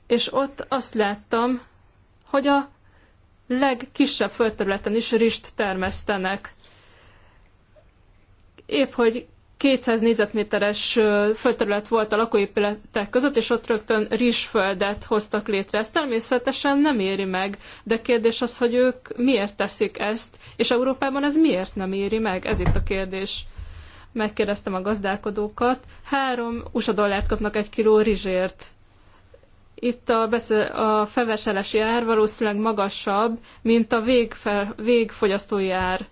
és ott azt láttam, hogy a legkisebb földterületen is rist termesztenek. Épp, hogy 200 négyzetméteres földterület volt a lakóépületek között, és ott rögtön rizsföldet hoztak létre. Ez természetesen nem éri meg, de kérdés az, hogy ők miért teszik ezt, és Európában ez miért nem éri meg? Ez itt a kérdés. Megkérdeztem a gazdálkodókat, három USA dollárt kapnak egy kiló rizsért. Itt a, besze, a feveselesi ár valószínűleg magasabb, mint a végfe, végfogyasztói ár.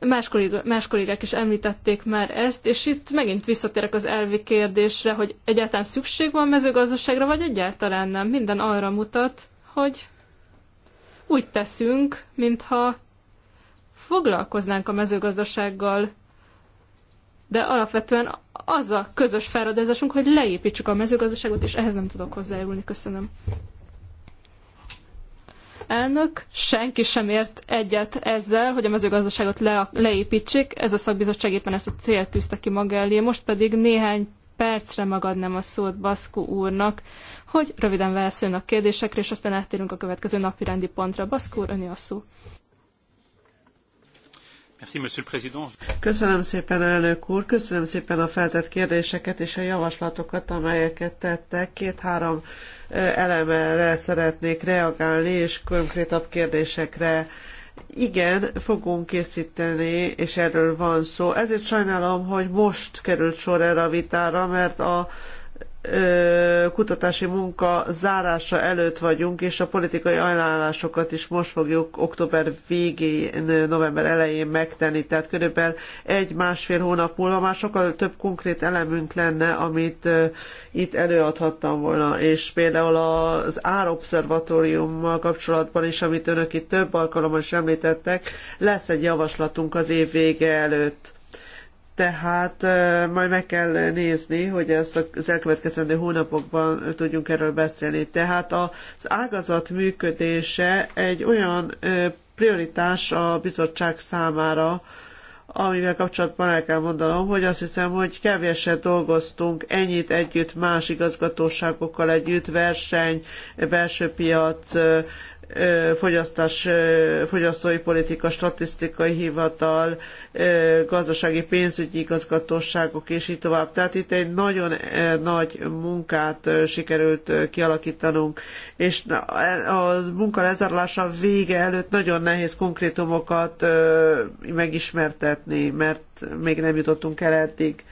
Más, kollég, más kollégák is említették már ezt, és itt megint visszatérek az elvi kérdésre, hogy egyáltalán szükség van mezőgazdaságra, vagy egyáltalán nem. Minden arra mutat, hogy úgy teszünk, mintha foglalkoznánk a mezőgazdasággal, de alapvetően az a közös fáradozásunk, hogy leépítsük a mezőgazdaságot, és ehhez nem tudok hozzájárulni. Köszönöm. Elnök, senki sem ért egyet ezzel, hogy a mezőgazdaságot le, leépítsék. Ez a szakbizottság éppen ezt a célt tűzte ki maga elé. Most pedig néhány percre magadnem a szót Baszkó úrnak, hogy röviden válaszoljon a kérdésekre, és aztán áttérünk a következő napi rendi pontra. Baszkó úr, öné a szó. Köszönöm szépen, elnök úr, köszönöm szépen a feltett kérdéseket és a javaslatokat, amelyeket tettek. Két-három elemre szeretnék reagálni, és konkrétabb kérdésekre. Igen, fogunk készíteni, és erről van szó. Ezért sajnálom, hogy most került sor erre a vitára, mert a kutatási munka zárása előtt vagyunk, és a politikai ajánlásokat is most fogjuk október végén, november elején megtenni, tehát körülbelül egy-másfél hónap múlva már sokkal több konkrét elemünk lenne, amit itt előadhattam volna, és például az árobszervatóriummal kapcsolatban is, amit önök itt több alkalommal is említettek, lesz egy javaslatunk az év vége előtt tehát majd meg kell nézni, hogy ezt az elkövetkezendő hónapokban tudjunk erről beszélni. Tehát az ágazat működése egy olyan prioritás a bizottság számára, amivel kapcsolatban el kell mondanom, hogy azt hiszem, hogy kevéset dolgoztunk ennyit együtt más igazgatóságokkal együtt, verseny, belső piac, fogyasztás, fogyasztói politika, statisztikai hivatal, gazdasági pénzügyi igazgatóságok és így tovább. Tehát itt egy nagyon nagy munkát sikerült kialakítanunk, és a munka lezárása vége előtt nagyon nehéz konkrétumokat megismertetni, mert még nem jutottunk el eddig.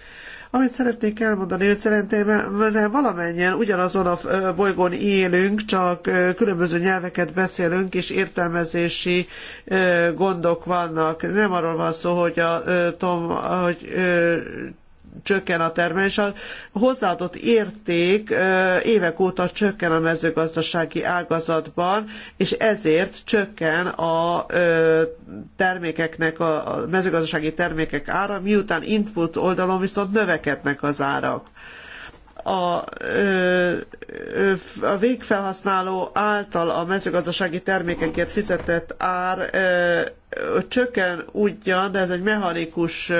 Amit szeretnék elmondani, hogy szerintem valamennyien ugyanazon a bolygón élünk, csak különböző nyelveket beszélünk, és értelmezési gondok vannak. Nem arról van szó, hogy a, tom, hogy csökken a termelés. A hozzáadott érték évek óta csökken a mezőgazdasági ágazatban, és ezért csökken a termékeknek, a mezőgazdasági termékek ára, miután input oldalon viszont növekednek az árak a, a végfelhasználó által a mezőgazdasági termékekért fizetett ár csökken ugyan, de ez egy mechanikus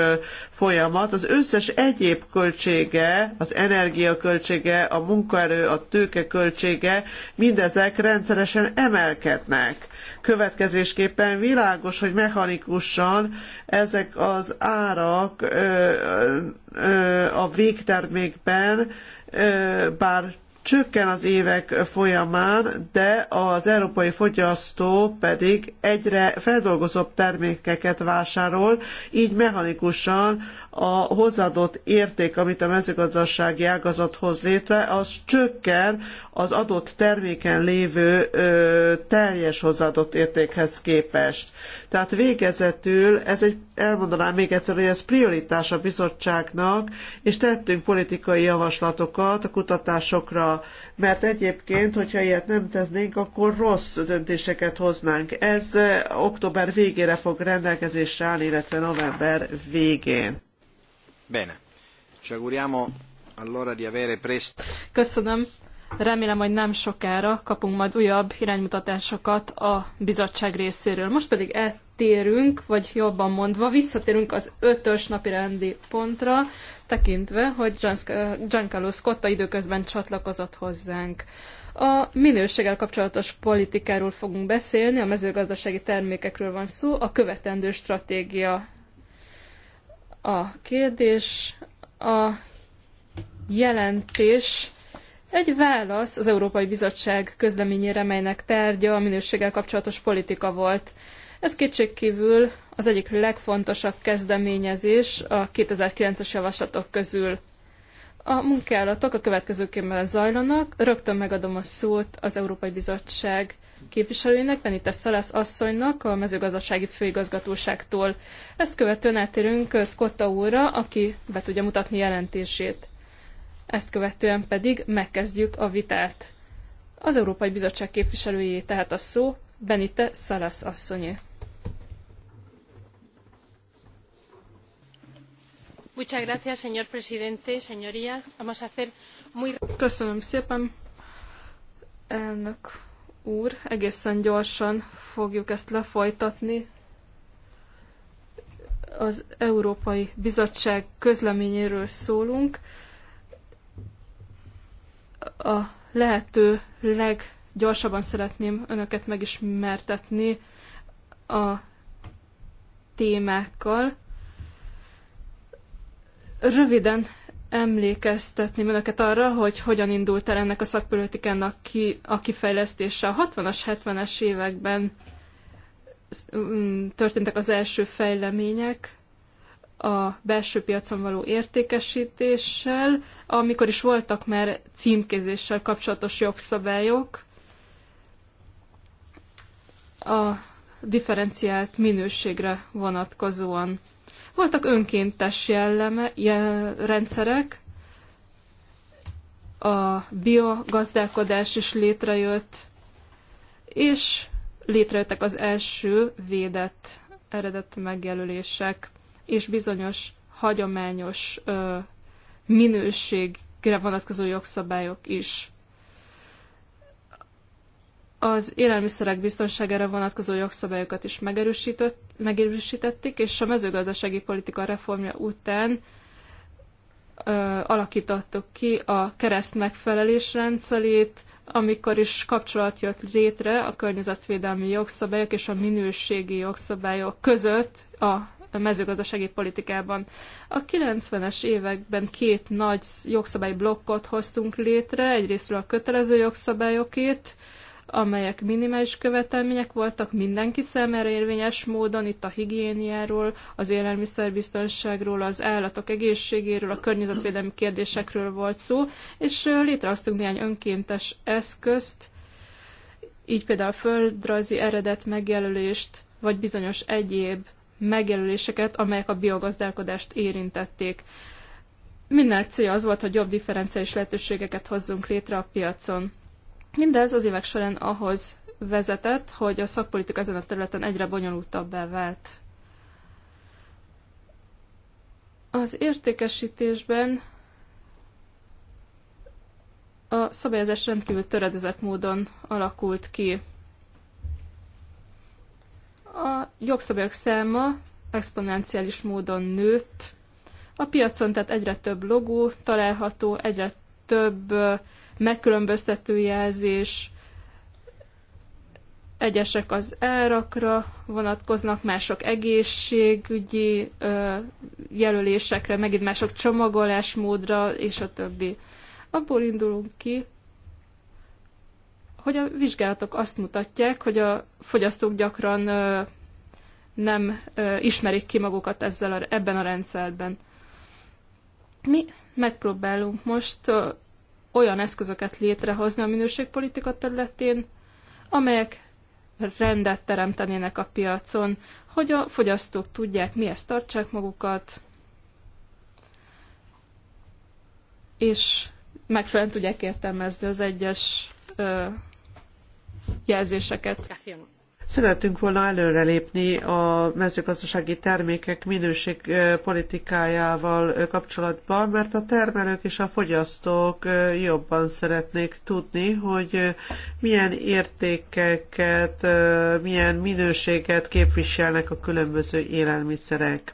folyamat. Az összes egyéb költsége, az energiaköltsége, a munkaerő, a tőke költsége, mindezek rendszeresen emelkednek. Következésképpen világos, hogy mechanikusan ezek az árak ö, ö, a végtermékben, ö, bár csökken az évek folyamán, de az európai fogyasztó pedig egyre feldolgozobb termékeket vásárol, így mechanikusan a hozzáadott érték, amit a mezőgazdasági ágazat hoz létre, az csökken az adott terméken lévő ö, teljes hozzáadott értékhez képest. Tehát végezetül, ez egy, elmondanám még egyszer, hogy ez prioritás a bizottságnak, és tettünk politikai javaslatokat a kutatásokra, mert egyébként, hogyha ilyet nem tennénk, akkor rossz döntéseket hoznánk. Ez október végére fog rendelkezésre állni, illetve november végén. Bene. Ci auguriamo allora di avere presto. Köszönöm. Remélem, hogy nem sokára kapunk majd újabb iránymutatásokat a bizottság részéről. Most pedig eltérünk, vagy jobban mondva, visszatérünk az ötös napi rendi pontra, tekintve, hogy Giancarlo Scotta időközben csatlakozott hozzánk. A minőséggel kapcsolatos politikáról fogunk beszélni, a mezőgazdasági termékekről van szó, a követendő stratégia a kérdés, a jelentés egy válasz az Európai Bizottság közleményére, melynek tárgya a minőséggel kapcsolatos politika volt. Ez kétségkívül az egyik legfontosabb kezdeményezés a 2009-es javaslatok közül. A munkálatok a következőképpen zajlanak. Rögtön megadom a szót az Európai Bizottság képviselőinek, Benita Salas asszonynak, a mezőgazdasági főigazgatóságtól. Ezt követően átérünk Scotta úrra, aki be tudja mutatni jelentését. Ezt követően pedig megkezdjük a vitát. Az Európai Bizottság képviselőjé tehát a szó, Benite Salas asszonyé. Muchas gracias, señor presidente, señorías. Vamos a hacer muy... Köszönöm szépen, elnök úr, egészen gyorsan fogjuk ezt lefolytatni. Az Európai Bizottság közleményéről szólunk. A lehető leggyorsabban szeretném önöket megismertetni a témákkal. Röviden emlékeztetni önöket arra, hogy hogyan indult el ennek a szakpolitikának ki, a kifejlesztése. A 60-as, 70-es években mm, történtek az első fejlemények a belső piacon való értékesítéssel, amikor is voltak már címkézéssel kapcsolatos jogszabályok, a differenciált minőségre vonatkozóan. Voltak önkéntes jelleme, jel, rendszerek, a biogazdálkodás is létrejött, és létrejöttek az első védett eredet megjelölések, és bizonyos hagyományos ö, minőségre vonatkozó jogszabályok is az élelmiszerek biztonságára vonatkozó jogszabályokat is megerősített, megerősítették, és a mezőgazdasági politika reformja után ö, alakítottuk ki a kereszt megfelelés rendszerét, amikor is kapcsolat jött létre a környezetvédelmi jogszabályok és a minőségi jogszabályok között a a mezőgazdasági politikában. A 90-es években két nagy jogszabály blokkot hoztunk létre, egyrésztről a kötelező jogszabályokét, amelyek minimális követelmények voltak mindenki számára érvényes módon, itt a higiéniáról, az élelmiszerbiztonságról, az állatok egészségéről, a környezetvédelmi kérdésekről volt szó, és létrehoztunk néhány önkéntes eszközt, így például a földrajzi eredet megjelölést, vagy bizonyos egyéb megjelöléseket, amelyek a biogazdálkodást érintették. Minden célja az volt, hogy jobb differenciális lehetőségeket hozzunk létre a piacon. Mindez az évek során ahhoz vezetett, hogy a szakpolitika ezen a területen egyre bonyolultabbá vált. Az értékesítésben a szabályozás rendkívül töredezett módon alakult ki. A jogszabályok száma exponenciális módon nőtt, a piacon tehát egyre több logó található, egyre több megkülönböztető jelzés, egyesek az árakra vonatkoznak, mások egészségügyi ö, jelölésekre, megint mások csomagolásmódra, és a többi. Abból indulunk ki, hogy a vizsgálatok azt mutatják, hogy a fogyasztók gyakran ö, nem ö, ismerik ki magukat ezzel a, ebben a rendszerben. Mi megpróbálunk most olyan eszközöket létrehozni a minőségpolitika területén, amelyek rendet teremtenének a piacon, hogy a fogyasztók tudják, mihez tartsák magukat, és megfelelően tudják értelmezni az egyes ö, jelzéseket. Szeretünk volna előrelépni a mezőgazdasági termékek minőség politikájával kapcsolatban, mert a termelők és a fogyasztók jobban szeretnék tudni, hogy milyen értékeket, milyen minőséget képviselnek a különböző élelmiszerek.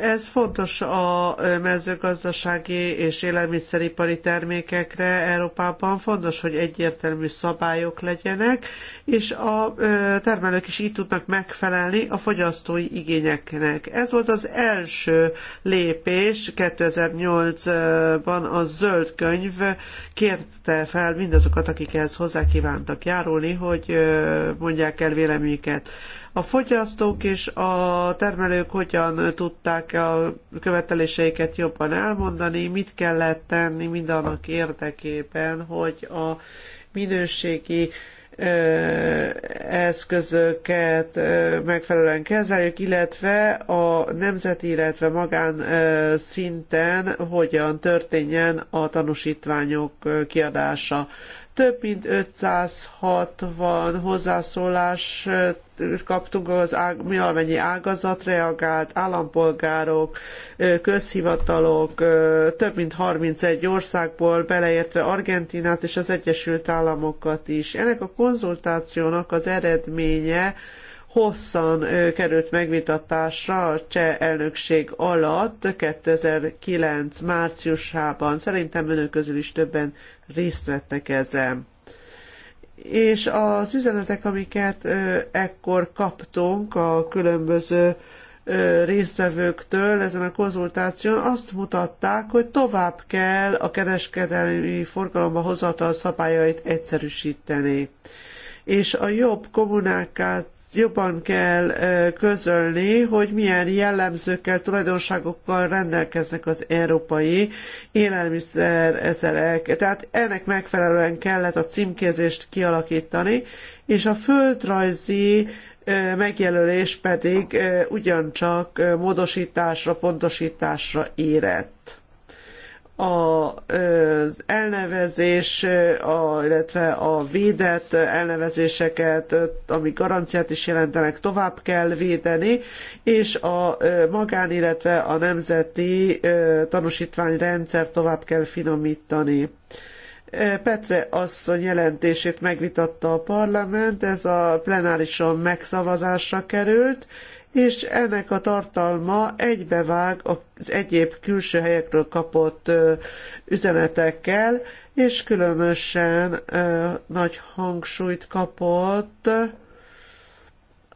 Ez fontos a mezőgazdasági és élelmiszeripari termékekre Európában. Fontos, hogy egyértelmű szabályok legyenek, és a termelők is így tudnak megfelelni a fogyasztói igényeknek. Ez volt az első lépés 2008-ban a zöld könyv kérte fel mindazokat, akik ehhez hozzá kívántak járulni, hogy mondják el véleményüket. A fogyasztók és a termelők hogyan tudták a követeléseiket jobban elmondani, mit kellett tenni mindannak érdekében, hogy a minőségi eszközöket megfelelően kezeljük, illetve a nemzeti, illetve magán szinten hogyan történjen a tanúsítványok kiadása. Több mint 560 hozzászólás kaptunk az ág, mi amennyi ágazat reagált, állampolgárok, közhivatalok, több mint 31 országból, beleértve Argentinát és az Egyesült Államokat is. Ennek a konzultációnak az eredménye hosszan került megvitatásra a cseh elnökség alatt 2009 márciusában. Szerintem önök közül is többen részt vettek ezen. És az üzenetek, amiket ekkor kaptunk a különböző résztvevőktől ezen a konzultáción azt mutatták, hogy tovább kell a kereskedelmi forgalomba hozatal szabályait egyszerűsíteni. És a jobb kommunikát, jobban kell közölni, hogy milyen jellemzőkkel, tulajdonságokkal rendelkeznek az európai élelmiszerek. Tehát ennek megfelelően kellett a címkézést kialakítani, és a földrajzi megjelölés pedig ugyancsak módosításra, pontosításra érett az elnevezés, a, illetve a védett elnevezéseket, amik garanciát is jelentenek, tovább kell védeni, és a magán, illetve a nemzeti tanúsítványrendszer tovább kell finomítani. Petre asszony jelentését megvitatta a parlament, ez a plenárison megszavazásra került, és ennek a tartalma egybevág az egyéb külső helyekről kapott üzenetekkel, és különösen nagy hangsúlyt kapott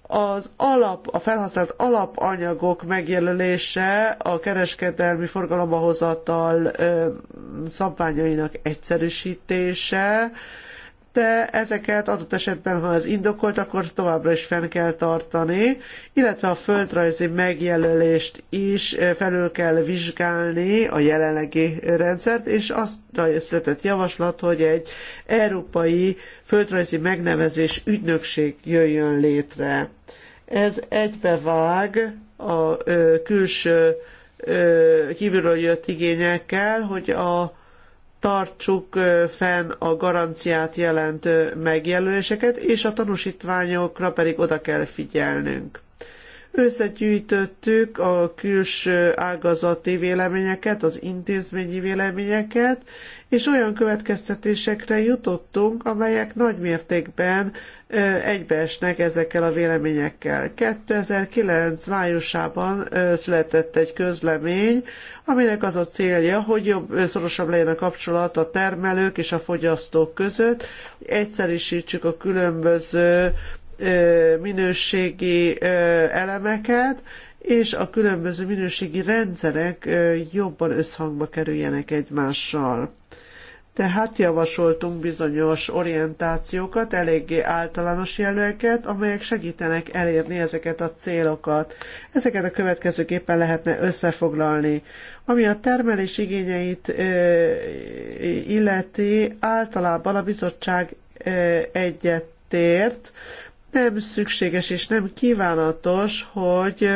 az alap, a felhasznált alapanyagok megjelölése a kereskedelmi forgalomba hozatal szabványainak egyszerűsítése, de ezeket adott esetben, ha ez indokolt, akkor továbbra is fenn kell tartani, illetve a földrajzi megjelölést is eh, felül kell vizsgálni a jelenlegi rendszert, és azt született javaslat, hogy egy európai földrajzi megnevezés ügynökség jöjjön létre. Ez egybevág a külső kívülről jött igényekkel, hogy a tartsuk fenn a garanciát jelentő megjelöléseket, és a tanúsítványokra pedig oda kell figyelnünk. Összegyűjtöttük a külső ágazati véleményeket, az intézményi véleményeket, és olyan következtetésekre jutottunk, amelyek nagymértékben mértékben egybeesnek ezekkel a véleményekkel. 2009 májusában született egy közlemény, aminek az a célja, hogy jobb, szorosabb legyen a kapcsolat a termelők és a fogyasztók között, egyszerűsítsük a különböző minőségi elemeket, és a különböző minőségi rendszerek jobban összhangba kerüljenek egymással. Tehát javasoltunk bizonyos orientációkat, eléggé általános jelölket, amelyek segítenek elérni ezeket a célokat. Ezeket a következőképpen lehetne összefoglalni. Ami a termelés igényeit illeti, általában a bizottság egyetért, nem szükséges és nem kívánatos, hogy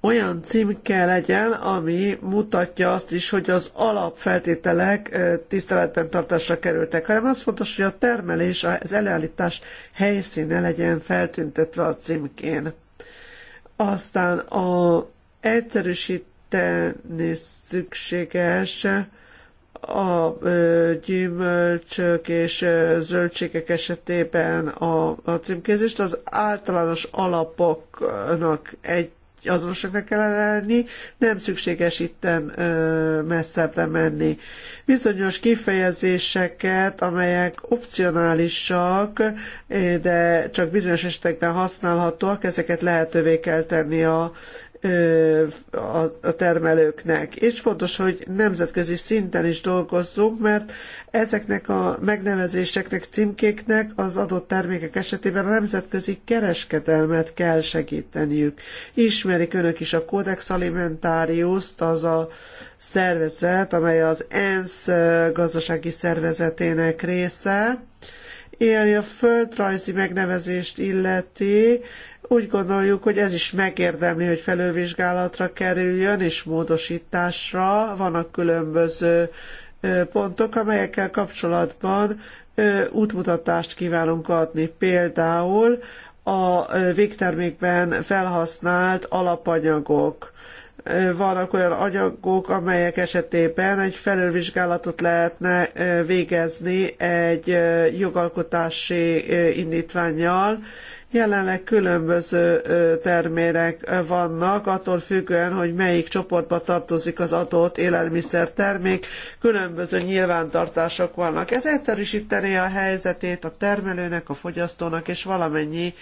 olyan kell legyen, ami mutatja azt is, hogy az alapfeltételek tiszteletben tartásra kerültek, hanem az fontos, hogy a termelés, az előállítás helyszíne legyen feltüntetve a címkén. Aztán a egyszerűsíteni szükséges a gyümölcsök és zöldségek esetében a, a címkézést az általános alapoknak egy azonosoknak kell lenni, nem szükséges itten ö, messzebbre menni. Bizonyos kifejezéseket, amelyek opcionálisak, de csak bizonyos esetekben használhatóak, ezeket lehetővé kell tenni a a termelőknek. És fontos, hogy nemzetközi szinten is dolgozzunk, mert ezeknek a megnevezéseknek, címkéknek az adott termékek esetében a nemzetközi kereskedelmet kell segíteniük. Ismerik önök is a Codex alimentarius az a szervezet, amely az ENSZ gazdasági szervezetének része, élni a földrajzi megnevezést illeti, úgy gondoljuk, hogy ez is megérdemli, hogy felülvizsgálatra kerüljön és módosításra. Vannak különböző pontok, amelyekkel kapcsolatban útmutatást kívánunk adni. Például a végtermékben felhasznált alapanyagok. Vannak olyan anyagok, amelyek esetében egy felülvizsgálatot lehetne végezni egy jogalkotási indítványjal, Jelenleg különböző termérek vannak, attól függően, hogy melyik csoportba tartozik az adott élelmiszertermék, különböző nyilvántartások vannak. Ez egyszerűsítené a helyzetét a termelőnek, a fogyasztónak és valamennyi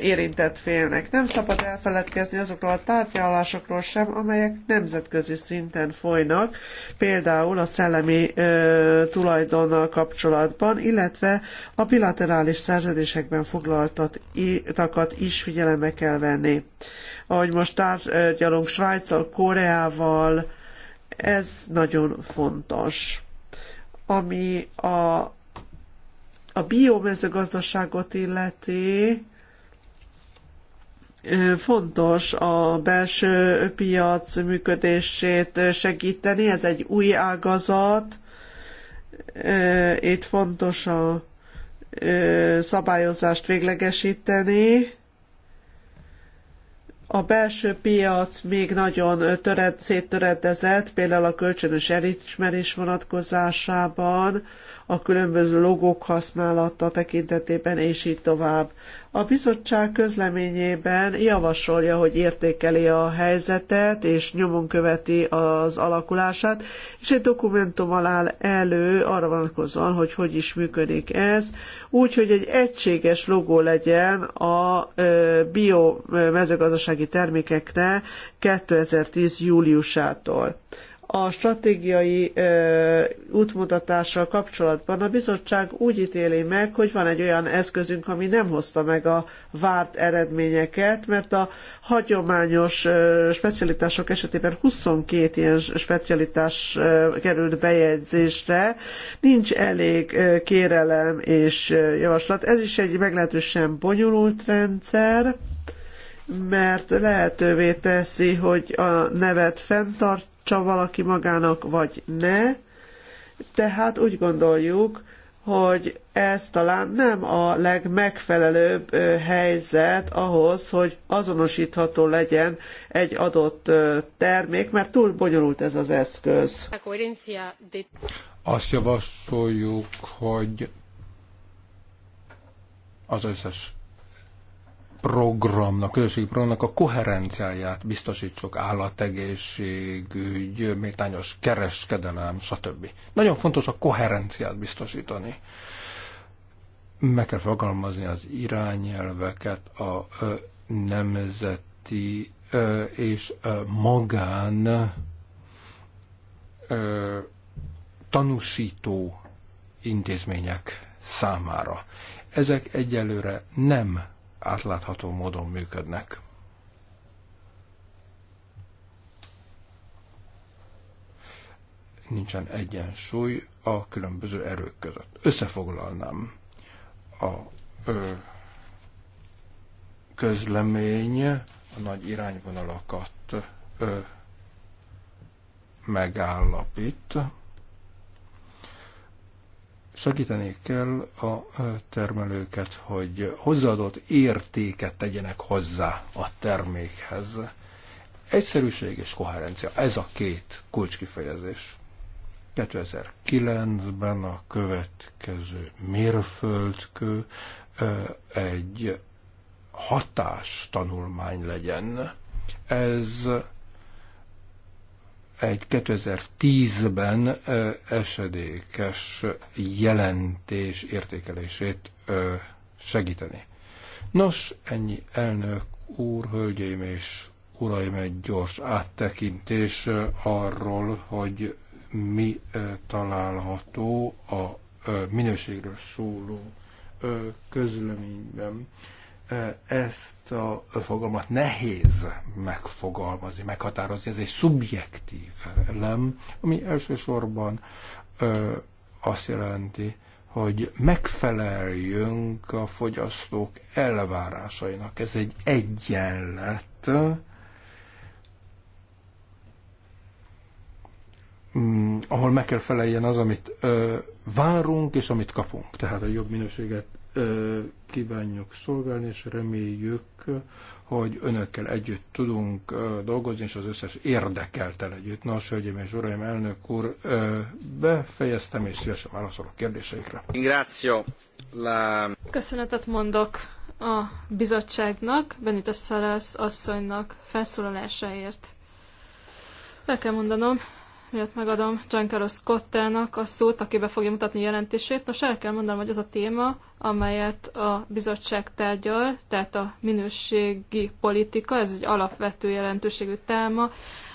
érintett félnek. Nem szabad elfeledkezni azokról a tárgyalásokról sem, amelyek nemzetközi szinten folynak, például a szellemi ö, tulajdonnal kapcsolatban, illetve a bilaterális szerződésekben foglaltakat is figyelembe kell venni. Ahogy most tárgyalunk Svájccal, Koreával, ez nagyon fontos. Ami a a biomezőgazdaságot illeti, Fontos a belső piac működését segíteni, ez egy új ágazat, itt fontos a szabályozást véglegesíteni. A belső piac még nagyon töred, széttöredezett, például a kölcsönös elismerés vonatkozásában, a különböző logók használata tekintetében, és így tovább. A bizottság közleményében javasolja, hogy értékeli a helyzetet, és nyomon követi az alakulását, és egy dokumentum alá elő arra vonatkozóan, hogy hogy is működik ez, úgy, hogy egy egységes logó legyen a biomezőgazdasági termékekre 2010. júliusától a stratégiai ö, útmutatással kapcsolatban a bizottság úgy ítéli meg, hogy van egy olyan eszközünk, ami nem hozta meg a várt eredményeket, mert a hagyományos ö, specialitások esetében 22 ilyen specialitás ö, került bejegyzésre, nincs elég ö, kérelem és ö, javaslat. Ez is egy meglehetősen bonyolult rendszer mert lehetővé teszi, hogy a nevet fenntart, tartsa valaki magának, vagy ne. Tehát úgy gondoljuk, hogy ez talán nem a legmegfelelőbb helyzet ahhoz, hogy azonosítható legyen egy adott termék, mert túl bonyolult ez az eszköz. Azt javasoljuk, hogy az összes programnak, közösségi programnak a koherenciáját biztosítsuk, állategészségügy, méltányos kereskedelem, stb. Nagyon fontos a koherenciát biztosítani. Meg kell fogalmazni az irányelveket, a nemzeti és magán tanúsító intézmények számára. Ezek egyelőre nem átlátható módon működnek. Nincsen egyensúly a különböző erők között. Összefoglalnám a ö, közlemény a nagy irányvonalakat ö, megállapít segíteni kell a termelőket, hogy hozzáadott értéket tegyenek hozzá a termékhez. Egyszerűség és koherencia, ez a két kulcskifejezés. 2009-ben a következő mérföldkő egy hatástanulmány legyen. Ez egy 2010-ben esedékes jelentés értékelését segíteni. Nos, ennyi elnök úr, hölgyeim és uraim, egy gyors áttekintés arról, hogy mi található a minőségről szóló közleményben ezt a fogalmat nehéz megfogalmazni, meghatározni. Ez egy szubjektív elem, ami elsősorban azt jelenti, hogy megfeleljünk a fogyasztók elvárásainak. Ez egy egyenlet. Mm, ahol meg kell feleljen az, amit ö, várunk és amit kapunk. Tehát a jobb minőséget kívánjuk szolgálni, és reméljük, hogy önökkel együtt tudunk dolgozni, és az összes érdekeltel együtt. Nos, hölgyeim és uraim, elnök úr, befejeztem, és szívesen válaszolok kérdéseikre. Ingráció. La... Köszönetet mondok a bizottságnak, Benita Szarász asszonynak felszólalásáért. El kell mondanom, miatt megadom Giancarlo Scottának a szót, aki be fogja mutatni jelentését. Nos, el kell mondanom, hogy az a téma, amelyet a bizottság tárgyal, tehát a minőségi politika, ez egy alapvető jelentőségű téma.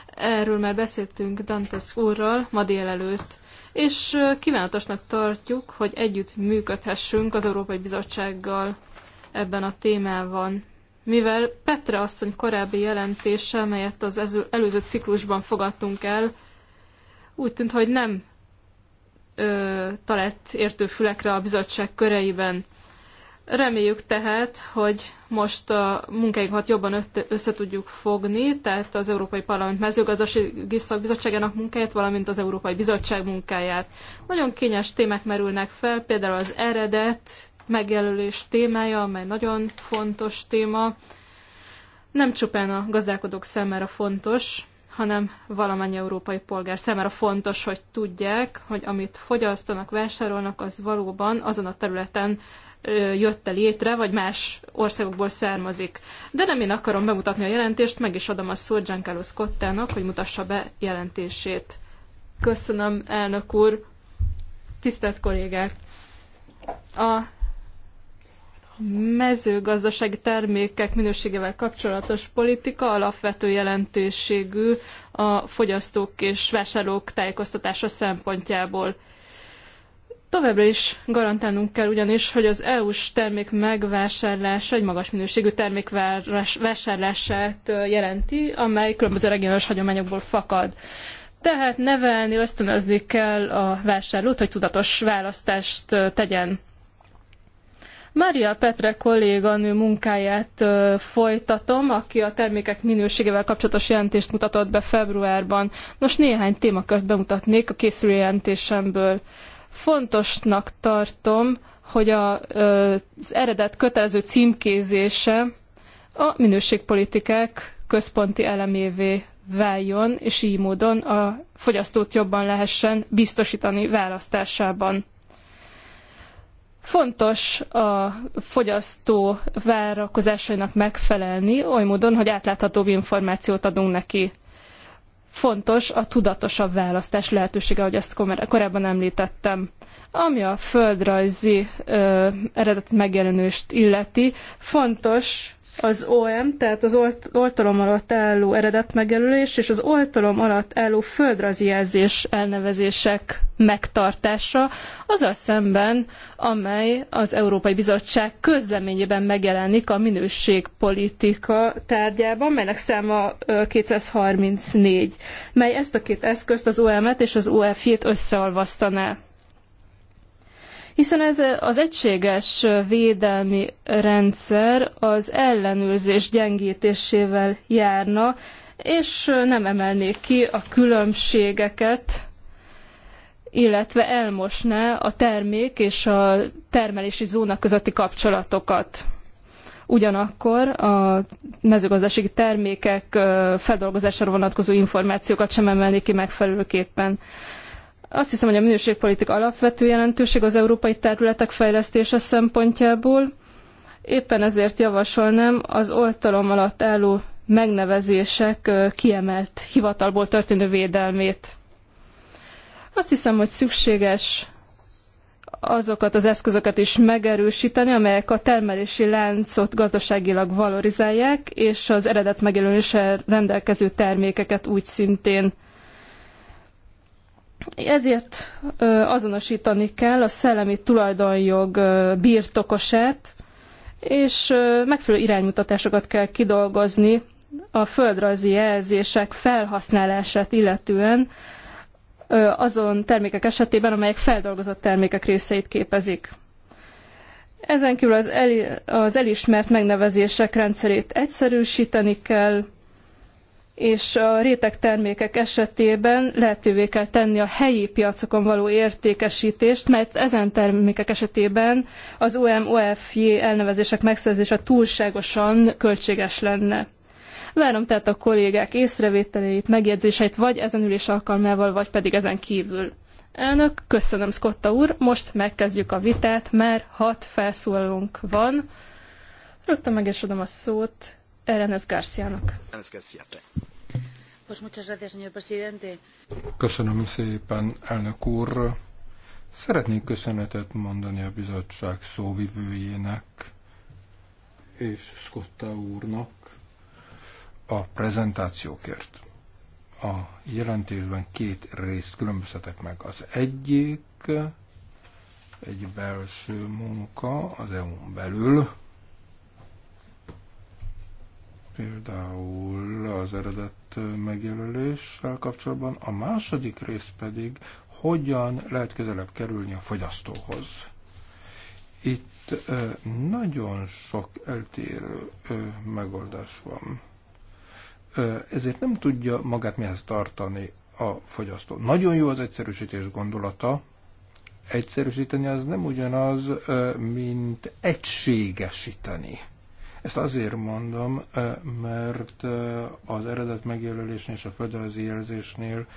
Erről már beszéltünk Dantes úrral ma délelőtt, és kívánatosnak tartjuk, hogy együtt működhessünk az Európai Bizottsággal ebben a témában mivel Petre asszony korábbi jelentése, melyet az előző ciklusban fogadtunk el, úgy tűnt, hogy nem ö, talált fülekre a bizottság köreiben. Reméljük tehát, hogy most a munkáinkat jobban össze tudjuk fogni, tehát az Európai Parlament mezőgazdasági szakbizottságának munkáját, valamint az Európai Bizottság munkáját. Nagyon kényes témák merülnek fel, például az eredet megjelölés témája, amely nagyon fontos téma. Nem csupán a gazdálkodók számára fontos, hanem valamennyi európai polgár számára fontos, hogy tudják, hogy amit fogyasztanak, vásárolnak, az valóban azon a területen jött -e létre, vagy más országokból származik. De nem én akarom bemutatni a jelentést, meg is adom a szót Giancarlo Scottának, hogy mutassa be jelentését. Köszönöm, elnök úr, tisztelt kollégák! A mezőgazdasági termékek minőségével kapcsolatos politika alapvető jelentőségű a fogyasztók és vásárlók tájékoztatása szempontjából. Továbbra is garantálnunk kell ugyanis, hogy az EU-s termék megvásárlása egy magas minőségű termék vásárlását jelenti, amely különböző regionális hagyományokból fakad. Tehát nevelni, ösztönözni kell a vásárlót, hogy tudatos választást tegyen. Mária Petre kolléganő munkáját folytatom, aki a termékek minőségével kapcsolatos jelentést mutatott be februárban. Nos, néhány témakört bemutatnék a készülő jelentésemből. Fontosnak tartom, hogy a, az eredet kötelező címkézése a minőségpolitikák központi elemévé váljon, és így módon a fogyasztót jobban lehessen biztosítani választásában. Fontos a fogyasztó várakozásainak megfelelni, oly módon, hogy átláthatóbb információt adunk neki. Fontos a tudatosabb választás lehetősége, ahogy ezt korábban említettem. Ami a földrajzi ö, eredet megjelenést illeti, fontos az OM, tehát az oltalom alatt álló eredet megjelölés és az oltalom alatt álló földrajzi jelzés elnevezések megtartása, azzal szemben, amely az Európai Bizottság közleményében megjelenik a minőségpolitika tárgyában, melynek száma 234, mely ezt a két eszközt, az OM-et és az OF-jét összeolvasztaná hiszen ez eh, az egységes eh, védelmi rendszer az ellenőrzés gyengítésével járna, és eh, nem emelnék ki a különbségeket, illetve elmosná a termék és a termelési zóna közötti kapcsolatokat. Ugyanakkor a mezőgazdasági termékek feldolgozására vonatkozó információkat sem emelni ki megfelelőképpen. Azt hiszem, hogy a minőségpolitika alapvető jelentőség az európai területek fejlesztése szempontjából. Éppen ezért javasolnám az oltalom alatt álló megnevezések kiemelt hivatalból történő védelmét. Azt hiszem, hogy szükséges azokat az eszközöket is megerősíteni, amelyek a termelési láncot gazdaságilag valorizálják, és az eredet megjelöléssel rendelkező termékeket úgy szintén. Ezért azonosítani kell a szellemi tulajdonjog birtokosát, és megfelelő iránymutatásokat kell kidolgozni a földrajzi jelzések felhasználását illetően azon termékek esetében, amelyek feldolgozott termékek részeit képezik. Ezen kívül az, el, az elismert megnevezések rendszerét egyszerűsíteni kell, és a réteg termékek esetében lehetővé kell tenni a helyi piacokon való értékesítést, mert ezen termékek esetében az OM-OFJ elnevezések megszerzése túlságosan költséges lenne. Várom tehát a kollégák észrevételeit, megjegyzéseit vagy ezen ülés alkalmával, vagy pedig ezen kívül. Elnök, köszönöm Scotta úr, most megkezdjük a vitát, már hat felszólalónk van. Rögtön meg is adom a szót Erenes Garciának. Köszönöm szépen, elnök úr. Szeretnék köszönetet mondani a bizottság szóvivőjének és Scotta úrnak a prezentációkért. A jelentésben két részt különböztetek meg. Az egyik egy belső munka az EU-n belül, például az eredet megjelöléssel kapcsolatban, a második rész pedig hogyan lehet közelebb kerülni a fogyasztóhoz. Itt nagyon sok eltérő megoldás van. Ezért nem tudja magát mihez tartani a fogyasztó. Nagyon jó az egyszerűsítés gondolata. Egyszerűsíteni az nem ugyanaz, mint egységesíteni ezt azért mondom, mert az eredet megjelölésnél és a földrajzi jelzésnél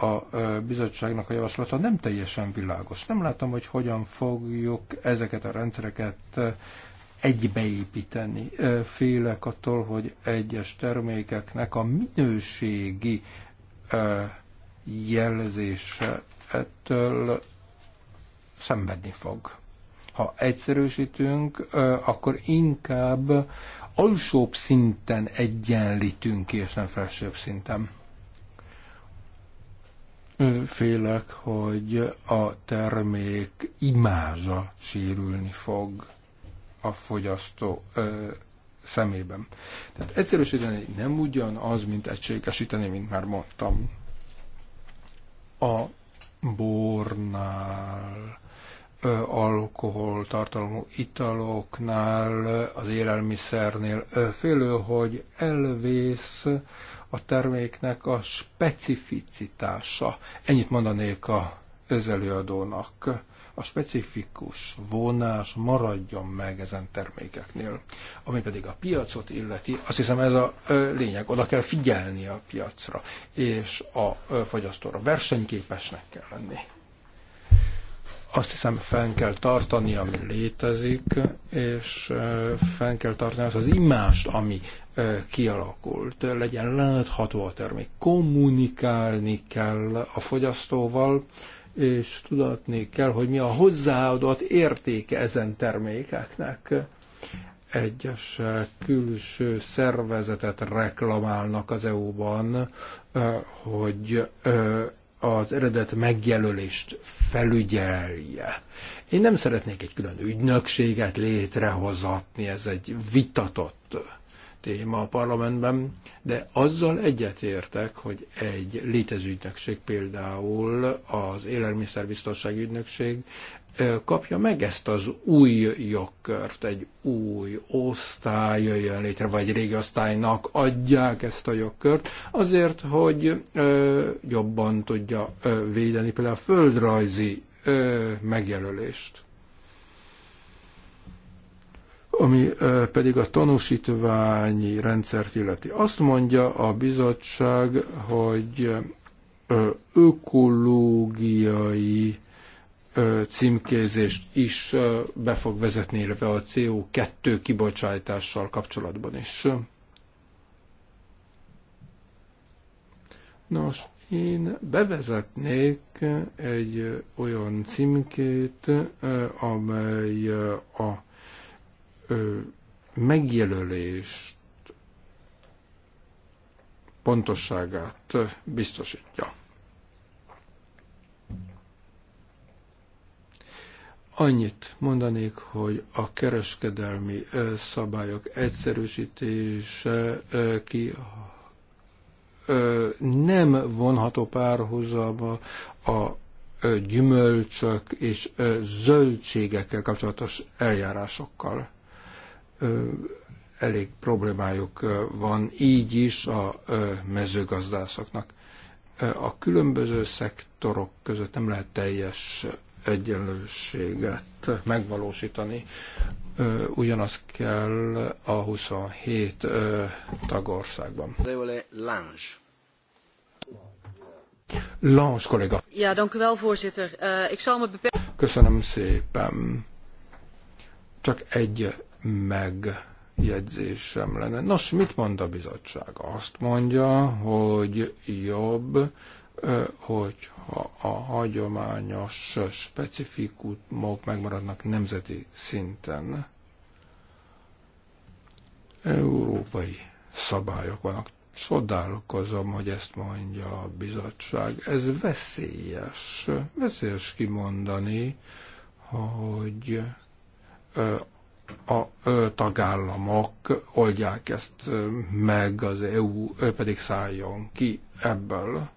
a bizottságnak a javaslata nem teljesen világos. Nem látom, hogy hogyan fogjuk ezeket a rendszereket egybeépíteni. Félek attól, hogy egyes termékeknek a minőségi jelzése ettől szenvedni fog. Ha egyszerűsítünk, akkor inkább alsóbb szinten egyenlítünk ki, és nem felsőbb szinten. Félek, hogy a termék imázsa sérülni fog a fogyasztó ö, szemében. Tehát egyszerűsíteni nem ugyanaz, mint egységesíteni, mint már mondtam. A bornál alkoholtartalmú italoknál, az élelmiszernél félő, hogy elvész a terméknek a specificitása. Ennyit mondanék a özelőadónak. A specifikus vonás maradjon meg ezen termékeknél. Ami pedig a piacot illeti, azt hiszem ez a lényeg. Oda kell figyelni a piacra, és a fogyasztóra versenyképesnek kell lenni azt hiszem fenn kell tartani, ami létezik, és fenn kell tartani azt az imást, ami kialakult. Legyen látható a termék. Kommunikálni kell a fogyasztóval, és tudatni kell, hogy mi a hozzáadott értéke ezen termékeknek. Egyes külső szervezetet reklamálnak az EU-ban, hogy az eredet megjelölést felügyelje. Én nem szeretnék egy külön ügynökséget létrehozatni, ez egy vitatott téma a parlamentben, de azzal egyetértek, hogy egy létező ügynökség, például az élelmiszerbiztonsági ügynökség kapja meg ezt az új jogkört, egy új osztály jöjjön létre, vagy régi osztálynak adják ezt a jogkört, azért, hogy jobban tudja védeni például a földrajzi megjelölést. Ami pedig a tanúsítványi rendszert illeti. Azt mondja a bizottság, hogy ökológiai címkézést is be fog vezetni, illetve a CO2 kibocsátással kapcsolatban is. Nos, én bevezetnék egy olyan címkét, amely a megjelölést pontosságát biztosítja. Annyit mondanék, hogy a kereskedelmi szabályok egyszerűsítése ki nem vonható párhuzamba a gyümölcsök és zöldségekkel kapcsolatos eljárásokkal. Elég problémájuk van így is a mezőgazdászoknak. A különböző szektorok között nem lehet teljes egyenlőséget megvalósítani. Ugyanaz kell a 27 tagországban. Lange. Lange kollega. Ja, dank u wel, voorzitter. Uh, ik zal me beperken. Köszönöm szépen. Csak egy megjegyzésem lenne. Nos, mit mond a bizottság? Azt mondja, hogy jobb, hogy a, a hagyományos specifikumok megmaradnak nemzeti szinten. Európai szabályok vannak. Csodálkozom, hogy ezt mondja a bizottság. Ez veszélyes. Veszélyes kimondani, hogy a tagállamok oldják ezt meg, az EU pedig szálljon ki ebből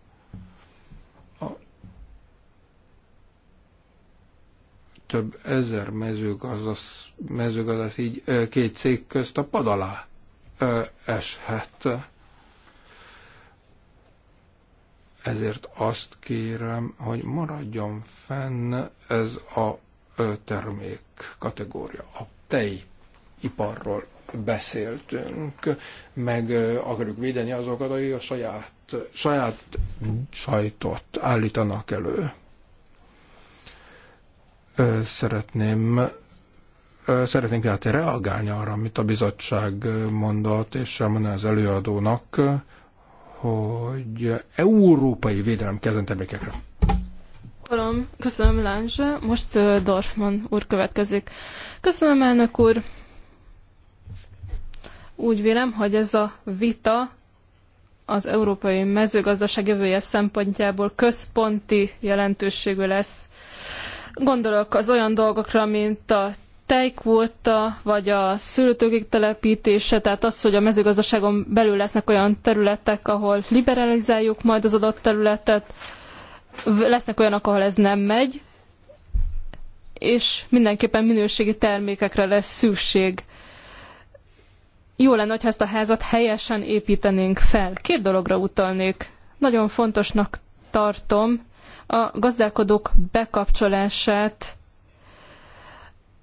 több ezer mezőgazdasz, mezőgazdasz így két cég közt a pad alá eshet. Ezért azt kérem, hogy maradjon fenn ez a termék kategória. A tej iparról beszéltünk, meg akarjuk védeni azokat, akik a saját, saját mhm. sajtot állítanak elő szeretném szeretnénk tehát reagálni arra, amit a bizottság mondott, és elmondani az előadónak, hogy európai védelem kezden termékekre. Köszönöm, köszönöm Lánzse. Most Dorfman úr következik. Köszönöm, elnök úr. Úgy vélem, hogy ez a vita az európai mezőgazdaság jövője szempontjából központi jelentőségű lesz. Gondolok az olyan dolgokra, mint a tejkvóta, vagy a szülőtőkék telepítése, tehát az, hogy a mezőgazdaságon belül lesznek olyan területek, ahol liberalizáljuk majd az adott területet, lesznek olyanok, ahol ez nem megy, és mindenképpen minőségi termékekre lesz szükség. Jó lenne, hogyha ezt a házat helyesen építenénk fel. Két dologra utalnék. Nagyon fontosnak tartom, a gazdálkodók bekapcsolását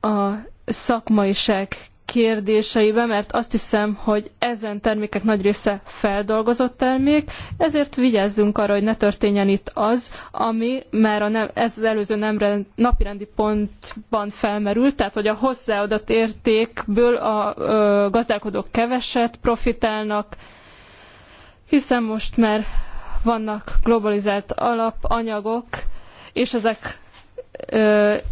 a szakmaiság kérdéseibe, mert azt hiszem, hogy ezen termékek nagy része feldolgozott termék, ezért vigyázzunk arra, hogy ne történjen itt az, ami már a nem, ez az előző nemre, napirendi pontban felmerült, tehát hogy a hozzáadott értékből a ö, gazdálkodók keveset profitálnak, hiszen most már vannak globalizált alapanyagok, és ezeknél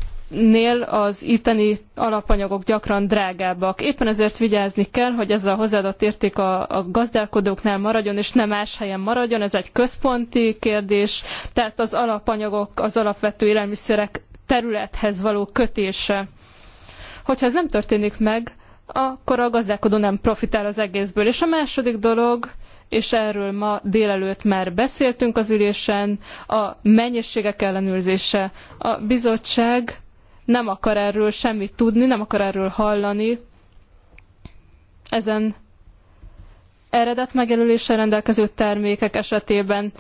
az itteni alapanyagok gyakran drágábbak. Éppen ezért vigyázni kell, hogy ez a hozzáadott érték a, a gazdálkodóknál maradjon, és nem más helyen maradjon. Ez egy központi kérdés, tehát az alapanyagok, az alapvető élelmiszerek területhez való kötése. Hogyha ez nem történik meg, akkor a gazdálkodó nem profitál az egészből. És a második dolog, és erről ma délelőtt már beszéltünk az ülésen, a mennyiségek ellenőrzése. A bizottság nem akar erről semmit tudni, nem akar erről hallani. Ezen eredet megjelöléssel rendelkező termékek esetében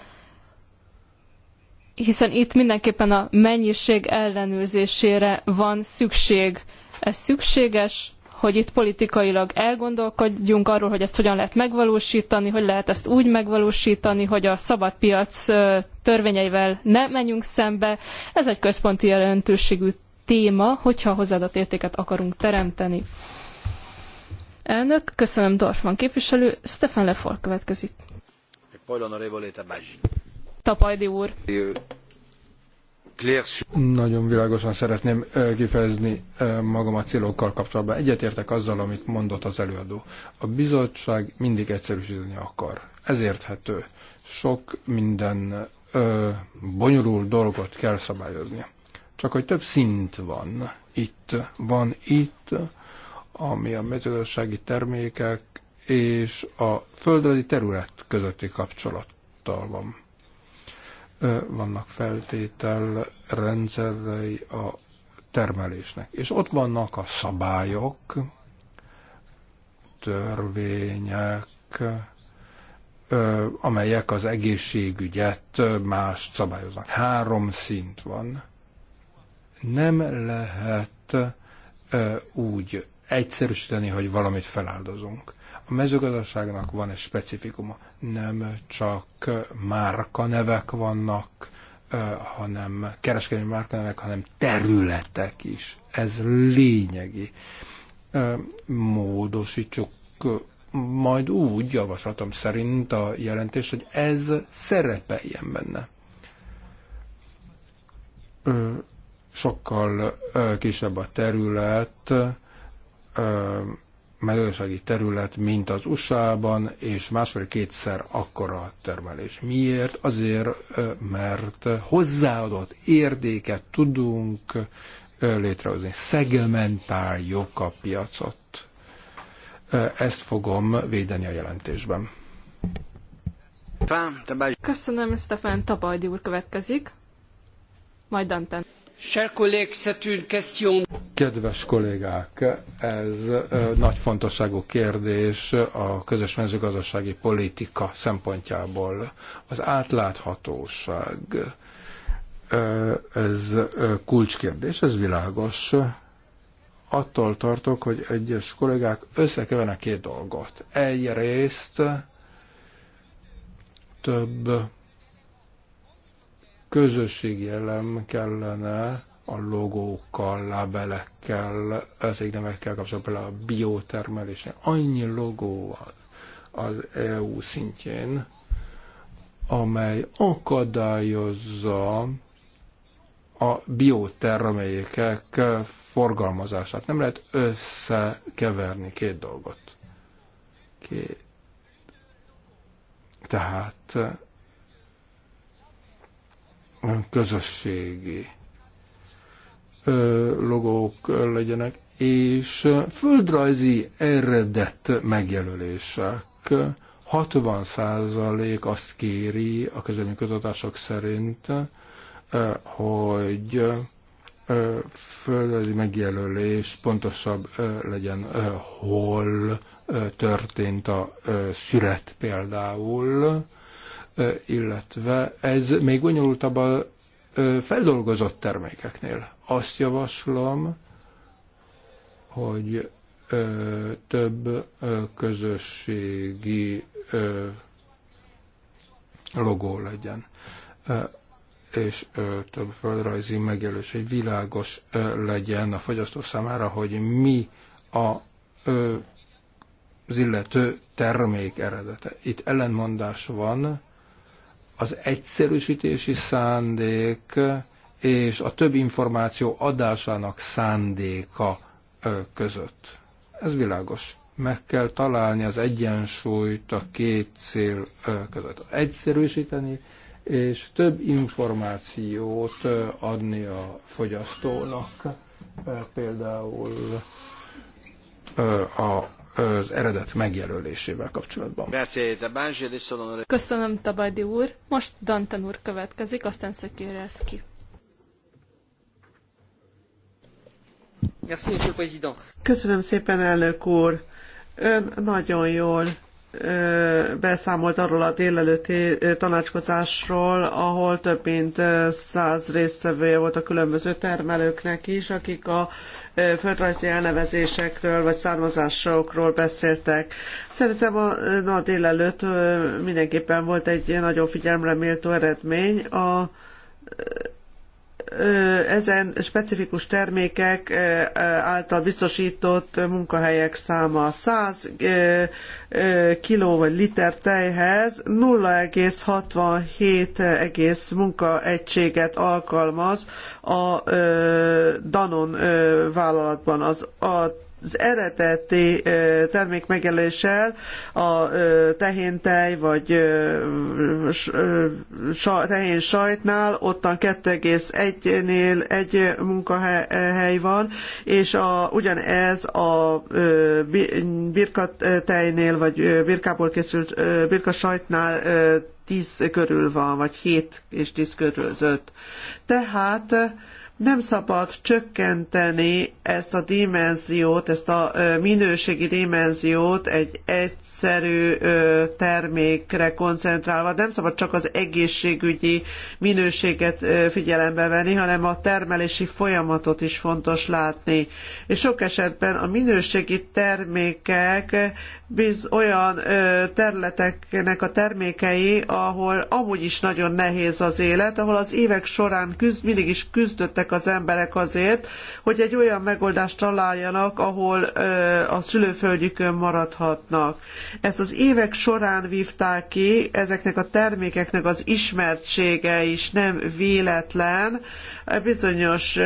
hiszen itt mindenképpen a mennyiség ellenőrzésére van szükség. Ez szükséges, hogy itt politikailag elgondolkodjunk arról, hogy ezt hogyan lehet megvalósítani, hogy lehet ezt úgy megvalósítani, hogy a szabad piac törvényeivel ne menjünk szembe. Ez egy központi jelentőségű téma, hogyha hozzáadott értéket akarunk teremteni. Elnök, köszönöm Dorfman képviselő, Stefan Lefor következik. Tapajdi úr. Nagyon világosan szeretném kifejezni magam a célokkal kapcsolatban. Egyetértek azzal, amit mondott az előadó. A bizottság mindig egyszerűsíteni akar. Ez érthető. Sok minden ö, bonyolult dolgot kell szabályozni. Csak hogy több szint van. Itt van itt, ami a mezőgazdasági termékek és a földrajzi terület közötti kapcsolattal van vannak feltételrendszerei a termelésnek. És ott vannak a szabályok, törvények, amelyek az egészségügyet más szabályoznak. Három szint van. Nem lehet úgy egyszerűsíteni, hogy valamit feláldozunk. A mezőgazdaságnak van egy specifikuma nem csak márka nevek vannak, hanem kereskedelmi nevek, hanem területek is. Ez lényegi. Módosítsuk majd úgy, javaslatom szerint a jelentés, hogy ez szerepeljen benne. Sokkal kisebb a terület, mezőgazdasági terület, mint az USA-ban, és másfél kétszer akkora termelés. Miért? Azért, mert hozzáadott értéket tudunk létrehozni. Szegmentáljuk a piacot. Ezt fogom védeni a jelentésben. Köszönöm, Stefan Tabajdi úr következik. Majd Danten. Chers collègues, c'est une question. Kedves kollégák, ez nagy fontosságú kérdés a közös mezőgazdasági politika szempontjából. Az átláthatóság, ez kulcskérdés, ez világos. Attól tartok, hogy egyes kollégák összekevernek két dolgot. Egyrészt több közösségi elem kellene a logókkal, lábelekkel, cégnevekkel kapcsolatban, például a biotermelésnek Annyi logó van az EU szintjén, amely akadályozza a biotermelékek forgalmazását. Nem lehet összekeverni két dolgot. Két. Tehát közösségi logók legyenek, és földrajzi eredet megjelölések. 60% azt kéri a kutatások szerint, hogy földrajzi megjelölés pontosabb legyen, hol történt a szüret például, illetve ez még bonyolultabb a feldolgozott termékeknél azt javaslom, hogy ö, több ö, közösségi ö, logó legyen, ö, és ö, több földrajzi megjelölés, hogy világos ö, legyen a fogyasztó számára, hogy mi a ö, az illető termék eredete. Itt ellenmondás van, az egyszerűsítési szándék és a több információ adásának szándéka között. Ez világos. Meg kell találni az egyensúlyt a két cél között. Egyszerűsíteni és több információt adni a fogyasztónak, például a az eredet megjelölésével kapcsolatban. Köszönöm, Tabadi úr. Most Dantan úr következik, aztán Szekérezki. Köszönöm szépen, elnök úr. Ön nagyon jól beszámolt arról a délelőtti tanácskozásról, ahol több mint száz résztvevője volt a különböző termelőknek is, akik a földrajzi elnevezésekről vagy származásokról beszéltek. Szerintem a, na, délelőtt mindenképpen volt egy nagyon figyelemre méltó eredmény. A, ezen specifikus termékek által biztosított munkahelyek száma 100 kiló vagy liter tejhez 0,67 egész munkaegységet alkalmaz a Danon vállalatban. Az a az eredeti termék megjelöléssel a tehéntej vagy tehén sajtnál ottan 2,1-nél egy munkahely van, és a, ugyanez a birkatejnél vagy birkából készült birkasajtnál 10 körül van, vagy 7 és 10 között. Tehát nem szabad csökkenteni ezt a dimenziót, ezt a minőségi dimenziót egy egyszerű termékre koncentrálva. Nem szabad csak az egészségügyi minőséget figyelembe venni, hanem a termelési folyamatot is fontos látni. És sok esetben a minőségi termékek biz olyan területeknek a termékei, ahol amúgy is nagyon nehéz az élet, ahol az évek során küzd, mindig is küzdöttek az emberek azért, hogy egy olyan megoldást találjanak, ahol a szülőföldjükön maradhatnak. Ezt az évek során vívták ki, ezeknek a termékeknek az ismertsége is nem véletlen, bizonyos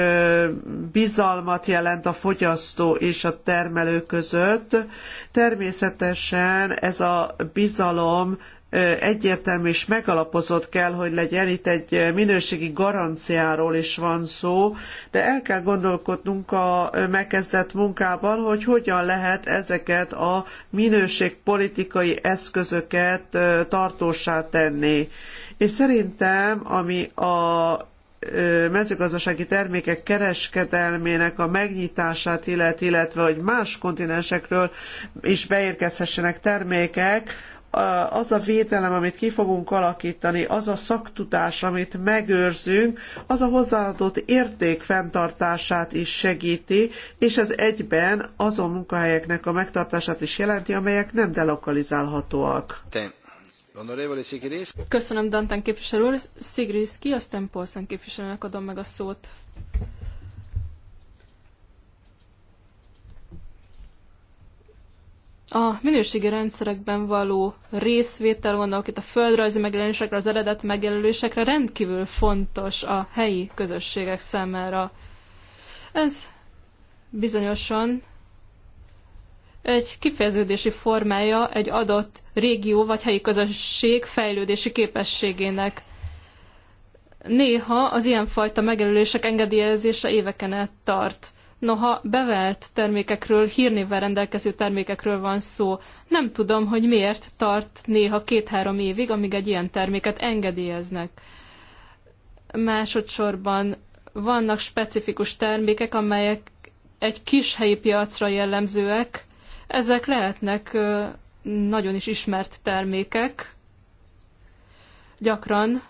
bizalmat jelent a fogyasztó és a termelő között. Természetesen ez a bizalom egyértelmű és megalapozott kell, hogy legyen. Itt egy minőségi garanciáról is van szó, de el kell gondolkodnunk a megkezdett munkában, hogy hogyan lehet ezeket a minőségpolitikai eszközöket tartósá tenni. És szerintem, ami a mezőgazdasági termékek kereskedelmének a megnyitását illet, illetve hogy más kontinensekről is beérkezhessenek termékek, az a védelem, amit ki fogunk alakítani, az a szaktudás, amit megőrzünk, az a hozzáadott érték fenntartását is segíti, és ez egyben azon munkahelyeknek a megtartását is jelenti, amelyek nem delokalizálhatóak. Köszönöm Dantán képviselő úr. Szigriszki, aztán Polszán képviselőnek adom meg a szót. A minőségi rendszerekben való részvétel, gondolok itt a földrajzi megjelenésekre, az eredet megjelölésekre rendkívül fontos a helyi közösségek számára. Ez bizonyosan egy kifejeződési formája egy adott régió vagy helyi közösség fejlődési képességének. Néha az ilyenfajta megjelölések engedélyezése éveken át tart. Noha bevelt termékekről, hírnévvel rendelkező termékekről van szó, nem tudom, hogy miért tart néha két-három évig, amíg egy ilyen terméket engedélyeznek. Másodszorban vannak specifikus termékek, amelyek egy kis helyi piacra jellemzőek, ezek lehetnek nagyon is ismert termékek, gyakran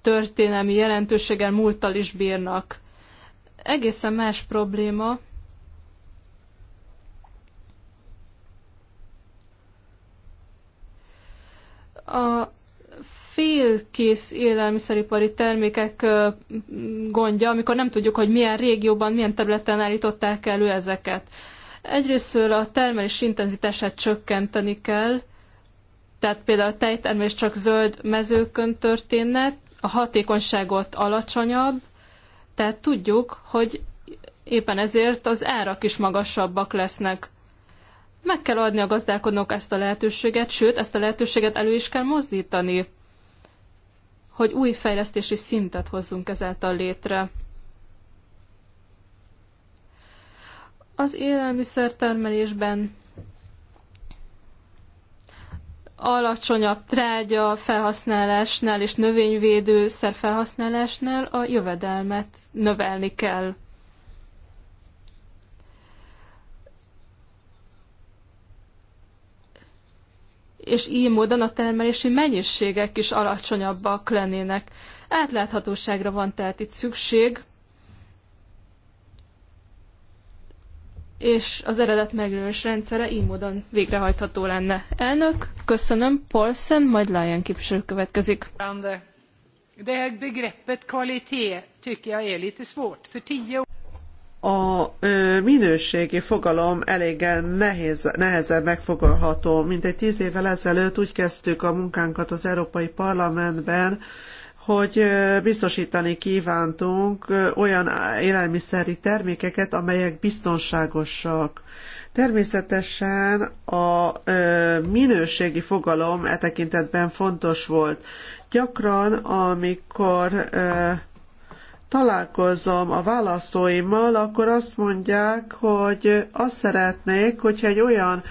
történelmi jelentőséggel múlttal is bírnak. Egészen más probléma, a félkész élelmiszeripari termékek gondja, amikor nem tudjuk, hogy milyen régióban, milyen területen állították elő ezeket. Egyrésztről a termelés intenzitását csökkenteni kell, tehát például a tejtermés csak zöld mezőkön történne, a hatékonyságot alacsonyabb, tehát tudjuk, hogy éppen ezért az árak is magasabbak lesznek. Meg kell adni a gazdálkodók ezt a lehetőséget, sőt, ezt a lehetőséget elő is kell mozdítani, hogy új fejlesztési szintet hozzunk ezáltal létre. Az élelmiszertermelésben alacsonyabb trágya felhasználásnál és növényvédőszer felhasználásnál a jövedelmet növelni kell. és így módon a termelési mennyiségek is alacsonyabbak lennének. Átláthatóságra van tehát itt szükség, és az eredet megjelölés rendszere így módon végrehajtható lenne. Elnök, köszönöm, Paulsen, majd Lion képviselő következik. Det här begreppet kvalitet tycker jag lite svårt. För tio a minőségi fogalom eléggel nehéz, nehezen megfogalható. Mintegy tíz évvel ezelőtt úgy kezdtük a munkánkat az Európai Parlamentben, hogy biztosítani kívántunk olyan élelmiszeri termékeket, amelyek biztonságosak. Természetesen a minőségi fogalom e tekintetben fontos volt. Gyakran, amikor találkozom a választóimmal, akkor azt mondják, hogy azt szeretnék, hogyha egy olyan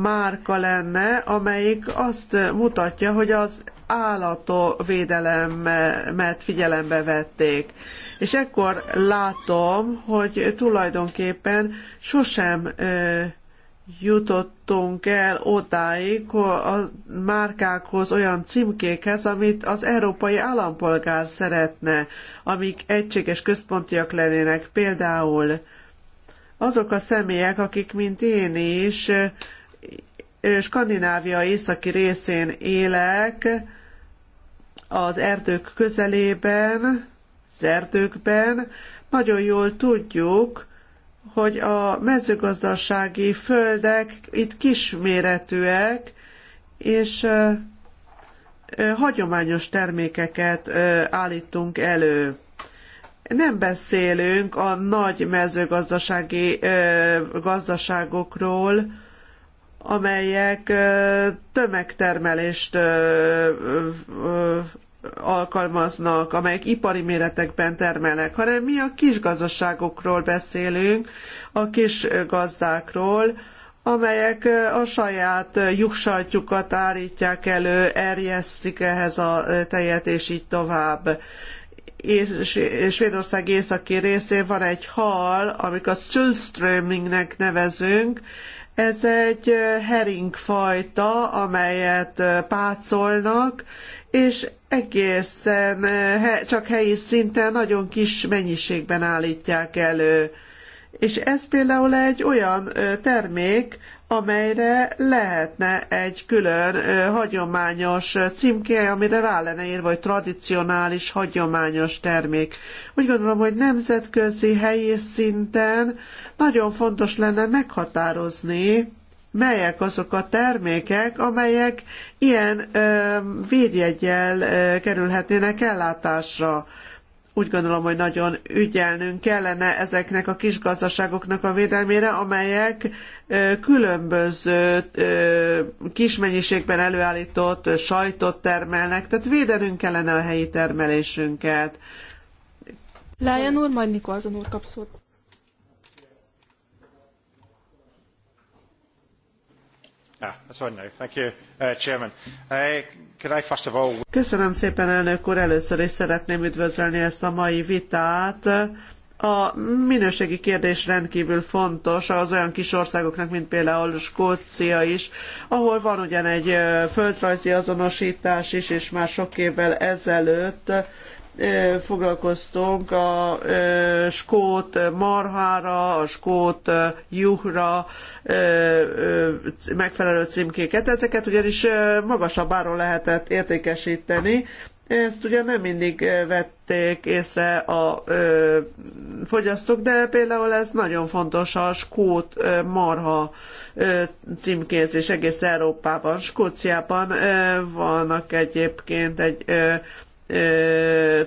márka lenne, amelyik azt mutatja, hogy az állatvédelemet figyelembe vették. És ekkor látom, hogy tulajdonképpen sosem jutottunk el odáig a márkákhoz, olyan címkékhez, amit az európai állampolgár szeretne, amik egységes központiak lennének. Például azok a személyek, akik, mint én is, Skandinávia északi részén élek, az erdők közelében, az erdőkben, nagyon jól tudjuk, hogy a mezőgazdasági földek itt kisméretűek, és hagyományos termékeket állítunk elő. Nem beszélünk a nagy mezőgazdasági gazdaságokról, amelyek tömegtermelést alkalmaznak, amelyek ipari méretekben termelnek, hanem mi a kis gazdaságokról beszélünk, a kis gazdákról, amelyek a saját juksajtjukat állítják elő, erjesztik ehhez a tejet, és így tovább. És, Svédország északi részén van egy hal, amit a Sülströmingnek nevezünk, ez egy heringfajta, amelyet pácolnak, és egészen csak helyi szinten nagyon kis mennyiségben állítják elő. És ez például egy olyan termék, amelyre lehetne egy külön ö, hagyományos címke, amire rá lenne írva, hogy tradicionális, hagyományos termék. Úgy gondolom, hogy nemzetközi, helyi szinten nagyon fontos lenne meghatározni, melyek azok a termékek, amelyek ilyen ö, védjegyel ö, kerülhetnének ellátásra úgy gondolom, hogy nagyon ügyelnünk kellene ezeknek a kis gazdaságoknak a védelmére, amelyek különböző kis mennyiségben előállított sajtot termelnek, tehát védenünk kellene a helyi termelésünket. Lájan úr, majd Nikolzon úr kap szót. Ah, that's one Thank you, uh, Chairman. Uh, Köszönöm szépen, elnök úr! Először is szeretném üdvözölni ezt a mai vitát. A minőségi kérdés rendkívül fontos az olyan kis országoknak, mint például Skócia is, ahol van ugyan egy földrajzi azonosítás is, és már sok évvel ezelőtt foglalkoztunk a skót marhára, a skót juhra megfelelő címkéket. Ezeket ugyanis magasabb áron lehetett értékesíteni, ezt ugye nem mindig vették észre a ö, fogyasztók, de például ez nagyon fontos a skót ö, marha ö, címkézés egész Európában. Skóciában ö, vannak egyébként egy ö,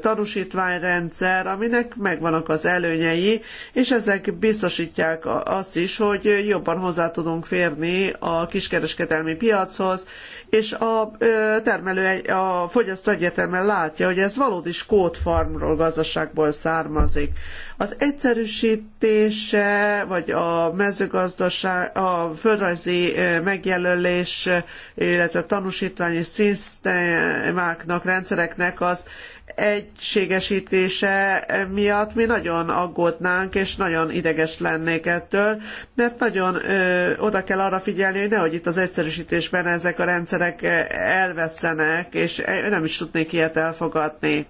tanúsítványrendszer, aminek megvannak az előnyei, és ezek biztosítják azt is, hogy jobban hozzá tudunk férni a kiskereskedelmi piachoz, és a termelő, a fogyasztó egyértelműen látja, hogy ez valódi Skót farmról, gazdaságból származik. Az egyszerűsítése, vagy a mezőgazdaság, a földrajzi megjelölés, illetve a tanúsítványi szisztémáknak, rendszereknek az egységesítése miatt mi nagyon aggódnánk, és nagyon ideges lennék ettől, mert nagyon ö, oda kell arra figyelni, hogy nehogy itt az egyszerűsítésben ezek a rendszerek elvesztenek, és nem is tudnék ilyet elfogadni.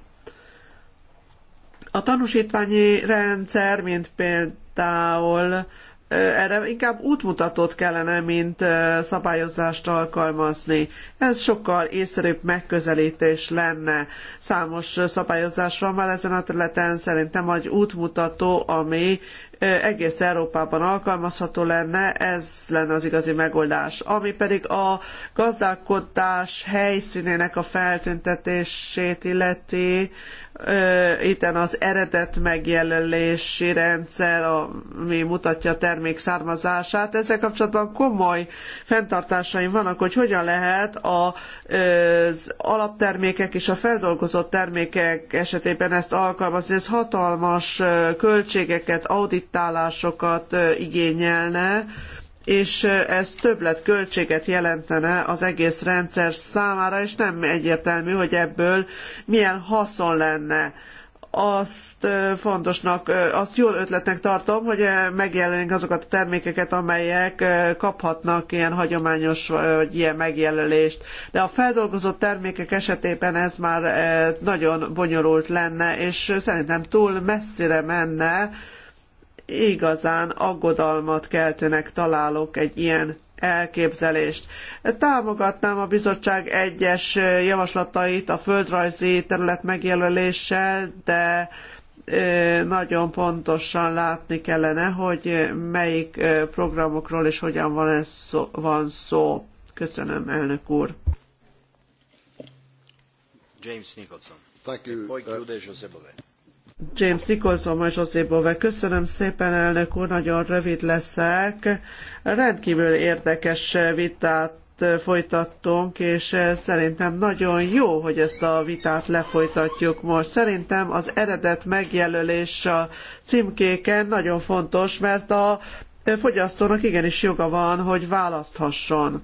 A tanúsítványi rendszer, mint például erre inkább útmutatót kellene, mint szabályozást alkalmazni. Ez sokkal észszerűbb megközelítés lenne. Számos szabályozásra már ezen a területen szerintem egy útmutató, ami egész Európában alkalmazható lenne, ez lenne az igazi megoldás. Ami pedig a gazdálkodás helyszínének a feltüntetését illeti, Itten az eredet megjelölési rendszer, ami mutatja a termék származását. Ezzel kapcsolatban komoly fenntartásaim vannak, hogy hogyan lehet az alaptermékek és a feldolgozott termékek esetében ezt alkalmazni. Ez hatalmas költségeket, auditálásokat igényelne és ez többletköltséget jelentene az egész rendszer számára, és nem egyértelmű, hogy ebből milyen haszon lenne azt fontosnak, azt jól ötletnek tartom, hogy megjelöljünk azokat a termékeket, amelyek kaphatnak ilyen hagyományos vagy ilyen megjelölést. De a feldolgozott termékek esetében ez már nagyon bonyolult lenne, és szerintem túl messzire menne, igazán aggodalmat keltőnek találok egy ilyen elképzelést. Támogatnám a bizottság egyes javaslatait a földrajzi terület megjelöléssel, de nagyon pontosan látni kellene, hogy melyik programokról és hogyan van, ez szó, van szó. Köszönöm, elnök úr. James Nicholson. Thank you. James Nicholson és José Bove. Köszönöm szépen, elnök úr, nagyon rövid leszek. Rendkívül érdekes vitát folytattunk, és szerintem nagyon jó, hogy ezt a vitát lefolytatjuk most. Szerintem az eredet megjelölés a címkéken nagyon fontos, mert a fogyasztónak igenis joga van, hogy választhasson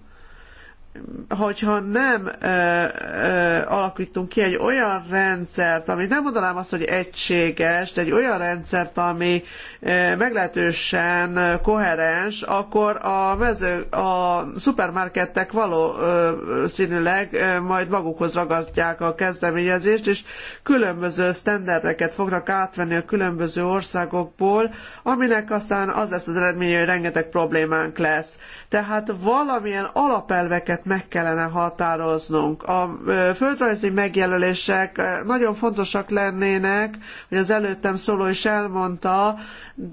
hogyha nem ö, ö, alakítunk ki egy olyan rendszert, ami nem mondanám azt, hogy egységes, de egy olyan rendszert, ami ö, meglehetősen koherens, akkor a mező, a szupermarkettek valószínűleg ö, majd magukhoz ragadják a kezdeményezést, és különböző sztenderdeket fognak átvenni a különböző országokból, aminek aztán az lesz az eredménye, hogy rengeteg problémánk lesz. Tehát valamilyen alapelveket meg kellene határoznunk. A földrajzi megjelölések nagyon fontosak lennének, hogy az előttem szóló is elmondta,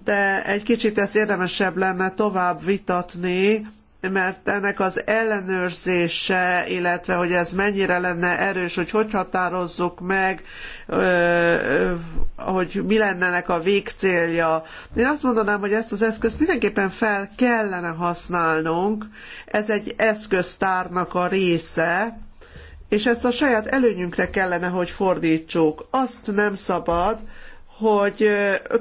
de egy kicsit ezt érdemesebb lenne tovább vitatni, mert ennek az ellenőrzése, illetve hogy ez mennyire lenne erős, hogy hogy határozzuk meg, hogy mi lennenek a végcélja. Én azt mondanám, hogy ezt az eszközt mindenképpen fel kellene használnunk. Ez egy eszköztárnak a része, és ezt a saját előnyünkre kellene, hogy fordítsuk. Azt nem szabad, hogy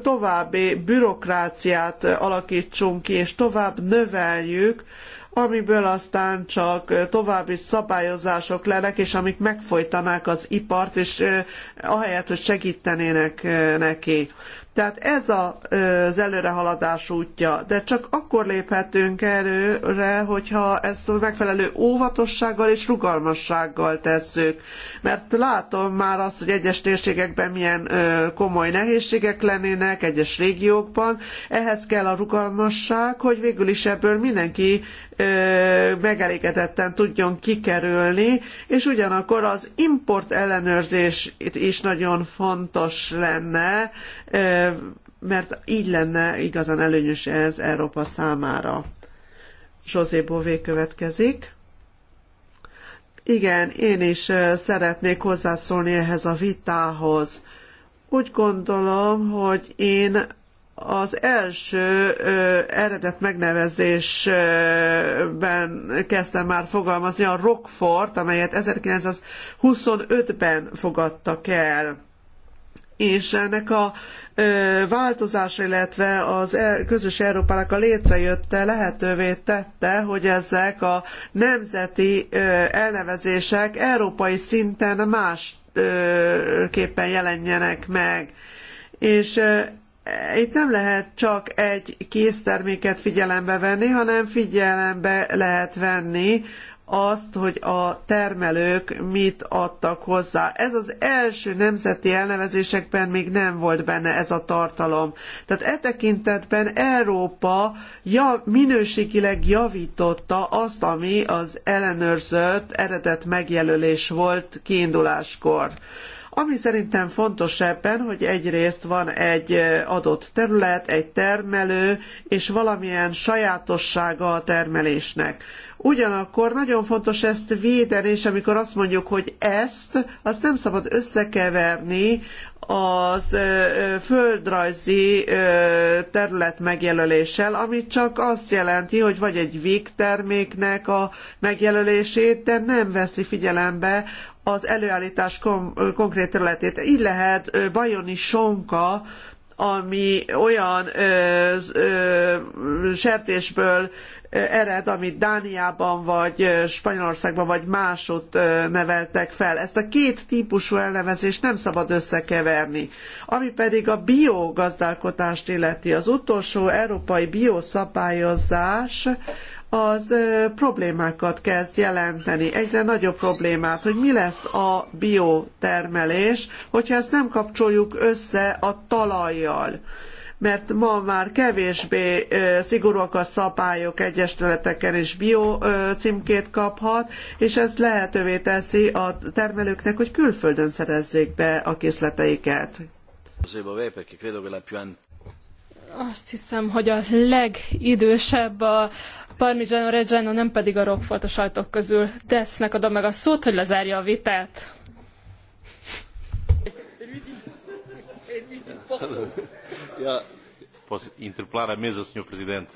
további bürokráciát alakítsunk ki, és tovább növeljük, amiből aztán csak további szabályozások lennek, és amik megfojtanák az ipart, és ahelyett, hogy segítenének neki. Tehát ez a, az előrehaladás útja, de csak akkor léphetünk előre, hogyha ezt megfelelő óvatossággal és rugalmassággal tesszük. Mert látom már azt, hogy egyes térségekben milyen komoly nehézségek lennének, egyes régiókban. Ehhez kell a rugalmasság, hogy végül is ebből mindenki megelégedetten tudjon kikerülni, és ugyanakkor az import ellenőrzés is nagyon fontos lenne, mert így lenne igazán előnyös ez Európa számára. José Bové következik. Igen, én is szeretnék hozzászólni ehhez a vitához. Úgy gondolom, hogy én az első ö, eredet megnevezésben kezdtem már fogalmazni a Rockfort, amelyet 1925-ben fogadtak el. És ennek a ö, változása, illetve az e, közös Európának a létrejötte lehetővé tette, hogy ezek a nemzeti ö, elnevezések európai szinten másképpen jelenjenek meg. És itt nem lehet csak egy készterméket figyelembe venni, hanem figyelembe lehet venni azt, hogy a termelők mit adtak hozzá. Ez az első nemzeti elnevezésekben még nem volt benne ez a tartalom. Tehát e tekintetben Európa ja, minőségileg javította azt, ami az ellenőrzött eredet megjelölés volt kiinduláskor. Ami szerintem fontos ebben, hogy egyrészt van egy adott terület, egy termelő, és valamilyen sajátossága a termelésnek. Ugyanakkor nagyon fontos ezt védeni, és amikor azt mondjuk, hogy ezt, azt nem szabad összekeverni az földrajzi terület megjelöléssel, ami csak azt jelenti, hogy vagy egy végterméknek a megjelölését, de nem veszi figyelembe az előállítás konkrét területét. Így lehet bajoni sonka, ami olyan ö, ö, sertésből ered, amit Dániában, vagy Spanyolországban, vagy másott neveltek fel. Ezt a két típusú elnevezést nem szabad összekeverni. Ami pedig a biogazdálkodást illeti, az utolsó európai bioszabályozás, az problémákat kezd jelenteni, egyre nagyobb problémát, hogy mi lesz a biotermelés, hogyha ezt nem kapcsoljuk össze a talajjal mert ma már kevésbé szigorúak a szabályok, egyes területeken is bio címkét kaphat, és ez lehetővé teszi a termelőknek, hogy külföldön szerezzék be a készleteiket. Azt hiszem, hogy a legidősebb a Parmigiano Reggiano, nem pedig a rockfort a sajtok közül. Tesznek adom meg a szót, hogy lezárja a vitát. Ja, Posso interpelar a mesa, Sr. Presidente?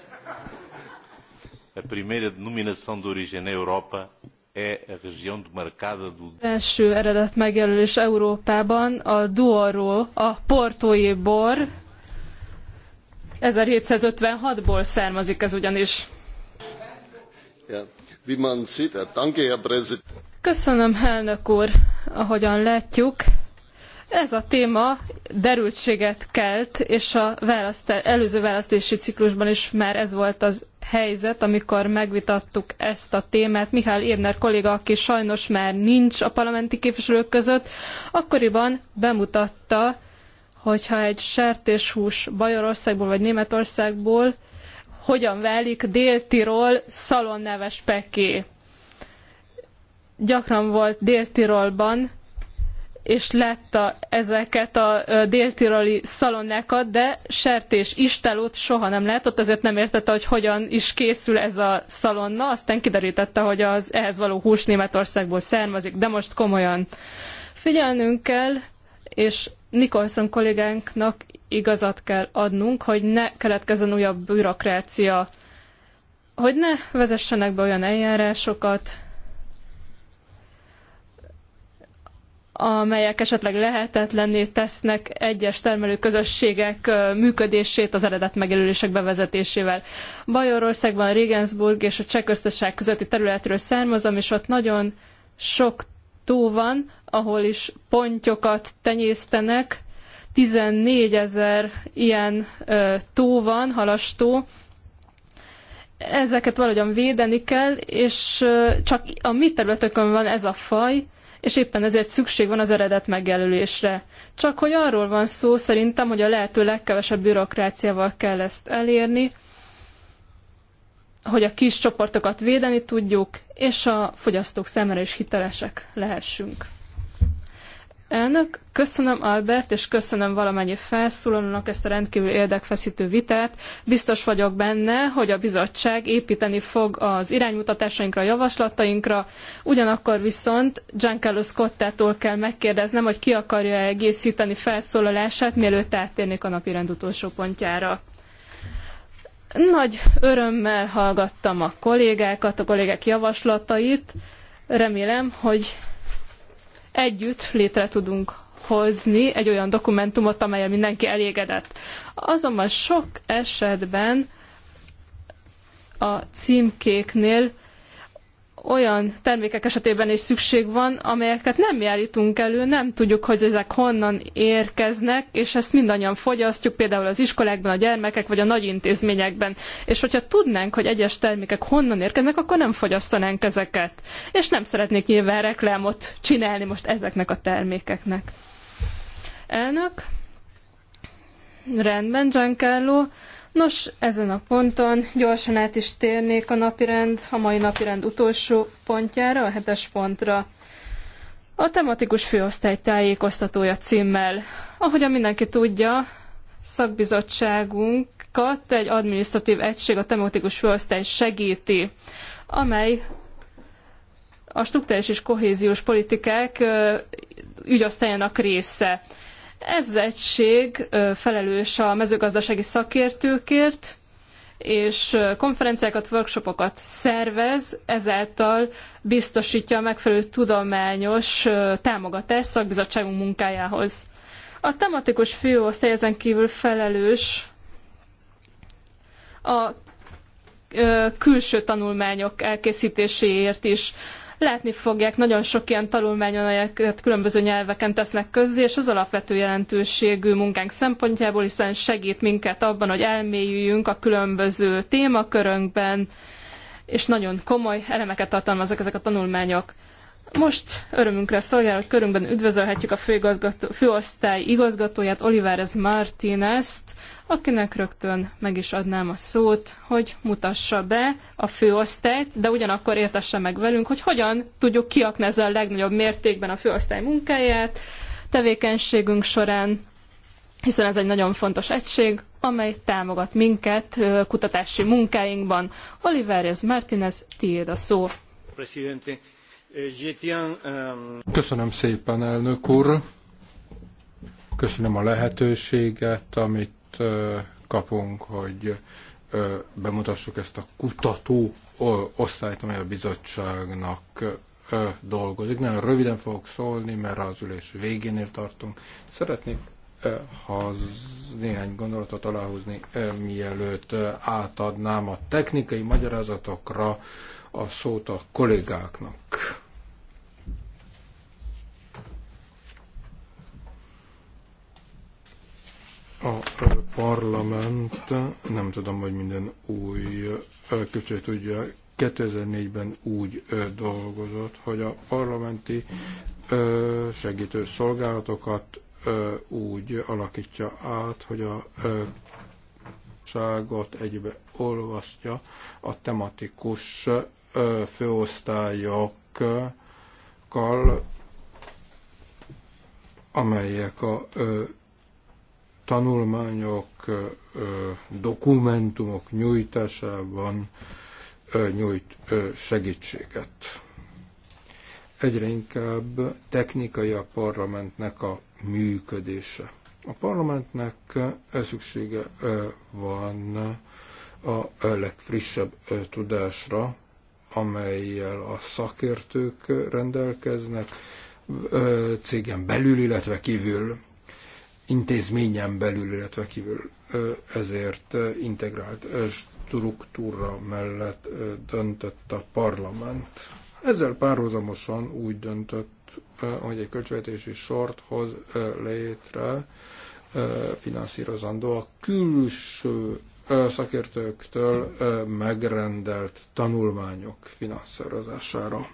A primeira denominação de origem na Europa é a região demarcada do... Első eredet megjelölés Európában a Douro, a portói bor, 1756-ból származik ez ugyanis. Köszönöm, elnök úr, ahogyan látjuk. Ez a téma derültséget kelt, és a választá- előző választási ciklusban is már ez volt az helyzet, amikor megvitattuk ezt a témát. Mihály Ébner kolléga, aki sajnos már nincs a parlamenti képviselők között, akkoriban bemutatta, hogyha egy sertéshús Bajorországból vagy Németországból hogyan válik Dél-Tirol szalonneves peké. Gyakran volt Dél-Tirolban, és látta ezeket a déltiroli szalonnákat, de sertés istálót soha nem látott, ezért nem értette, hogy hogyan is készül ez a szalonna. Aztán kiderítette, hogy az ehhez való hús Németországból származik, de most komolyan figyelnünk kell, és Nicholson kollégánknak igazat kell adnunk, hogy ne keletkezzen újabb bürokrácia, hogy ne vezessenek be olyan eljárásokat, amelyek esetleg lehetetlenné tesznek egyes termelőközösségek működését az eredet megjelölések bevezetésével. Bajorországban Regensburg és a Cseh közötti területről származom, és ott nagyon sok tó van, ahol is pontyokat tenyésztenek, 14 ezer ilyen ö, tó van, halastó, ezeket valahogyan védeni kell, és csak a mi területökön van ez a faj, és éppen ezért szükség van az eredet megjelölésre. Csak hogy arról van szó szerintem, hogy a lehető legkevesebb bürokráciával kell ezt elérni, hogy a kis csoportokat védeni tudjuk, és a fogyasztók számára is hitelesek lehessünk. Elnök, köszönöm Albert, és köszönöm valamennyi felszólalónak ezt a rendkívül érdekfeszítő vitát. Biztos vagyok benne, hogy a bizottság építeni fog az iránymutatásainkra, javaslatainkra, ugyanakkor viszont Giancarlo Scottától kell megkérdeznem, hogy ki akarja egészíteni felszólalását, mielőtt áttérnék a napirend utolsó pontjára. Nagy örömmel hallgattam a kollégákat, a kollégák javaslatait. Remélem, hogy együtt létre tudunk hozni egy olyan dokumentumot, amelyel mindenki elégedett. Azonban sok esetben a címkéknél olyan termékek esetében is szükség van, amelyeket nem járítunk elő, nem tudjuk, hogy ezek honnan érkeznek, és ezt mindannyian fogyasztjuk, például az iskolákban, a gyermekek vagy a nagy intézményekben. És hogyha tudnánk, hogy egyes termékek honnan érkeznek, akkor nem fogyasztanánk ezeket. És nem szeretnék nyilván reklámot csinálni most ezeknek a termékeknek. Elnök? Rendben, Giancarlo. Nos, ezen a ponton gyorsan át is térnék a napirend, a mai napirend utolsó pontjára, a hetes pontra. A tematikus főosztály tájékoztatója címmel. Ahogyan mindenki tudja, szakbizottságunkat egy adminisztratív egység a tematikus főosztály segíti, amely a struktúrális és kohéziós politikák ügyosztályának része. Ez egység felelős a mezőgazdasági szakértőkért, és konferenciákat, workshopokat szervez, ezáltal biztosítja a megfelelő tudományos támogatást szakbizottságunk munkájához. A tematikus főosztály ezen kívül felelős a külső tanulmányok elkészítéséért is. Látni fogják, nagyon sok ilyen tanulmányon, amelyeket különböző nyelveken tesznek közzé, és az alapvető jelentőségű munkánk szempontjából, hiszen segít minket abban, hogy elmélyüljünk a különböző témakörökben, és nagyon komoly elemeket tartalmaznak ezek a tanulmányok. Most örömünkre szolgál, hogy körünkben üdvözölhetjük a főosztály igazgatóját, Olivares Martínezt, akinek rögtön meg is adnám a szót, hogy mutassa be a főosztályt, de ugyanakkor értesse meg velünk, hogy hogyan tudjuk kiaknázni a legnagyobb mértékben a főosztály munkáját tevékenységünk során, hiszen ez egy nagyon fontos egység, amely támogat minket kutatási munkáinkban. Olivares Martínez, tiéd a szó. Presidente. Köszönöm szépen, elnök úr. Köszönöm a lehetőséget, amit kapunk, hogy bemutassuk ezt a kutató osztályt, amely a bizottságnak dolgozik. Nagyon röviden fogok szólni, mert az ülés végénél tartunk. Szeretnék ha néhány gondolatot aláhúzni, mielőtt átadnám a technikai magyarázatokra, a szót a kollégáknak. A parlament, nem tudom, hogy minden új elköcsét tudja, 2004-ben úgy dolgozott, hogy a parlamenti segítő szolgálatokat úgy alakítja át, hogy a ságot egybe olvasztja a tematikus főosztályokkal, amelyek a tanulmányok, dokumentumok nyújtásában nyújt segítséget. Egyre inkább technikai a parlamentnek a működése. A parlamentnek szüksége van a legfrissebb tudásra amelyel a szakértők rendelkeznek cégen belül, illetve kívül, intézményen belül, illetve kívül. Ezért integrált struktúra mellett döntött a parlament. Ezzel párhuzamosan úgy döntött, hogy egy költségvetési sort hoz létre finanszírozandó a külső szakértőktől megrendelt tanulmányok finanszírozására.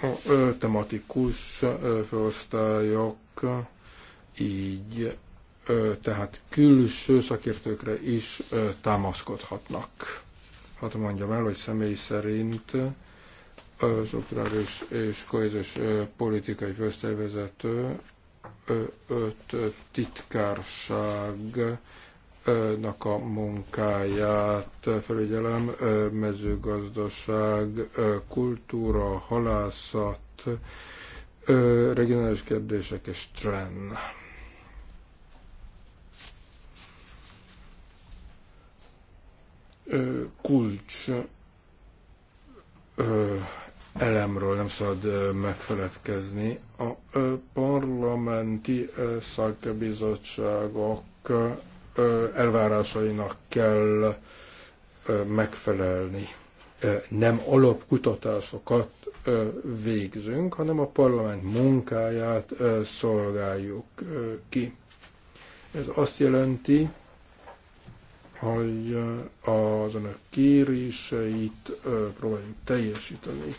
A tematikus főosztályok így tehát külső szakértőkre is támaszkodhatnak. Hát mondjam el, hogy személy szerint strukturális és kohézős politikai főszervezető, öt titkárságnak a munkáját felügyelem, mezőgazdaság, kultúra, halászat, regionális kérdések és trend. kulcs elemről nem szabad megfeledkezni. A parlamenti szakbizottságok elvárásainak kell megfelelni. Nem alapkutatásokat végzünk, hanem a parlament munkáját szolgáljuk ki. Ez azt jelenti, hogy az önök kéréseit próbáljuk teljesíteni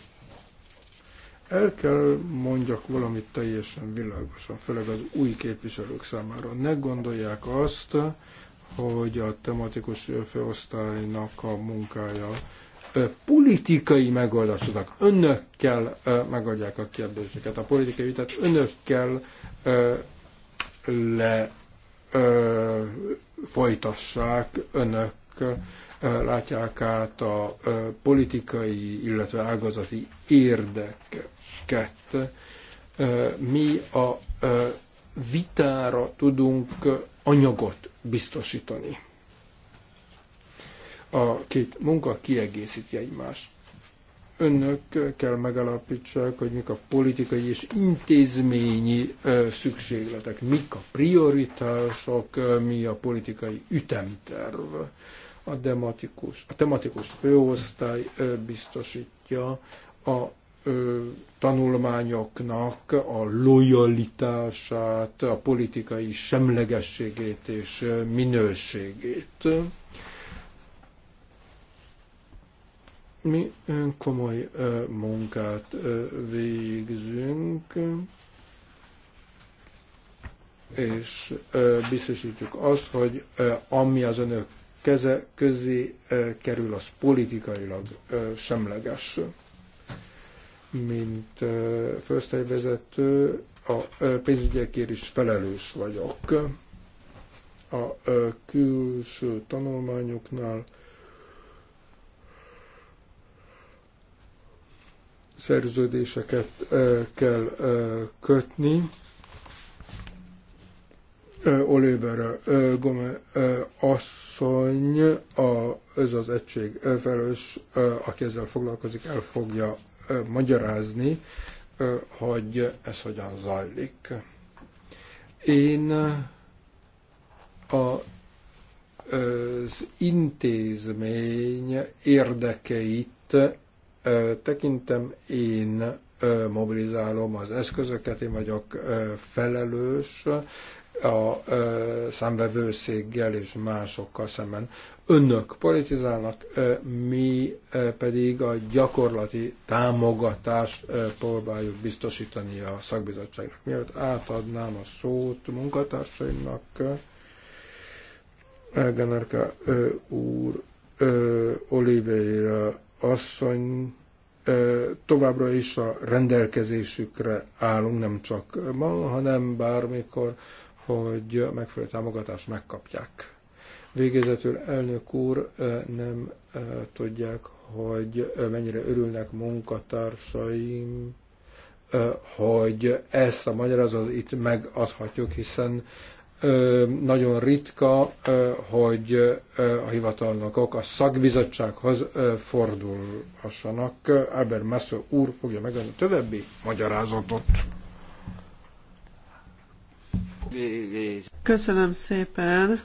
el kell mondjak valamit teljesen világosan, főleg az új képviselők számára. Ne gondolják azt, hogy a tematikus főosztálynak a munkája politikai megoldásodnak. Önökkel megadják a kérdéseket. A politikai vitát önökkel le folytassák, önök látják át a politikai, illetve ágazati érdekeket. Mi a vitára tudunk anyagot biztosítani. A két munka kiegészíti egymást önök kell megalapítsák, hogy mik a politikai és intézményi szükségletek, mik a prioritások, mi a politikai ütemterv. A, tematikus, a tematikus főosztály biztosítja a tanulmányoknak a lojalitását, a politikai semlegességét és minőségét. Mi komoly munkát végzünk, és biztosítjuk azt, hogy ami az önök keze közé kerül, az politikailag semleges. Mint főosztályvezető a pénzügyekért is felelős vagyok. A külső tanulmányoknál szerződéseket kell kötni, Olébere Gome asszony, a, ez az egység felelős, aki ezzel foglalkozik, el fogja magyarázni, hogy ez hogyan zajlik. Én a az intézmény érdekeit tekintem, én mobilizálom az eszközöket, én vagyok felelős a számvevőszéggel és másokkal szemben. Önök politizálnak, mi pedig a gyakorlati támogatást próbáljuk biztosítani a szakbizottságnak. Mielőtt átadnám a szót munkatársaimnak, Generka úr, Oliveira asszony, továbbra is a rendelkezésükre állunk, nem csak ma, hanem bármikor hogy a megfelelő támogatást megkapják. Végezetül elnök úr nem tudják, hogy mennyire örülnek munkatársaim, hogy ezt a magyarázatot itt megadhatjuk, hiszen nagyon ritka, hogy a hivatalnokok a szakbizottsághoz fordulhassanak. Albert Messő úr fogja megadni a többi magyarázatot. Köszönöm szépen.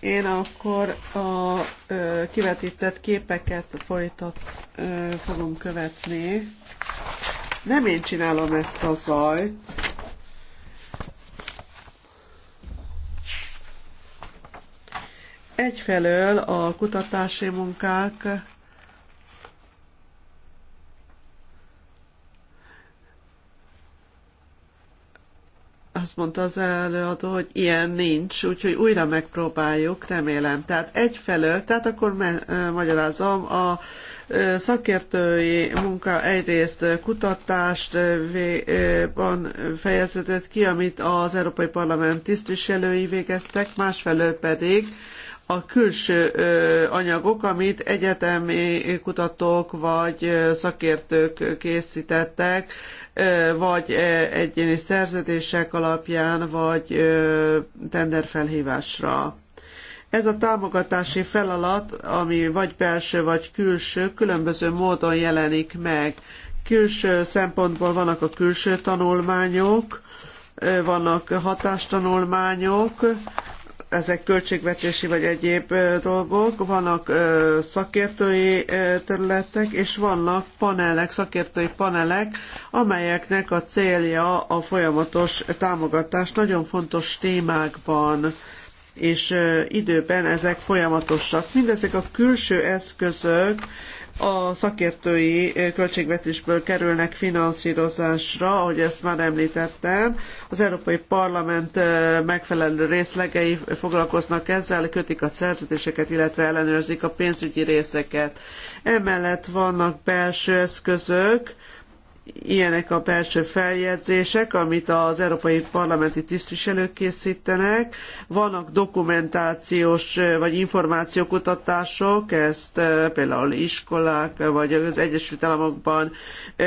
Én akkor a ö, kivetített képeket folytat ö, fogom követni. Nem én csinálom ezt a zajt. Egyfelől a kutatási munkák azt mondta az előadó, hogy ilyen nincs, úgyhogy újra megpróbáljuk, remélem. Tehát egyfelől, tehát akkor me- magyarázom, a szakértői munka egyrészt kutatást van fejeződött ki, amit az Európai Parlament tisztviselői végeztek, másfelől pedig a külső anyagok, amit egyetemi kutatók vagy szakértők készítettek, vagy egyéni szerződések alapján, vagy tenderfelhívásra. Ez a támogatási feladat, ami vagy belső, vagy külső, különböző módon jelenik meg. Külső szempontból vannak a külső tanulmányok, vannak hatástanulmányok, ezek költségvetési vagy egyéb dolgok, vannak szakértői területek, és vannak panelek, szakértői panelek, amelyeknek a célja a folyamatos támogatás nagyon fontos témákban és időben ezek folyamatosak. Mindezek a külső eszközök a szakértői költségvetésből kerülnek finanszírozásra, ahogy ezt már említettem. Az Európai Parlament megfelelő részlegei foglalkoznak ezzel, kötik a szerződéseket, illetve ellenőrzik a pénzügyi részeket. Emellett vannak belső eszközök, ilyenek a belső feljegyzések, amit az európai parlamenti tisztviselők készítenek. Vannak dokumentációs vagy információkutatások, ezt például iskolák vagy az Egyesült Államokban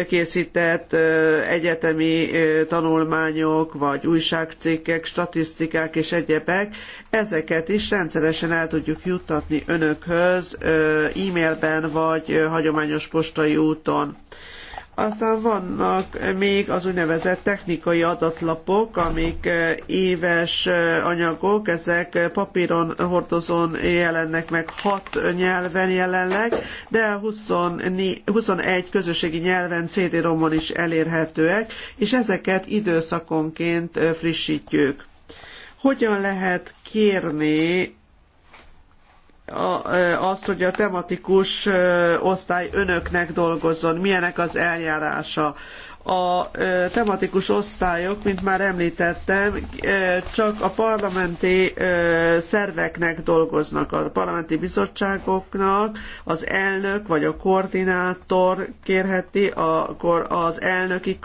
készített egyetemi tanulmányok, vagy újságcikkek, statisztikák és egyebek. Ezeket is rendszeresen el tudjuk juttatni önökhöz e-mailben vagy hagyományos postai úton. Aztán vannak még az úgynevezett technikai adatlapok, amik eh, éves eh, anyagok, ezek papíron hordozón jelennek meg hat nyelven jelenleg, de 21 közösségi nyelven CD-romon is elérhetőek, és ezeket időszakonként eh, frissítjük. Hogyan lehet kérni azt, hogy a tematikus osztály önöknek dolgozzon, milyenek az eljárása a tematikus osztályok, mint már említettem, csak a parlamenti szerveknek dolgoznak, a parlamenti bizottságoknak, az elnök vagy a koordinátor kérheti, akkor az elnöki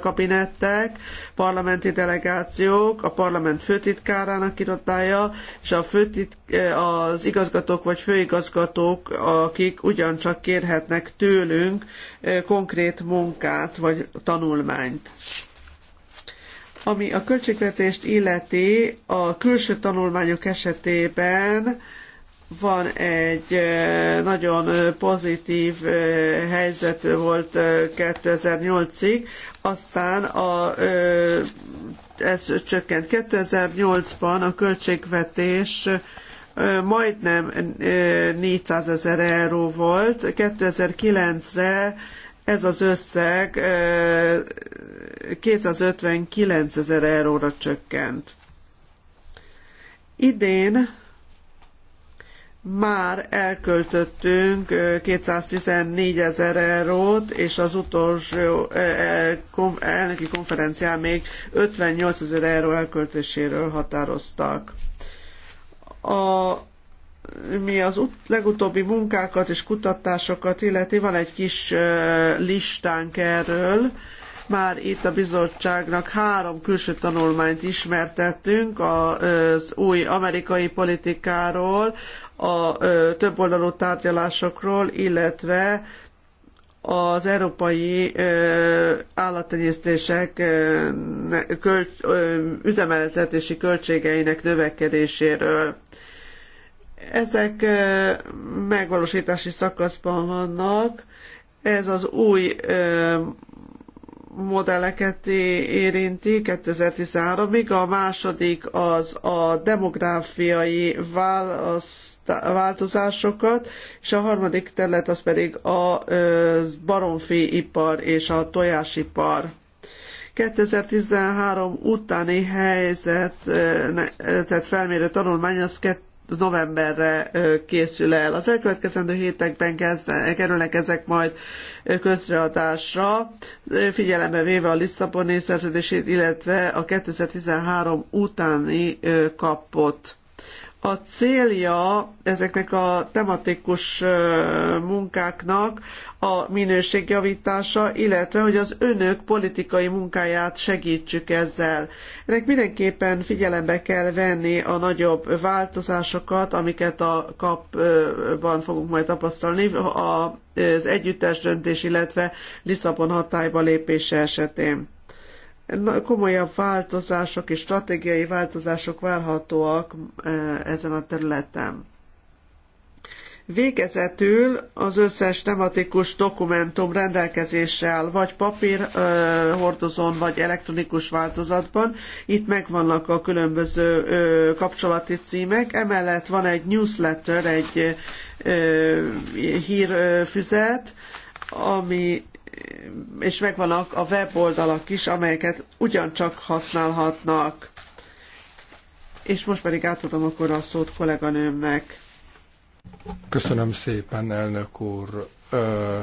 kabinettek, parlamenti delegációk, a parlament főtitkárának irodája, és a főtit, az igazgatók vagy főigazgatók, akik ugyancsak kérhetnek tőlünk konkrét munkát vagy tanulmányt. Ami a költségvetést illeti, a külső tanulmányok esetében van egy nagyon pozitív helyzet volt 2008-ig, aztán a, ez csökkent. 2008-ban a költségvetés majdnem 400 ezer euró volt, 2009-re ez az összeg 259 ezer euróra csökkent. Idén már elköltöttünk 214 ezer eurót, és az utolsó e, elnöki konferencián még 58 ezer euró elköltéséről határoztak. A mi az ut legutóbbi munkákat és kutatásokat illeti, van egy kis listánk erről. Már itt a bizottságnak három külső tanulmányt ismertettünk az új amerikai politikáról, a többoldalú tárgyalásokról, illetve az európai állattenyésztések üzemeltetési költségeinek növekedéséről. Ezek megvalósítási szakaszban vannak. Ez az új modelleket érinti 2013-ig, a második az a demográfiai változásokat, és a harmadik terület az pedig a baromfi ipar és a tojásipar. 2013 utáni helyzet, tehát felmérő tanulmány az novemberre készül el. Az elkövetkezendő hétekben kerülnek ezek majd közreadásra, figyelembe véve a Lisszaboni szerződését, illetve a 2013 utáni kapott a célja ezeknek a tematikus munkáknak a minőségjavítása, illetve hogy az önök politikai munkáját segítsük ezzel. Ennek mindenképpen figyelembe kell venni a nagyobb változásokat, amiket a kapban fogunk majd tapasztalni, az együttes döntés, illetve Lisszabon hatályba lépése esetén komolyabb változások és stratégiai változások várhatóak e, ezen a területen. Végezetül az összes tematikus dokumentum rendelkezésre áll, vagy papír e, hordozón, vagy elektronikus változatban. Itt megvannak a különböző ö, e, kapcsolati címek. Emellett van egy newsletter, egy ö, hírfüzet, ami és megvannak a weboldalak is, amelyeket ugyancsak használhatnak. És most pedig átadom akkor a szót kolléganőmnek. Köszönöm szépen, elnök úr,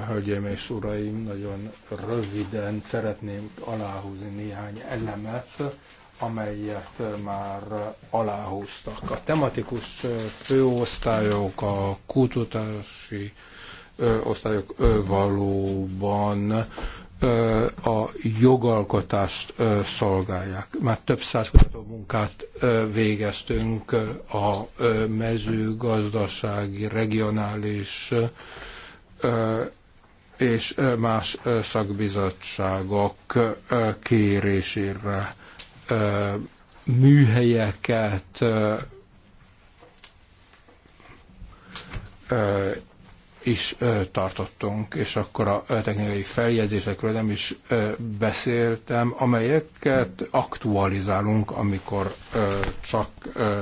hölgyeim és uraim, nagyon röviden szeretném aláhúzni néhány elemet, amelyet már aláhúztak. A tematikus főosztályok, a kutatási osztályok valóban a jogalkotást szolgálják. Már több száz kutató munkát végeztünk a mezőgazdasági, regionális és más szakbizottságok kérésére műhelyeket is tartottunk, és akkor a technikai feljegyzésekről nem is beszéltem, amelyeket aktualizálunk, amikor csak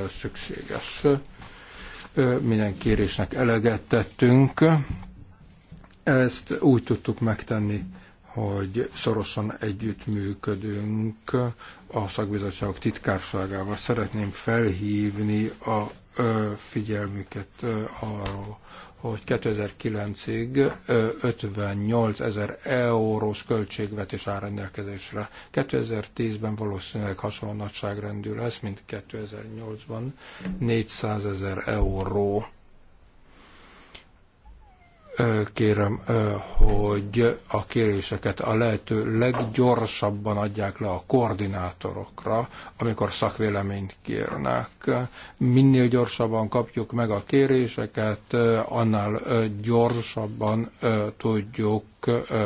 szükséges. Minden kérésnek eleget tettünk. Ezt úgy tudtuk megtenni, hogy szorosan együttműködünk a szakbizottságok titkárságával. Szeretném felhívni a figyelmüket arról, hogy 2009-ig 58 ezer eurós költségvetés áll rendelkezésre. 2010-ben valószínűleg hasonló nagyságrendű lesz, mint 2008-ban 400 ezer euró kérem, hogy a kéréseket a lehető leggyorsabban adják le a koordinátorokra, amikor szakvéleményt kérnek. Minél gyorsabban kapjuk meg a kéréseket, annál gyorsabban tudjuk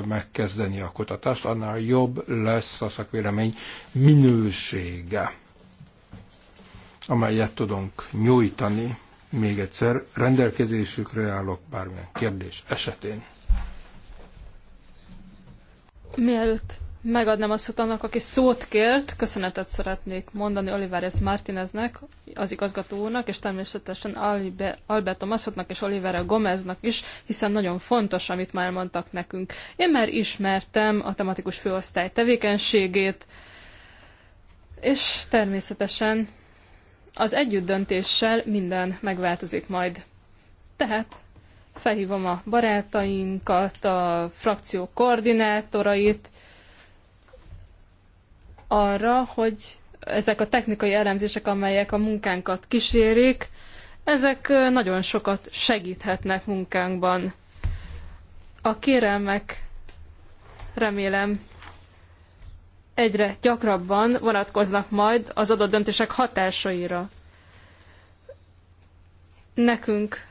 megkezdeni a kutatást, annál jobb lesz a szakvélemény minősége, amelyet tudunk nyújtani még egyszer, rendelkezésükre állok bármilyen kérdés esetén. Mielőtt megadnám a szót annak, aki szót kért, köszönetet szeretnék mondani Olivares Martineznek, az igazgatónak, és természetesen Alberto Massotnak és Olivera Gomeznak is, hiszen nagyon fontos, amit már mondtak nekünk. Én már ismertem a tematikus főosztály tevékenységét, és természetesen az együtt döntéssel minden megváltozik majd. Tehát felhívom a barátainkat, a frakció koordinátorait arra, hogy ezek a technikai elemzések, amelyek a munkánkat kísérik, ezek nagyon sokat segíthetnek munkánkban. A kérelmek remélem egyre gyakrabban vonatkoznak majd az adott döntések hatásaira. Nekünk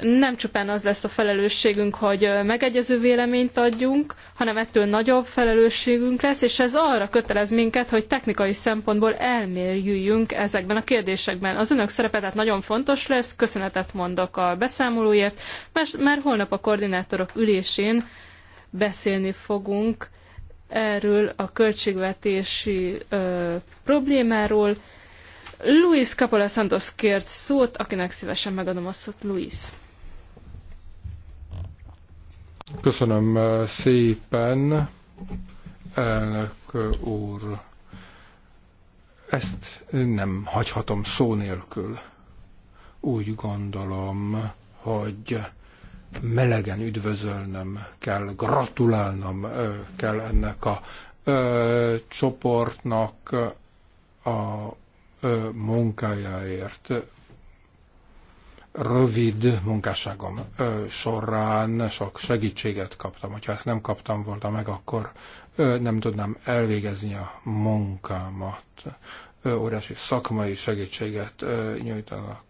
nem csupán az lesz a felelősségünk, hogy megegyező véleményt adjunk, hanem ettől nagyobb felelősségünk lesz, és ez arra kötelez minket, hogy technikai szempontból elmérjüljünk ezekben a kérdésekben. Az önök szerepe tehát nagyon fontos lesz, köszönetet mondok a beszámolóért, mert már holnap a koordinátorok ülésén beszélni fogunk erről a költségvetési ö, problémáról. Luis Capola Santos kért szót, akinek szívesen megadom a szót, Luis. Köszönöm szépen, elnök úr. Ezt nem hagyhatom szó nélkül. Úgy gondolom, hogy melegen üdvözölnöm kell, gratulálnom kell ennek a ö, csoportnak a ö, munkájáért. Rövid munkásságom ö, során sok segítséget kaptam. Ha ezt nem kaptam volna meg, akkor ö, nem tudnám elvégezni a munkámat. Ö, óriási szakmai segítséget ö, nyújtanak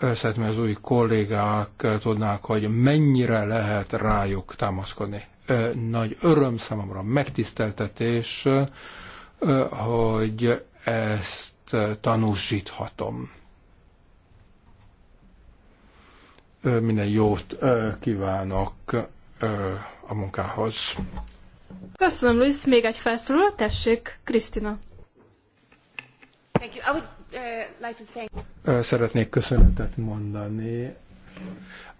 szeretném, az új kollégák tudnák, hogy mennyire lehet rájuk támaszkodni. Nagy öröm számomra, megtiszteltetés, hogy ezt tanúsíthatom. Minden jót kívánok a munkához. Köszönöm, Luis. Még egy felszólaló. Tessék, Krisztina. Thank you. I would Szeretnék köszönetet mondani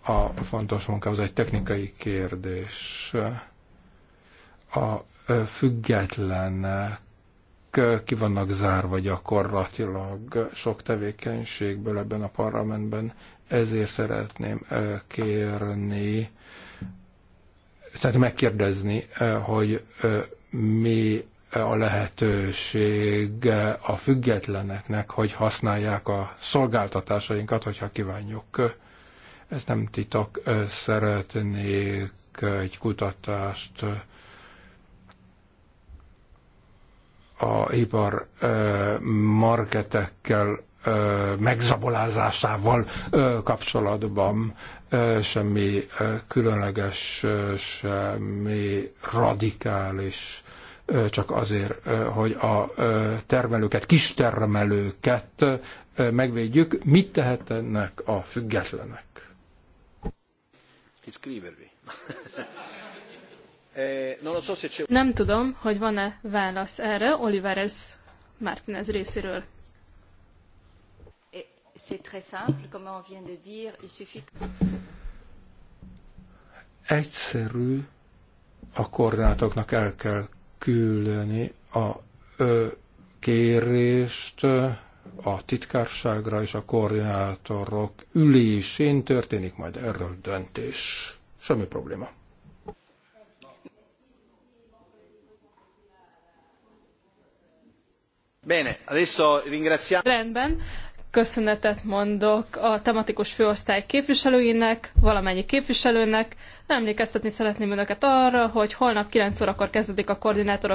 a fontos munkához egy technikai kérdés. A függetlenek ki vannak zárva gyakorlatilag sok tevékenységből ebben a parlamentben, ezért szeretném kérni, szeretném megkérdezni, hogy mi a lehetőség a függetleneknek, hogy használják a szolgáltatásainkat, hogyha kívánjuk. Ez nem titok, szeretnék egy kutatást a ipar marketekkel megzabolázásával kapcsolatban semmi különleges, semmi radikális csak azért, hogy a termelőket, kistermelőket megvédjük. Mit tehetnek a függetlenek? Eh, Nem tudom, hogy van-e válasz erre Olivares Martinez részéről. Eh, Egyszerű, a koordinátoknak el kell küldeni a kérést a titkárságra és a koordinátorok ülésén történik majd erről döntés. Semmi probléma. Bene, adesso ringraziamo. Rendben, köszönetet mondok a tematikus főosztály képviselőinek, valamennyi képviselőnek. Emlékeztetni szeretném önöket arra, hogy holnap 9 órakor kezdődik a koordinátorok